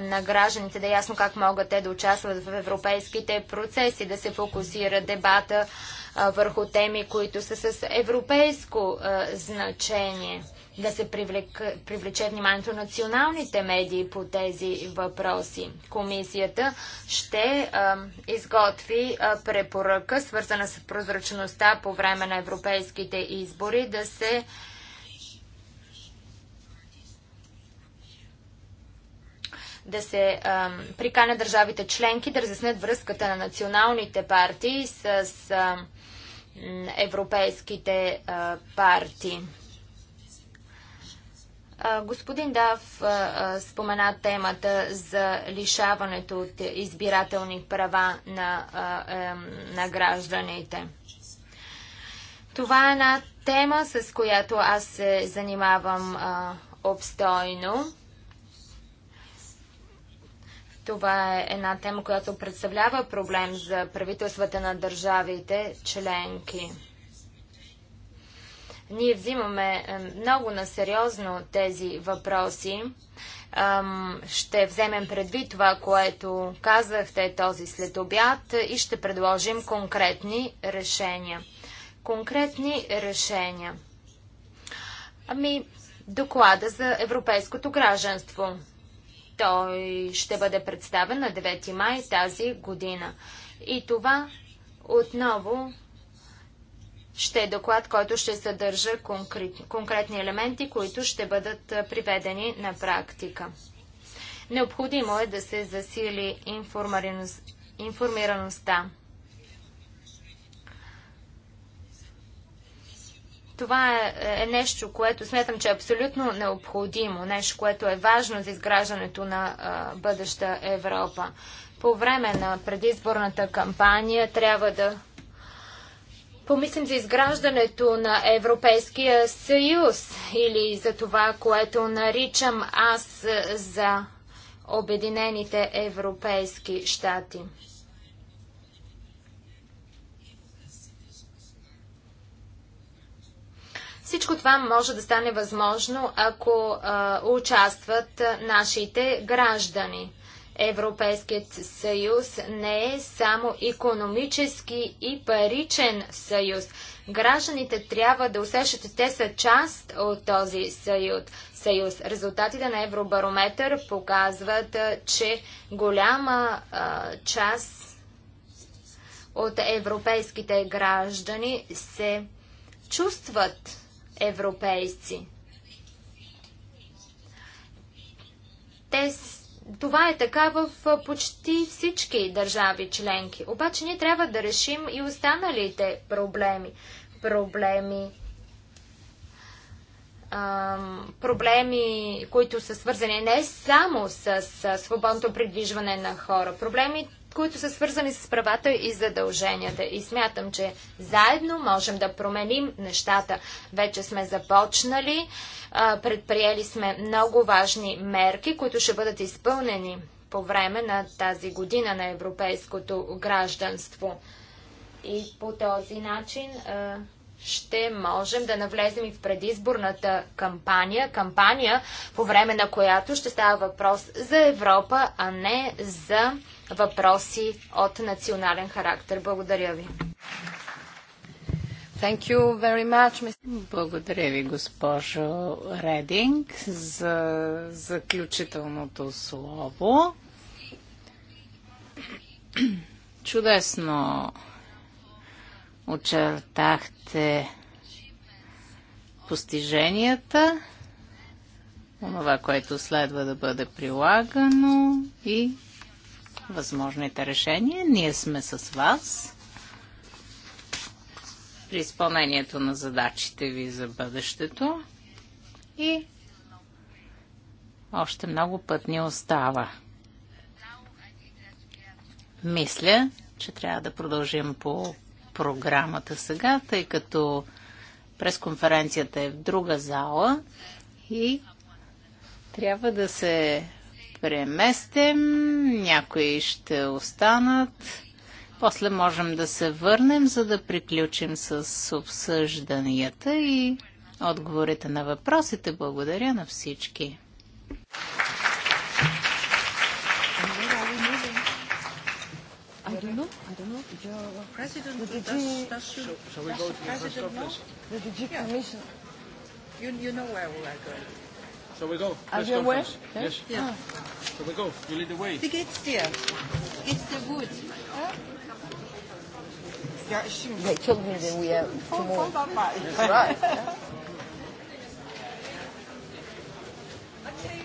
на гражданите да е ясно как могат те да участват в европейските процеси, да се фокусира дебата върху теми, които са с европейско значение. Да се привлече вниманието на националните медии по тези въпроси. Комисията ще а, изготви а, препоръка, свързана с прозрачността по време на европейските избори, да се да се а, приканя държавите членки да разяснят връзката на националните партии с а, европейските партии. Господин Дав спомена темата за лишаването от избирателни права на, на гражданите. Това е една тема, с която аз се занимавам обстойно. Това е една тема, която представлява проблем за правителствата на държавите членки. Ние взимаме е, много насериозно тези въпроси. Ще вземем предвид това, което казахте този след обяд и ще предложим конкретни решения. Конкретни решения. Ами, доклада за европейското гражданство. Той ще бъде представен на 9 май тази година. И това отново ще е доклад, който ще съдържа конкретни елементи, които ще бъдат приведени на практика. Необходимо е да се засили информираността. Това е, е нещо, което смятам, че е абсолютно необходимо, нещо, което е важно за изграждането на а, бъдеща Европа. По време на предизборната кампания трябва да помислим за изграждането на Европейския съюз или за това, което наричам аз за Обединените европейски щати. Всичко това може да стане възможно, ако а, участват нашите граждани. Европейският съюз не е само економически и паричен съюз. Гражданите трябва да усещат, че те са част от този съюз. Резултатите на Евробарометър показват, че голяма а, част от европейските граждани се чувстват европейци. Те, това е така в почти всички държави членки. Обаче ние трябва да решим и останалите проблеми. Проблеми проблеми, които са свързани не само с свободното придвижване на хора, проблеми, които са свързани с правата и задълженията. И смятам, че заедно можем да променим нещата. Вече сме започнали, предприели сме много важни мерки, които ще бъдат изпълнени по време на тази година на европейското гражданство. И по този начин ще можем да навлезем и в предизборната кампания, кампания по време на която ще става въпрос за Европа, а не за въпроси от национален характер. Благодаря ви. Thank you very much, Благодаря ви, госпожо Рединг, за заключителното слово. <clears throat> Чудесно очертахте постиженията, това, което следва да бъде прилагано и възможните решения. Ние сме с вас при изпълнението на задачите ви за бъдещето и още много път ни остава. Мисля, че трябва да продължим по програмата сега, тъй като пресконференцията е в друга зала и трябва да се преместим, някои ще останат. После можем да се върнем, за да приключим с обсъжданията и отговорите на въпросите. Благодаря на всички. I don't know. I don't know. The president the DG, does, should, shall we go to the president know? The DG yeah. commission. You, you know where we are going. Shall we go. Are you aware? Yes. Yeah. So we go. You lead the way. Wie geht's dir? Geht's dir gut? Ja, They told me that we have two more. That's right. Okay.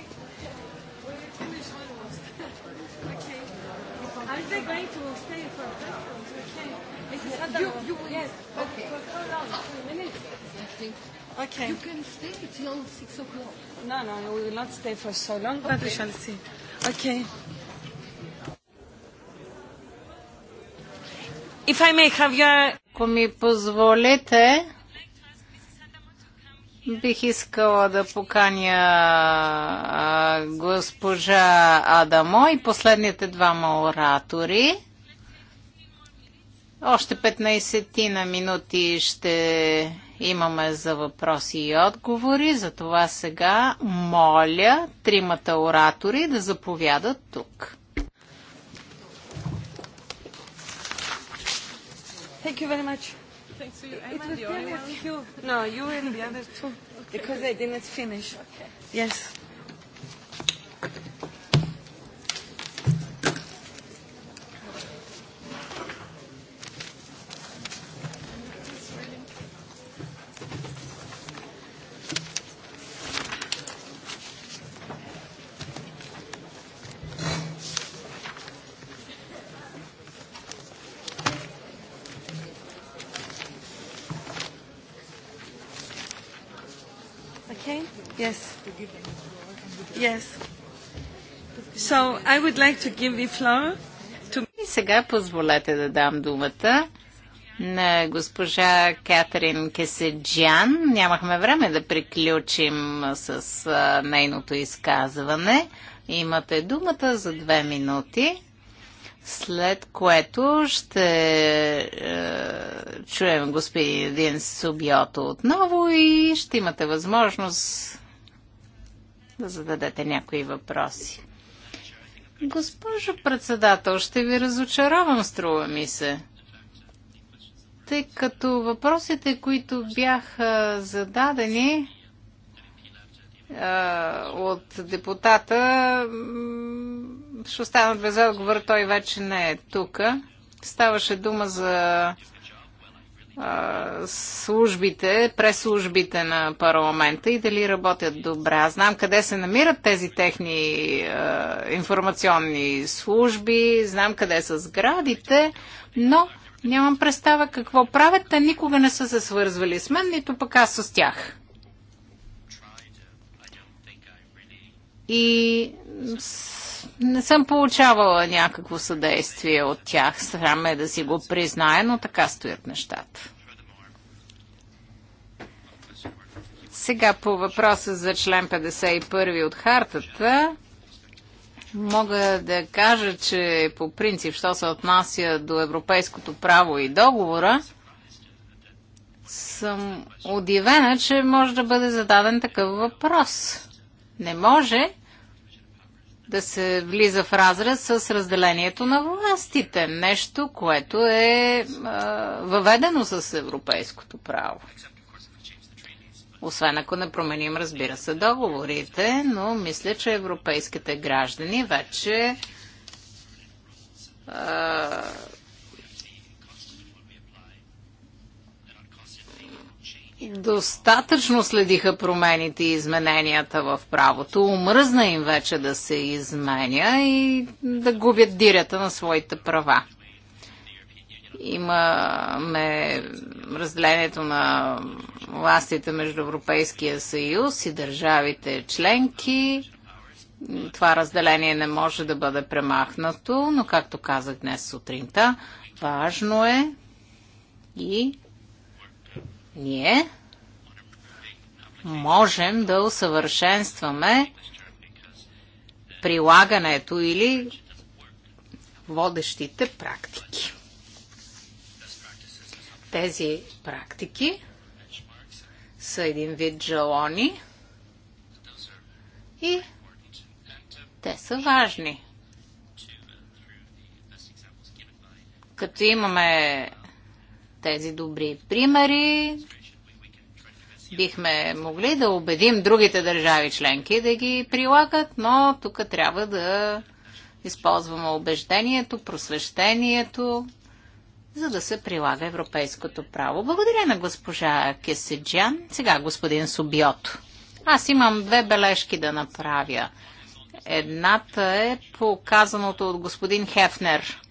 Aren't they going to stay for breakfast? Okay. Mrs. You, you, yes. Okay. For how long? Two minutes. Okay. You can stay till six o'clock. No, no, we will not stay for so long, okay. but we shall see. Okay. If I may have your... Ако ми позволите, Бих искала да поканя госпожа Адамо и последните двама оратори. Още 15 на минути ще имаме за въпроси и отговори, затова сега моля тримата оратори да заповядат тук. Thank you very much wait, so you, am I the only one? You. No, you and the other two. Because I didn't finish. Okay. Yes. So I would like to give the floor to... И сега позволете да дам думата на госпожа Катерин Кеседжан. Нямахме време да приключим с а, нейното изказване. Имате думата за две минути, след което ще е, чуем господин Субиото отново и ще имате възможност да зададете някои въпроси. Госпожо председател, ще ви разочаровам, струва ми се. Тъй като въпросите, които бяха зададени е, от депутата, ще останат без отговор, той вече не е тук. Ставаше дума за службите, преслужбите на парламента и дали работят добре. Аз знам къде се намират тези техни информационни служби, знам къде са сградите, но нямам представа какво правят. Те никога не са се свързвали с мен, нито пък аз с тях. И не съм получавала някакво съдействие от тях. Срам е да си го призная, но така стоят нещата. Сега по въпроса за член 51 от хартата, мога да кажа, че по принцип, що се отнася до европейското право и договора, съм удивена, че може да бъде зададен такъв въпрос. Не може да се влиза в разрез с разделението на властите. Нещо, което е, е въведено с европейското право. Освен ако не променим, разбира се, договорите, но мисля, че европейските граждани вече а, е, достатъчно следиха промените и измененията в правото. Умръзна им вече да се изменя и да губят дирята на своите права. Имаме разделението на властите между Европейския съюз и държавите членки. Това разделение не може да бъде премахнато, но както казах днес сутринта, важно е и ние можем да усъвършенстваме прилагането или водещите практики. Тези практики са един вид жалони и те са важни. Като имаме тези добри примери бихме могли да убедим другите държави членки да ги прилагат, но тук трябва да използваме убеждението, просвещението, за да се прилага европейското право. Благодаря на госпожа Кеседжан. Сега господин Субиото. Аз имам две бележки да направя. Едната е по казаното от господин Хефнер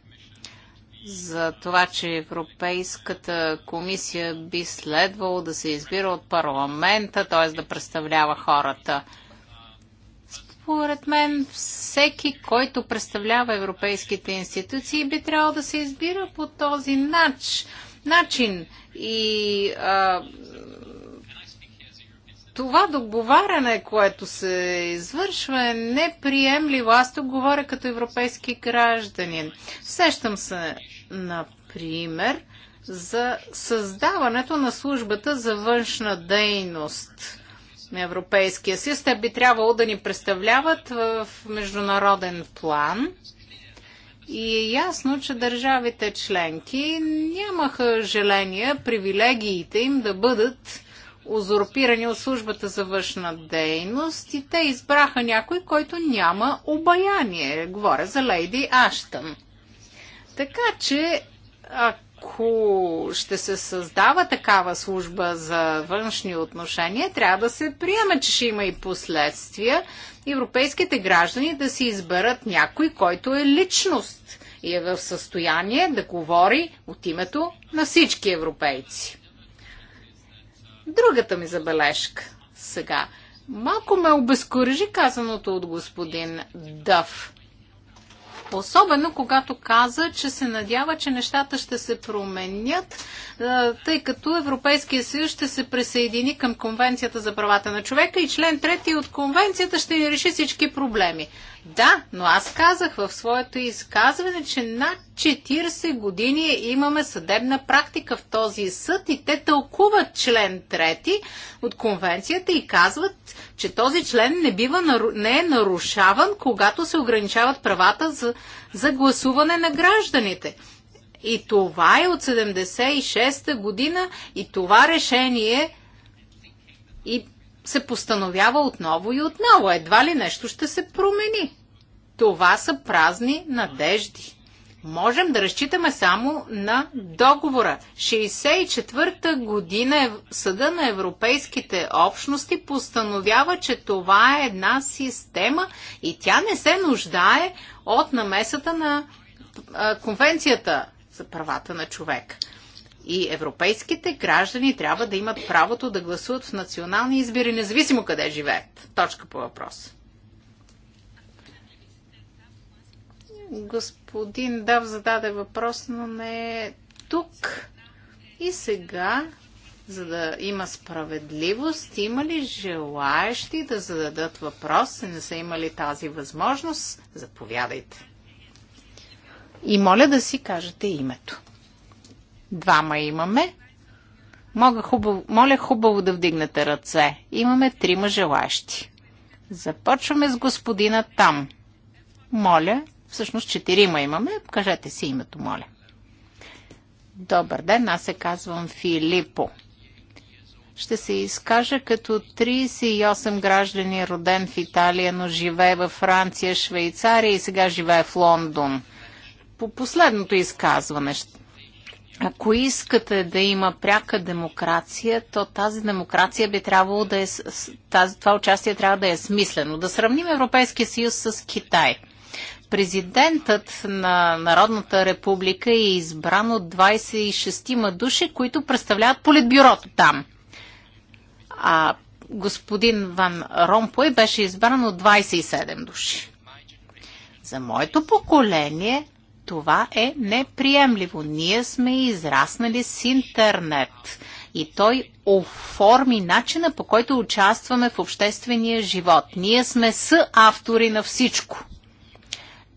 за това, че Европейската комисия би следвало да се избира от парламента, т.е. да представлява хората. Според мен всеки, който представлява европейските институции, би трябвало да се избира по този нач, начин. И а, това договаряне, което се извършва, е неприемливо. Аз тук говоря като европейски гражданин. Сещам се например, за създаването на службата за външна дейност на Европейския съюз. Те би трябвало да ни представляват в международен план. И е ясно, че държавите членки нямаха желение привилегиите им да бъдат узурпирани от службата за външна дейност и те избраха някой, който няма обаяние. Говоря за Лейди Аштън. Така че, ако ще се създава такава служба за външни отношения, трябва да се приеме, че ще има и последствия европейските граждани да си изберат някой, който е личност и е в състояние да говори от името на всички европейци. Другата ми забележка сега. Малко ме обезкуражи казаното от господин Дъв. Особено когато каза, че се надява, че нещата ще се променят, е, тъй като Европейския съюз ще се присъедини към Конвенцията за правата на човека и член 3 от Конвенцията ще ни реши всички проблеми. Да, но аз казах в своето изказване, че над 40 години имаме съдебна практика в този съд и те тълкуват член 3 от конвенцията и казват, че този член не, бива, не е нарушаван, когато се ограничават правата за, за гласуване на гражданите. И това е от 76-та година и това решение и се постановява отново и отново. Едва ли нещо ще се промени. Това са празни надежди. Можем да разчитаме само на договора. 64-та година Съда на Европейските общности постановява, че това е една система и тя не се нуждае от намесата на Конвенцията за правата на човек. И европейските граждани трябва да имат правото да гласуват в национални избери, независимо къде живеят. Точка по въпрос. Господин Дав зададе въпрос, но не е тук. И сега, за да има справедливост, има ли желаещи да зададат въпрос? Не са имали тази възможност? Заповядайте. И моля да си кажете името. Двама имаме. Мога хубаво, моля хубаво да вдигнете ръце. Имаме трима желащи. Започваме с господина там. Моля, всъщност четирима имаме. Кажете си името, моля. Добър ден, аз се казвам Филипо. Ще се изкажа като 38 граждани, роден в Италия, но живее във Франция, Швейцария и сега живее в Лондон. По последното изказване ако искате да има пряка демокрация, то тази демокрация би трябвало да е, тази, това участие трябва да е смислено. Да сравним Европейския съюз с Китай. Президентът на Народната република е избран от 26 души, които представляват политбюрото там. А господин Ван Ромпой беше избран от 27 души. За моето поколение това е неприемливо. Ние сме израснали с интернет и той оформи начина по който участваме в обществения живот. Ние сме с автори на всичко.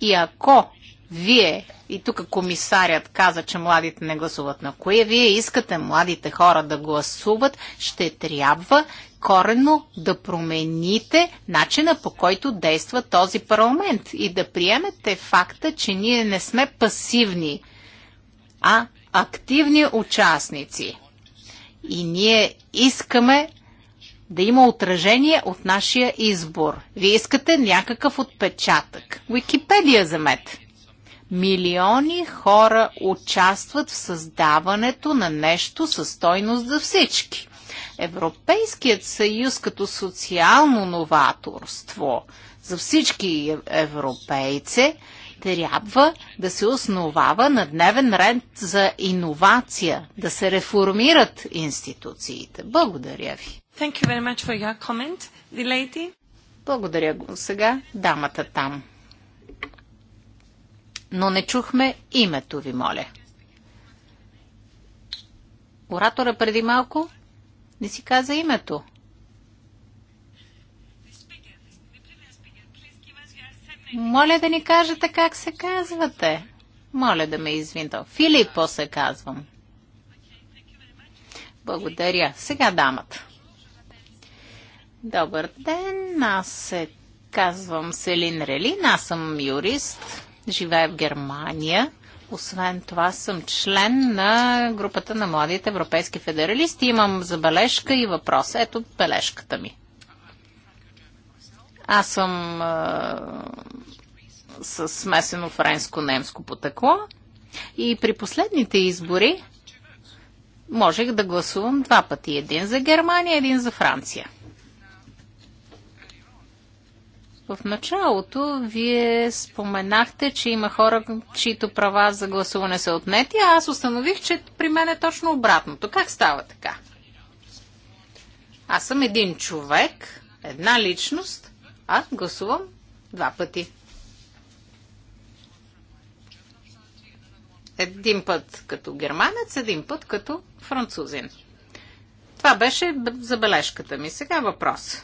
И ако вие, и тук комисарят каза, че младите не гласуват, на кое вие искате младите хора да гласуват, ще трябва коренно да промените начина по който действа този парламент и да приемете факта, че ние не сме пасивни, а активни участници. И ние искаме да има отражение от нашия избор. Вие искате някакъв отпечатък. Википедия за мен. Милиони хора участват в създаването на нещо със стойност за всички. Европейският съюз като социално новаторство за всички европейци трябва да се основава на дневен ред за иновация, да се реформират институциите. Благодаря ви. Thank you very much for your comment, the lady. Благодаря го. Сега дамата там. Но не чухме името ви, моля. Оратора преди малко не си каза името. Моля да ни кажете как се казвате. Моля да ме извинта. Филипо се казвам. Благодаря. Сега дамата. Добър ден. Аз се казвам Селин Релин. Аз съм юрист. Живея в Германия. Освен това съм член на групата на младите европейски федералисти. Имам забележка и въпрос. Ето бележката ми. Аз съм а, с смесено френско-немско потекло и при последните избори можех да гласувам два пъти. Един за Германия, един за Франция. В началото вие споменахте, че има хора, чието права за гласуване са отнети, а аз установих, че при мен е точно обратното. Как става така? Аз съм един човек, една личност, а гласувам два пъти. Един път като германец, един път като французин. Това беше забележката ми. Сега въпрос.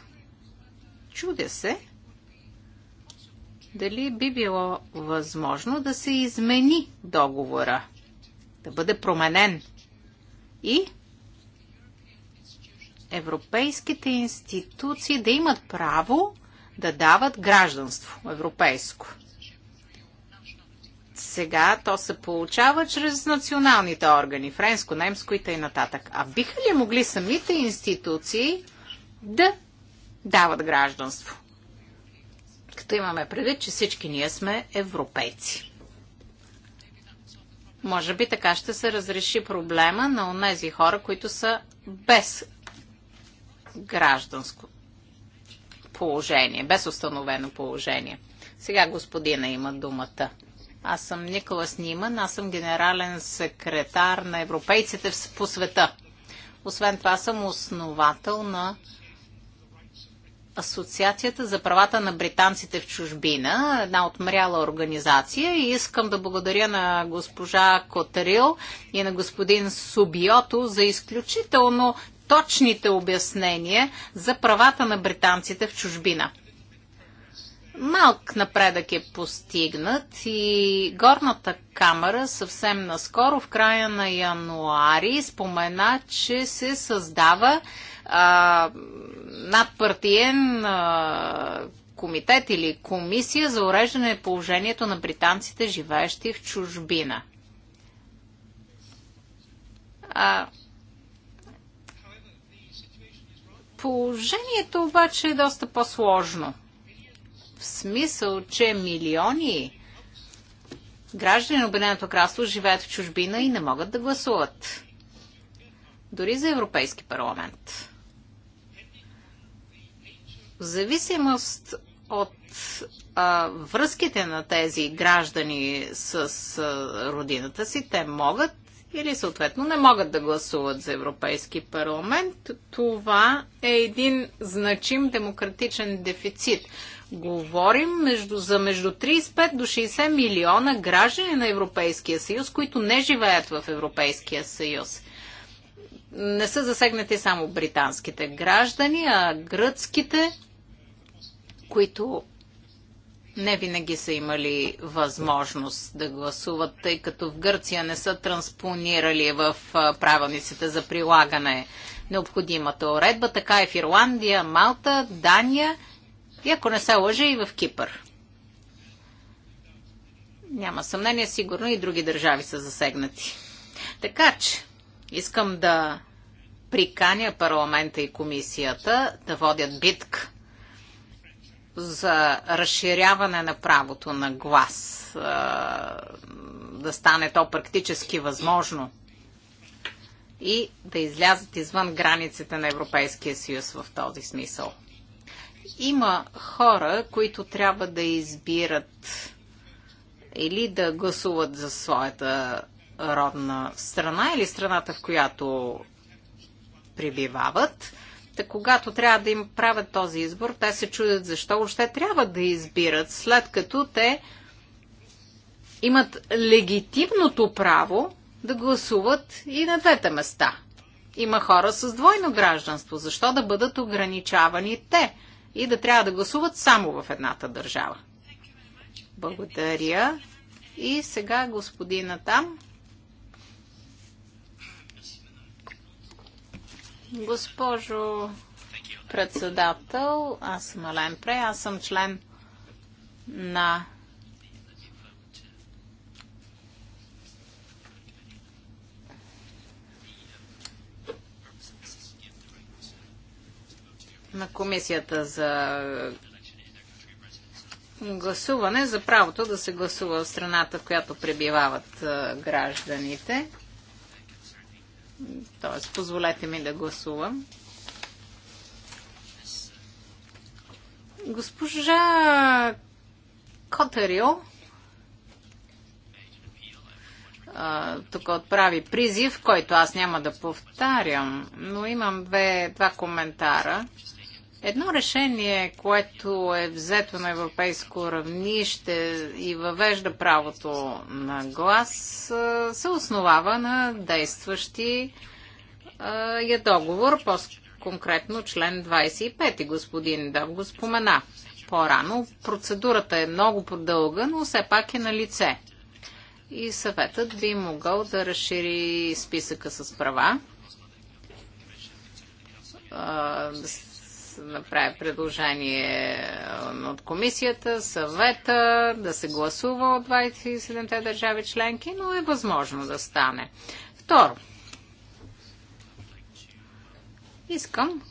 Чудя се, дали би било възможно да се измени договора, да бъде променен и европейските институции да имат право да дават гражданство европейско. Сега то се получава чрез националните органи, френско, немско и т.н. А биха ли могли самите институции да дават гражданство? като имаме предвид, че всички ние сме европейци. Може би така ще се разреши проблема на онези хора, които са без гражданско положение, без установено положение. Сега господина има думата. Аз съм Николас Ниман, аз съм генерален секретар на европейците по света. Освен това съм основател на Асоциацията за правата на британците в чужбина, една отмряла организация и искам да благодаря на госпожа Котерил и на господин Субиото за изключително точните обяснения за правата на британците в чужбина. Малък напредък е постигнат и горната камера съвсем наскоро, в края на януари, спомена, че се създава а, надпартиен а, комитет или комисия за уреждане на положението на британците, живеещи в чужбина. А, положението обаче е доста по-сложно. В смисъл, че милиони граждани на Обединеното кралство живеят в чужбина и не могат да гласуват. Дори за Европейски парламент в зависимост от а, връзките на тези граждани с а, родината си, те могат или съответно не могат да гласуват за Европейски парламент. Това е един значим демократичен дефицит. Говорим между, за между 35 до 60 милиона граждани на Европейския съюз, които не живеят в Европейския съюз не са засегнати само британските граждани, а гръцките които не винаги са имали възможност да гласуват, тъй като в Гърция не са транспонирали в правилниците за прилагане необходимата уредба. Така и е в Ирландия, Малта, Дания и ако не се лъжа и в Кипър. Няма съмнение, сигурно и други държави са засегнати. Така че, искам да приканя парламента и комисията да водят битка за разширяване на правото на глас, да стане то практически възможно и да излязат извън границите на Европейския съюз в този смисъл. Има хора, които трябва да избират или да гласуват за своята родна страна или страната, в която прибивават – когато трябва да им правят този избор, те се чудят защо още трябва да избират, след като те имат легитимното право да гласуват и на двете места. Има хора с двойно гражданство. Защо да бъдат ограничавани те и да трябва да гласуват само в едната държава? Благодаря. И сега господина там. Госпожо председател, аз съм Ален Пре, аз съм член на на комисията за гласуване за правото да се гласува в страната, в която пребивават гражданите. Т.е., позволете ми да гласувам. Госпожа Котарио тук отправи призив, който аз няма да повтарям, но имам две, два коментара. Едно решение, което е взето на европейско равнище и въвежда правото на глас, се основава на действащи е договор, по-конкретно член 25, господин Дав го спомена по-рано. Процедурата е много подълга, но все пак е на лице. И съветът би могъл да разшири списъка с права направи предложение от комисията, съвета, да се гласува от 27-те държави членки, но е възможно да стане. Второ, искам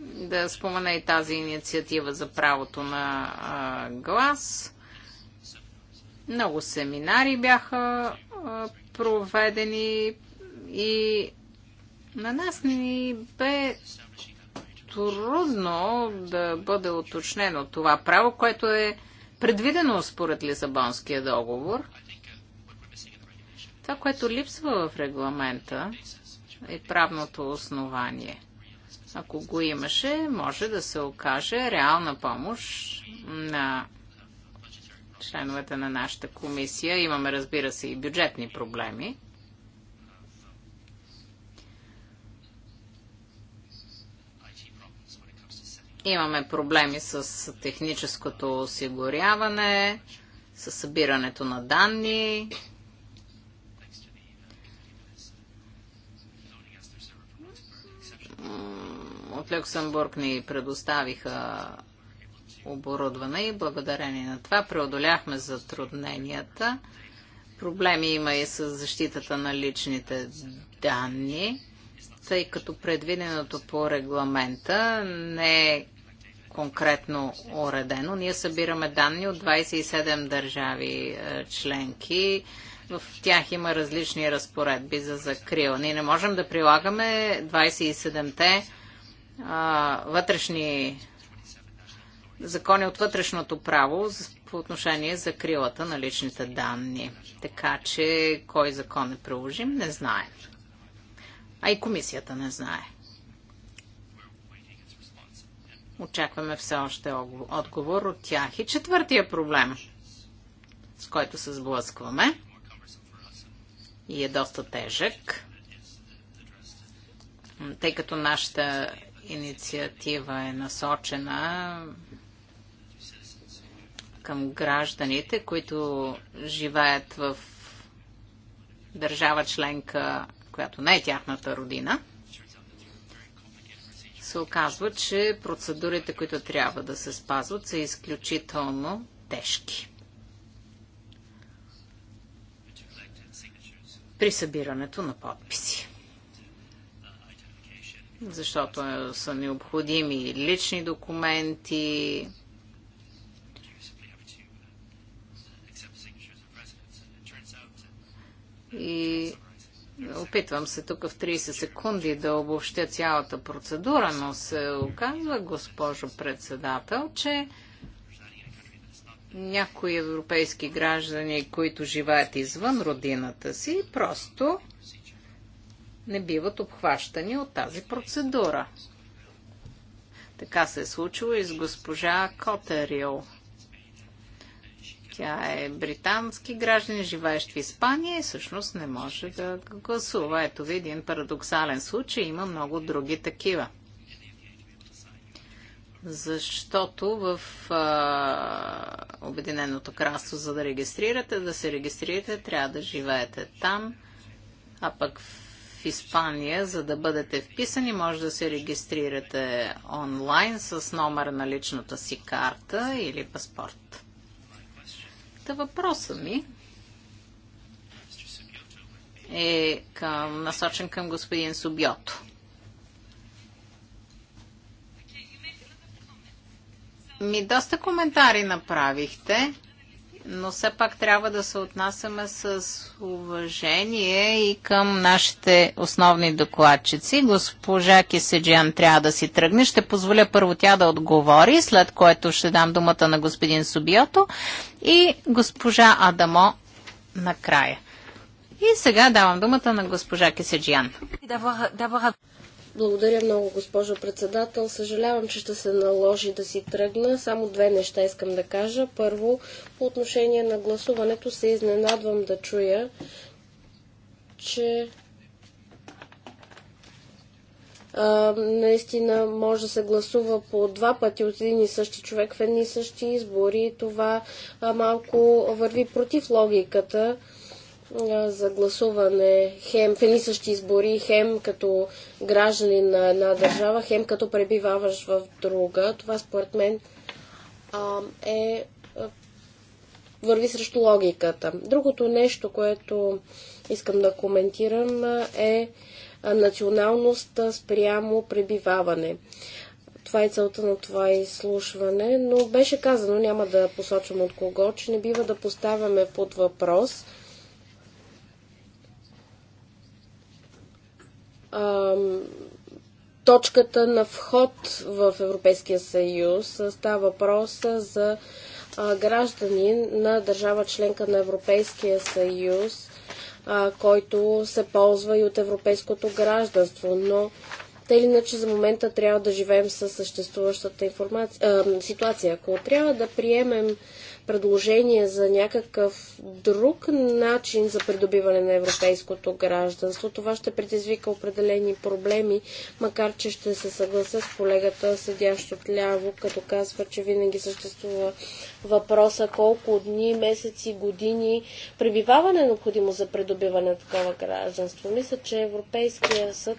да спомена и тази инициатива за правото на а, глас. Много семинари бяха а, проведени и на нас ни бе трудно да бъде уточнено това право, което е предвидено според Лисабонския договор. Това, което липсва в регламента е правното основание. Ако го имаше, може да се окаже реална помощ на членовете на нашата комисия. Имаме, разбира се, и бюджетни проблеми. Имаме проблеми с техническото осигуряване, с събирането на данни. От Люксембург ни предоставиха оборудване и благодарение на това преодоляхме затрудненията. Проблеми има и с защитата на личните данни, тъй като предвиденото по регламента не е конкретно уредено. Ние събираме данни от 27 държави е, членки. В тях има различни разпоредби за закрила. Ние не можем да прилагаме 27-те е, вътрешни закони от вътрешното право по отношение за крилата на личните данни. Така че кой закон е приложим, не знае. А и комисията не знае. Очакваме все още отговор от тях. И четвъртия проблем, с който се сблъскваме и е доста тежък, тъй като нашата инициатива е насочена към гражданите, които живеят в държава членка, която не е тяхната родина се оказва, че процедурите, които трябва да се спазват, са изключително тежки. При събирането на подписи. Защото са необходими лични документи, и Опитвам се тук в 30 секунди да обобщя цялата процедура, но се оказва, госпожо председател, че някои европейски граждани, които живеят извън родината си, просто не биват обхващани от тази процедура. Така се е случило и с госпожа Котерил. Тя е британски граждани, живеещ в Испания и всъщност не може да гласува. Ето ви един парадоксален случай. Има много други такива защото в а, Обединеното кралство, за да регистрирате, да се регистрирате, трябва да живеете там, а пък в Испания, за да бъдете вписани, може да се регистрирате онлайн с номер на личната си карта или паспорт. Та въпроса ми е към, насочен към господин Субьото. Ми доста коментари направихте но все пак трябва да се отнасяме с уважение и към нашите основни докладчици. Госпожа Киседжиан трябва да си тръгне. Ще позволя първо тя да отговори, след което ще дам думата на господин Субиото и госпожа Адамо накрая. И сега давам думата на госпожа Киседжиан. Благодаря много, госпожо председател. Съжалявам, че ще се наложи да си тръгна. Само две неща искам да кажа. Първо, по отношение на гласуването се изненадвам да чуя, че а, наистина може да се гласува по два пъти от един и същи човек в едни и същи избори. Това а, малко върви против логиката за гласуване хем в същи избори, хем като гражданин на една държава, хем като пребиваваш в друга. Това според мен а, е върви срещу логиката. Другото нещо, което искам да коментирам е националност спрямо пребиваване. Това е целта на това изслушване, но беше казано, няма да посочвам от кого, че не бива да поставяме под въпрос – точката на вход в Европейския съюз. Става въпрос за граждани на държава членка на Европейския съюз, който се ползва и от европейското гражданство. Но те или иначе за момента трябва да живеем с съществуващата информация, а, ситуация. Ако трябва да приемем предложение за някакъв друг начин за придобиване на европейското гражданство. Това ще предизвика определени проблеми, макар че ще се съглася с колегата, седящ от ляво, като казва, че винаги съществува въпроса колко дни, месеци, години пребиваване е необходимо за придобиване на такова гражданство. Мисля, че Европейския съд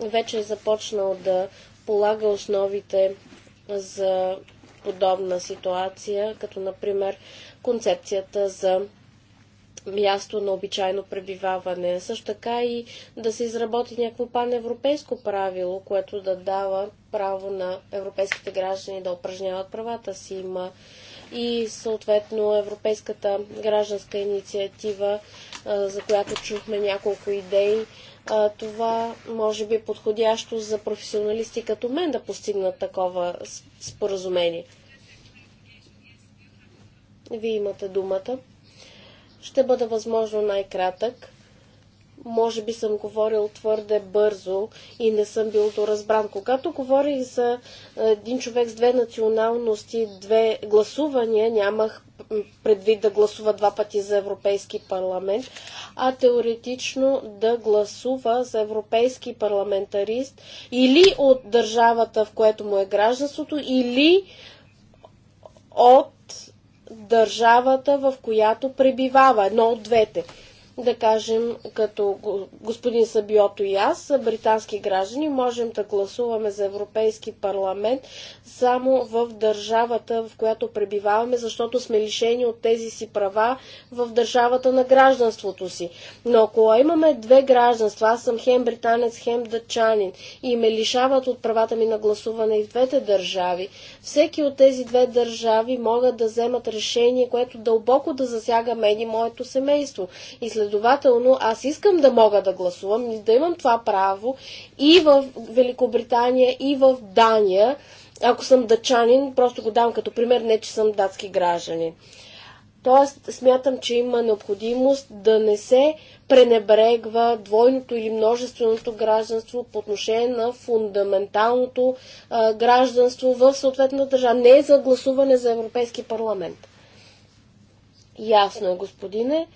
вече е започнал да полага основите за подобна ситуация, като например концепцията за място на обичайно пребиваване. Също така и да се изработи някакво паневропейско правило, което да дава право на европейските граждани да упражняват правата си. Има и съответно Европейската гражданска инициатива, за която чухме няколко идеи а, това може би е подходящо за професионалисти като мен да постигнат такова споразумение. Вие имате думата. Ще бъда възможно най-кратък. Може би съм говорил твърде бързо и не съм бил доразбран. Когато говорих за един човек с две националности, две гласувания, нямах предвид да гласува два пъти за Европейски парламент, а теоретично да гласува за европейски парламентарист или от държавата, в което му е гражданството, или от държавата, в която пребивава. Едно от двете да кажем, като господин Сабиото и аз, британски граждани, можем да гласуваме за Европейски парламент само в държавата, в която пребиваваме, защото сме лишени от тези си права в държавата на гражданството си. Но ако имаме две гражданства, аз съм хем британец, хем дъчанин, и ме лишават от правата ми на гласуване и в двете държави, всеки от тези две държави могат да вземат решение, което дълбоко да засяга мен и моето семейство. И след последователно аз искам да мога да гласувам и да имам това право и в Великобритания, и в Дания. Ако съм дъчанин, просто го дам като пример, не че съм датски гражданин. Тоест, смятам, че има необходимост да не се пренебрегва двойното или множественото гражданство по отношение на фундаменталното а, гражданство в съответната държава. Не е за гласуване за Европейски парламент. Ясно е, господине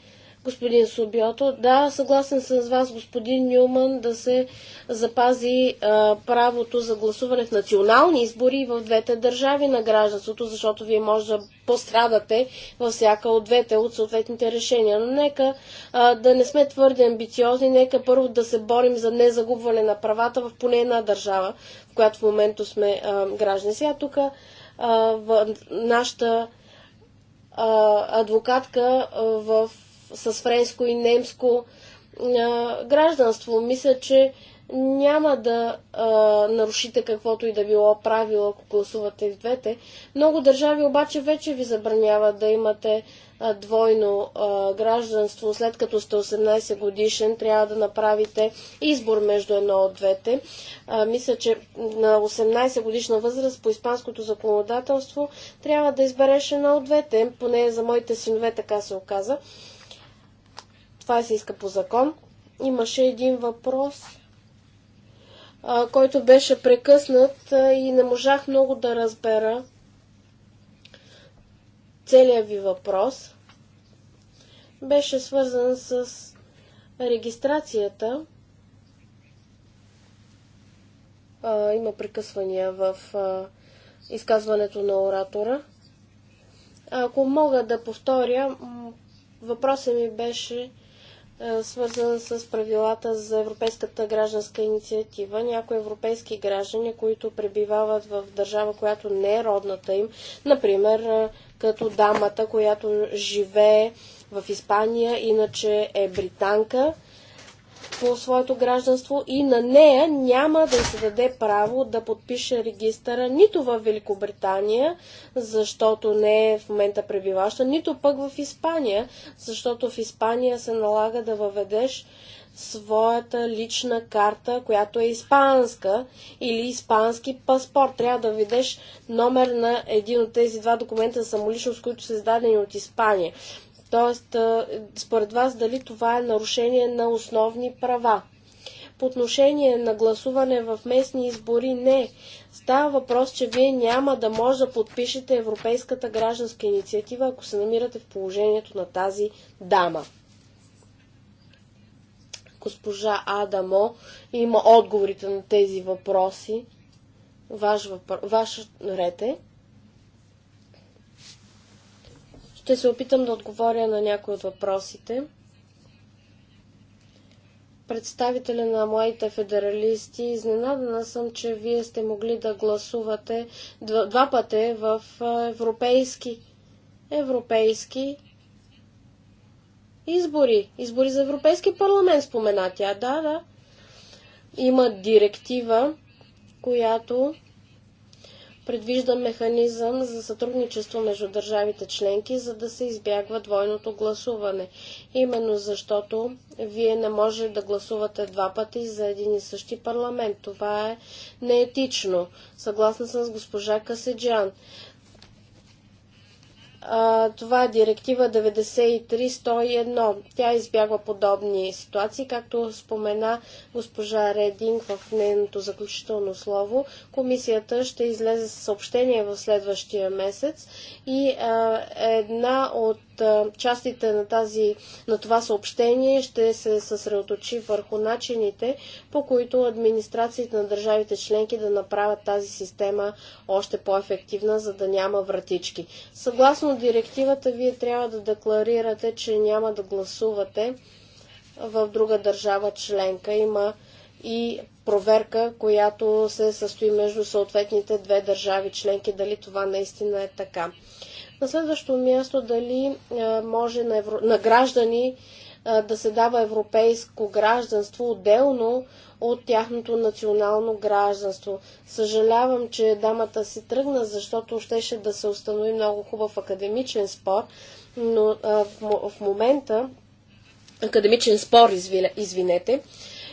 господин Субиото. Да, съгласен съм с вас, господин Нюман, да се запази а, правото за гласуване в национални избори в двете държави на гражданството, защото вие може да пострадате във всяка от двете от съответните решения. Но нека а, да не сме твърде амбициозни, нека първо да се борим за незагубване на правата в поне една държава, в която в момента сме а, граждани. Сега тук нашата адвокатка в с френско и немско а, гражданство. Мисля, че няма да а, нарушите каквото и да било правило, ако гласувате и двете. Много държави обаче вече ви забраняват да имате а, двойно а, гражданство. След като сте 18 годишен, трябва да направите избор между едно от двете. А, мисля, че на 18 годишна възраст по испанското законодателство трябва да избереш едно от двете. Поне за моите синове така се оказа. Това се иска по закон. Имаше един въпрос, който беше прекъснат и не можах много да разбера целият ви въпрос. Беше свързан с регистрацията. А, има прекъсвания в а, изказването на оратора. Ако мога да повторя, въпросът ми беше е, свързана с правилата за Европейската гражданска инициатива. Някои европейски граждани, които пребивават в държава, която не е родната им, например е, като дамата, която живее в Испания, иначе е британка, по своето гражданство и на нея няма да й се даде право да подпише регистъра нито в Великобритания, защото не е в момента пребиваща, нито пък в Испания, защото в Испания се налага да въведеш своята лична карта, която е испанска или испански паспорт. Трябва да видеш номер на един от тези два документа за самоличност, които са издадени от Испания. Тоест, според вас, дали това е нарушение на основни права? По отношение на гласуване в местни избори, не. Става въпрос, че вие няма да може да подпишете Европейската гражданска инициатива, ако се намирате в положението на тази дама. Госпожа Адамо има отговорите на тези въпроси. Ваш, въпро... Ваш ред е. Ще се опитам да отговоря на някои от въпросите. Представителя на моите федералисти, изненадана съм, че вие сте могли да гласувате два, два пъти в европейски, европейски избори. Избори за Европейски парламент спомена тя. Да, да. Има директива, която предвижда механизъм за сътрудничество между държавите членки, за да се избягва двойното гласуване. Именно защото вие не може да гласувате два пъти за един и същи парламент. Това е неетично. Съгласна съм с госпожа Каседжан. А, това е директива 93-101. Тя избягва подобни ситуации, както спомена госпожа Рединг в нейното заключително слово. Комисията ще излезе с съобщение в следващия месец и а, една от частите на, тази, на това съобщение ще се съсредоточи върху начините, по които администрациите на държавите членки да направят тази система още по-ефективна, за да няма вратички. Съгласно директивата, вие трябва да декларирате, че няма да гласувате в друга държава членка. Има и проверка, която се състои между съответните две държави членки, дали това наистина е така. На следващо място, дали е, може на, евро... на граждани е, да се дава европейско гражданство отделно от тяхното национално гражданство. Съжалявам, че дамата си тръгна, защото щеше да се установи много хубав академичен спор, но а, е, в, в момента академичен спор, извинете,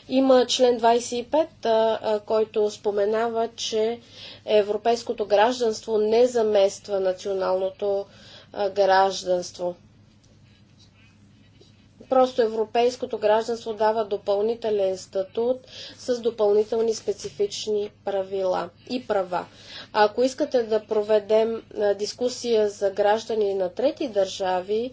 има член 25, който споменава, че европейското гражданство не замества националното гражданство. Просто европейското гражданство дава допълнителен статут с допълнителни специфични правила и права. А ако искате да проведем дискусия за граждани на трети държави,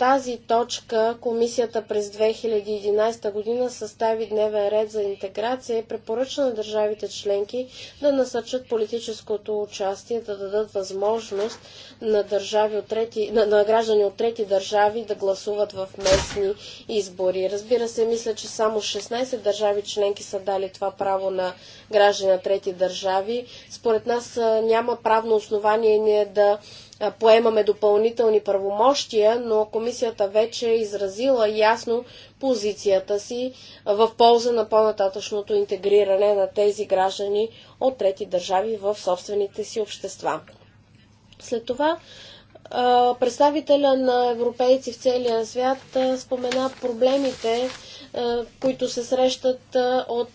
тази точка комисията през 2011 година състави дневен ред за интеграция и препоръча на държавите членки да насърчат политическото участие, да дадат възможност на, държави от трети, на, на граждани от трети държави да гласуват в местни избори. Разбира се, мисля, че само 16 държави членки са дали това право на граждани на трети държави. Според нас няма правно основание ние да поемаме допълнителни правомощия, но комисията вече е изразила ясно позицията си в полза на по-нататъчното интегриране на тези граждани от трети държави в собствените си общества. След това представителя на европейци в целия свят спомена проблемите, които се срещат от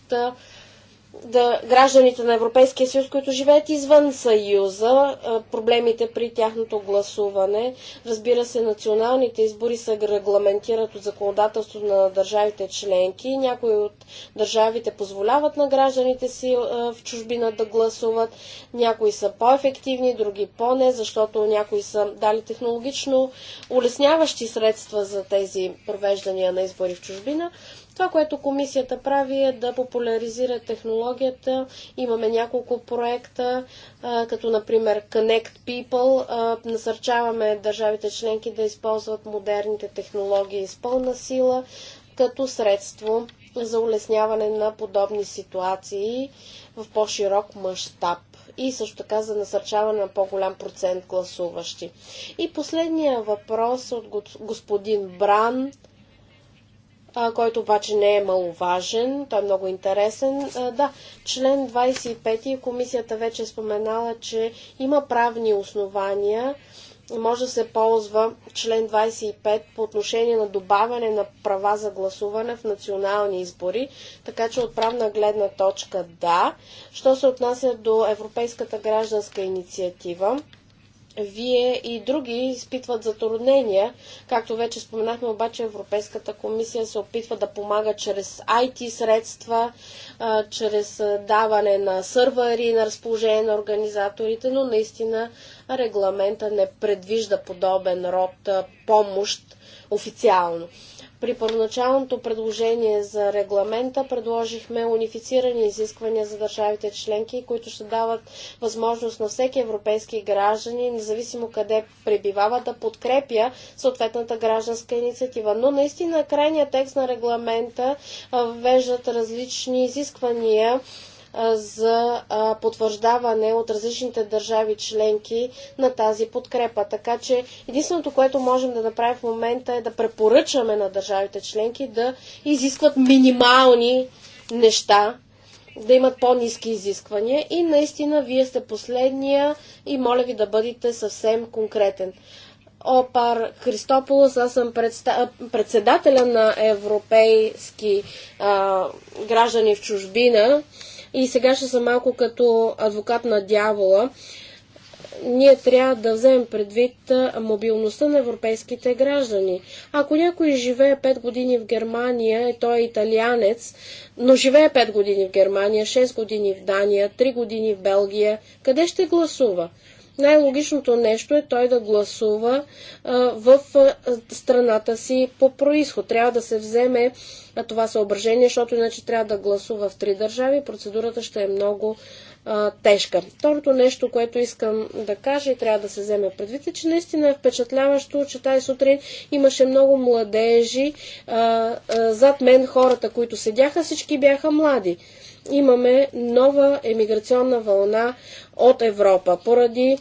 да, гражданите на Европейския съюз, които живеят извън Съюза, проблемите при тяхното гласуване. Разбира се, националните избори се регламентират от законодателство на държавите членки. Някои от държавите позволяват на гражданите си в чужбина да гласуват. Някои са по-ефективни, други по-не, защото някои са дали технологично улесняващи средства за тези провеждания на избори в чужбина. Това, което комисията прави е да популяризира технологията. Имаме няколко проекта, като например Connect People. Насърчаваме държавите членки да използват модерните технологии с пълна сила като средство за улесняване на подобни ситуации в по-широк мащаб и също така за насърчаване на по-голям процент гласуващи. И последния въпрос от господин Бран а, който обаче не е маловажен, той е много интересен. А, да, член 25 комисията вече е споменала, че има правни основания може да се ползва член 25 по отношение на добавяне на права за гласуване в национални избори, така че от правна гледна точка да. Що се отнася до Европейската гражданска инициатива, вие и други изпитват затруднения. Както вече споменахме, обаче Европейската комисия се опитва да помага чрез IT средства, чрез даване на сървъри на разположение на организаторите, но наистина регламента не предвижда подобен род помощ официално. При първоначалното предложение за регламента предложихме унифицирани изисквания за държавите членки, които ще дават възможност на всеки европейски граждани, независимо къде пребивава, да подкрепя съответната гражданска инициатива. Но наистина крайният текст на регламента ввеждат различни изисквания за потвърждаване от различните държави членки на тази подкрепа. Така че единственото, което можем да направим в момента е да препоръчаме на държавите членки да изискват минимални неща, да имат по-низки изисквания и наистина вие сте последния и моля ви да бъдете съвсем конкретен. Опар Христополос, аз съм предста... председателя на европейски а, граждани в чужбина и сега ще съм малко като адвокат на дявола. Ние трябва да вземем предвид мобилността на европейските граждани. Ако някой живее 5 години в Германия, и той е италианец, но живее 5 години в Германия, 6 години в Дания, 3 години в Белгия, къде ще гласува? най-логичното нещо е той да гласува в страната си по происход. Трябва да се вземе това съображение, защото иначе трябва да гласува в три държави. Процедурата ще е много тежка. Второто нещо, което искам да кажа и трябва да се вземе предвид е, че наистина е впечатляващо, че тази сутрин имаше много младежи. зад мен хората, които седяха, всички бяха млади имаме нова емиграционна вълна от Европа поради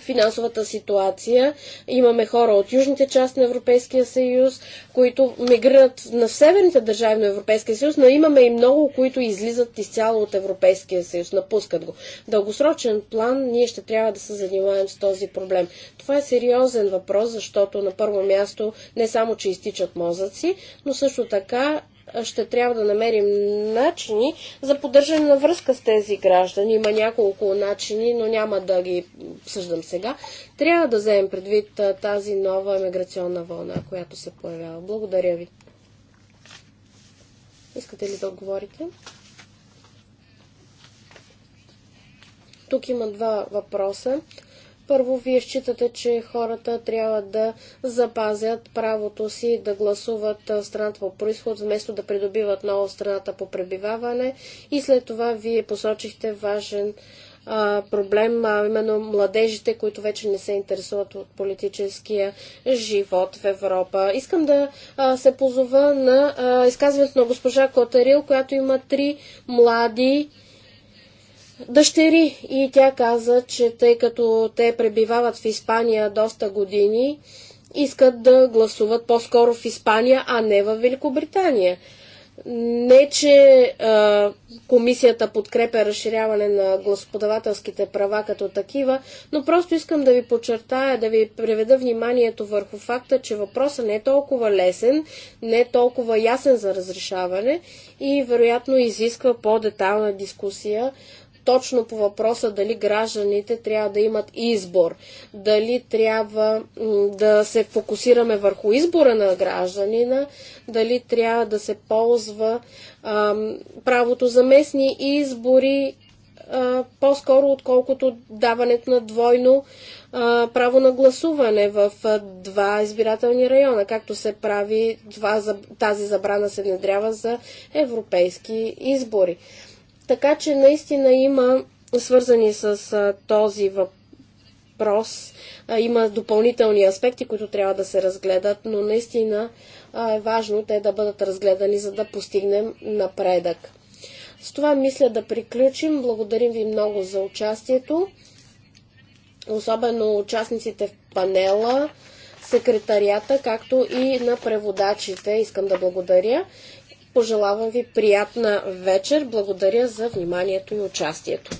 финансовата ситуация. Имаме хора от южните части на Европейския съюз, които мигрират на северните държави на Европейския съюз, но имаме и много, които излизат изцяло от Европейския съюз, напускат го. дългосрочен план ние ще трябва да се занимаем с този проблем. Това е сериозен въпрос, защото на първо място не само, че изтичат мозъци, но също така ще трябва да намерим начини за поддържане на връзка с тези граждани. Има няколко начини, но няма да ги обсъждам сега. Трябва да вземем предвид тази нова миграционна вълна, която се появява. Благодаря ви. Искате ли да отговорите? Тук има два въпроса. Първо, вие считате, че хората трябва да запазят правото си да гласуват страната по происход, вместо да придобиват нова страната по пребиваване. И след това вие посочихте важен а, проблем, а именно младежите, които вече не се интересуват от политическия живот в Европа. Искам да а, се позова на изказването на госпожа Котерил, която има три млади дъщери и тя каза, че тъй като те пребивават в Испания доста години, искат да гласуват по-скоро в Испания, а не в Великобритания. Не, че а, комисията подкрепя разширяване на гласоподавателските права като такива, но просто искам да ви подчертая, да ви приведа вниманието върху факта, че въпросът не е толкова лесен, не е толкова ясен за разрешаване и вероятно изисква по-детална дискусия точно по въпроса дали гражданите трябва да имат избор, дали трябва да се фокусираме върху избора на гражданина, дали трябва да се ползва а, правото за местни избори по-скоро, отколкото даването на двойно а, право на гласуване в а, два избирателни района, както се прави това, тази забрана се внедрява за европейски избори. Така че наистина има свързани с този въпрос. Има допълнителни аспекти, които трябва да се разгледат, но наистина е важно те да бъдат разгледани, за да постигнем напредък. С това мисля да приключим. Благодарим ви много за участието, особено участниците в панела, секретарията, както и на преводачите. Искам да благодаря. Пожелавам ви приятна вечер. Благодаря за вниманието и участието.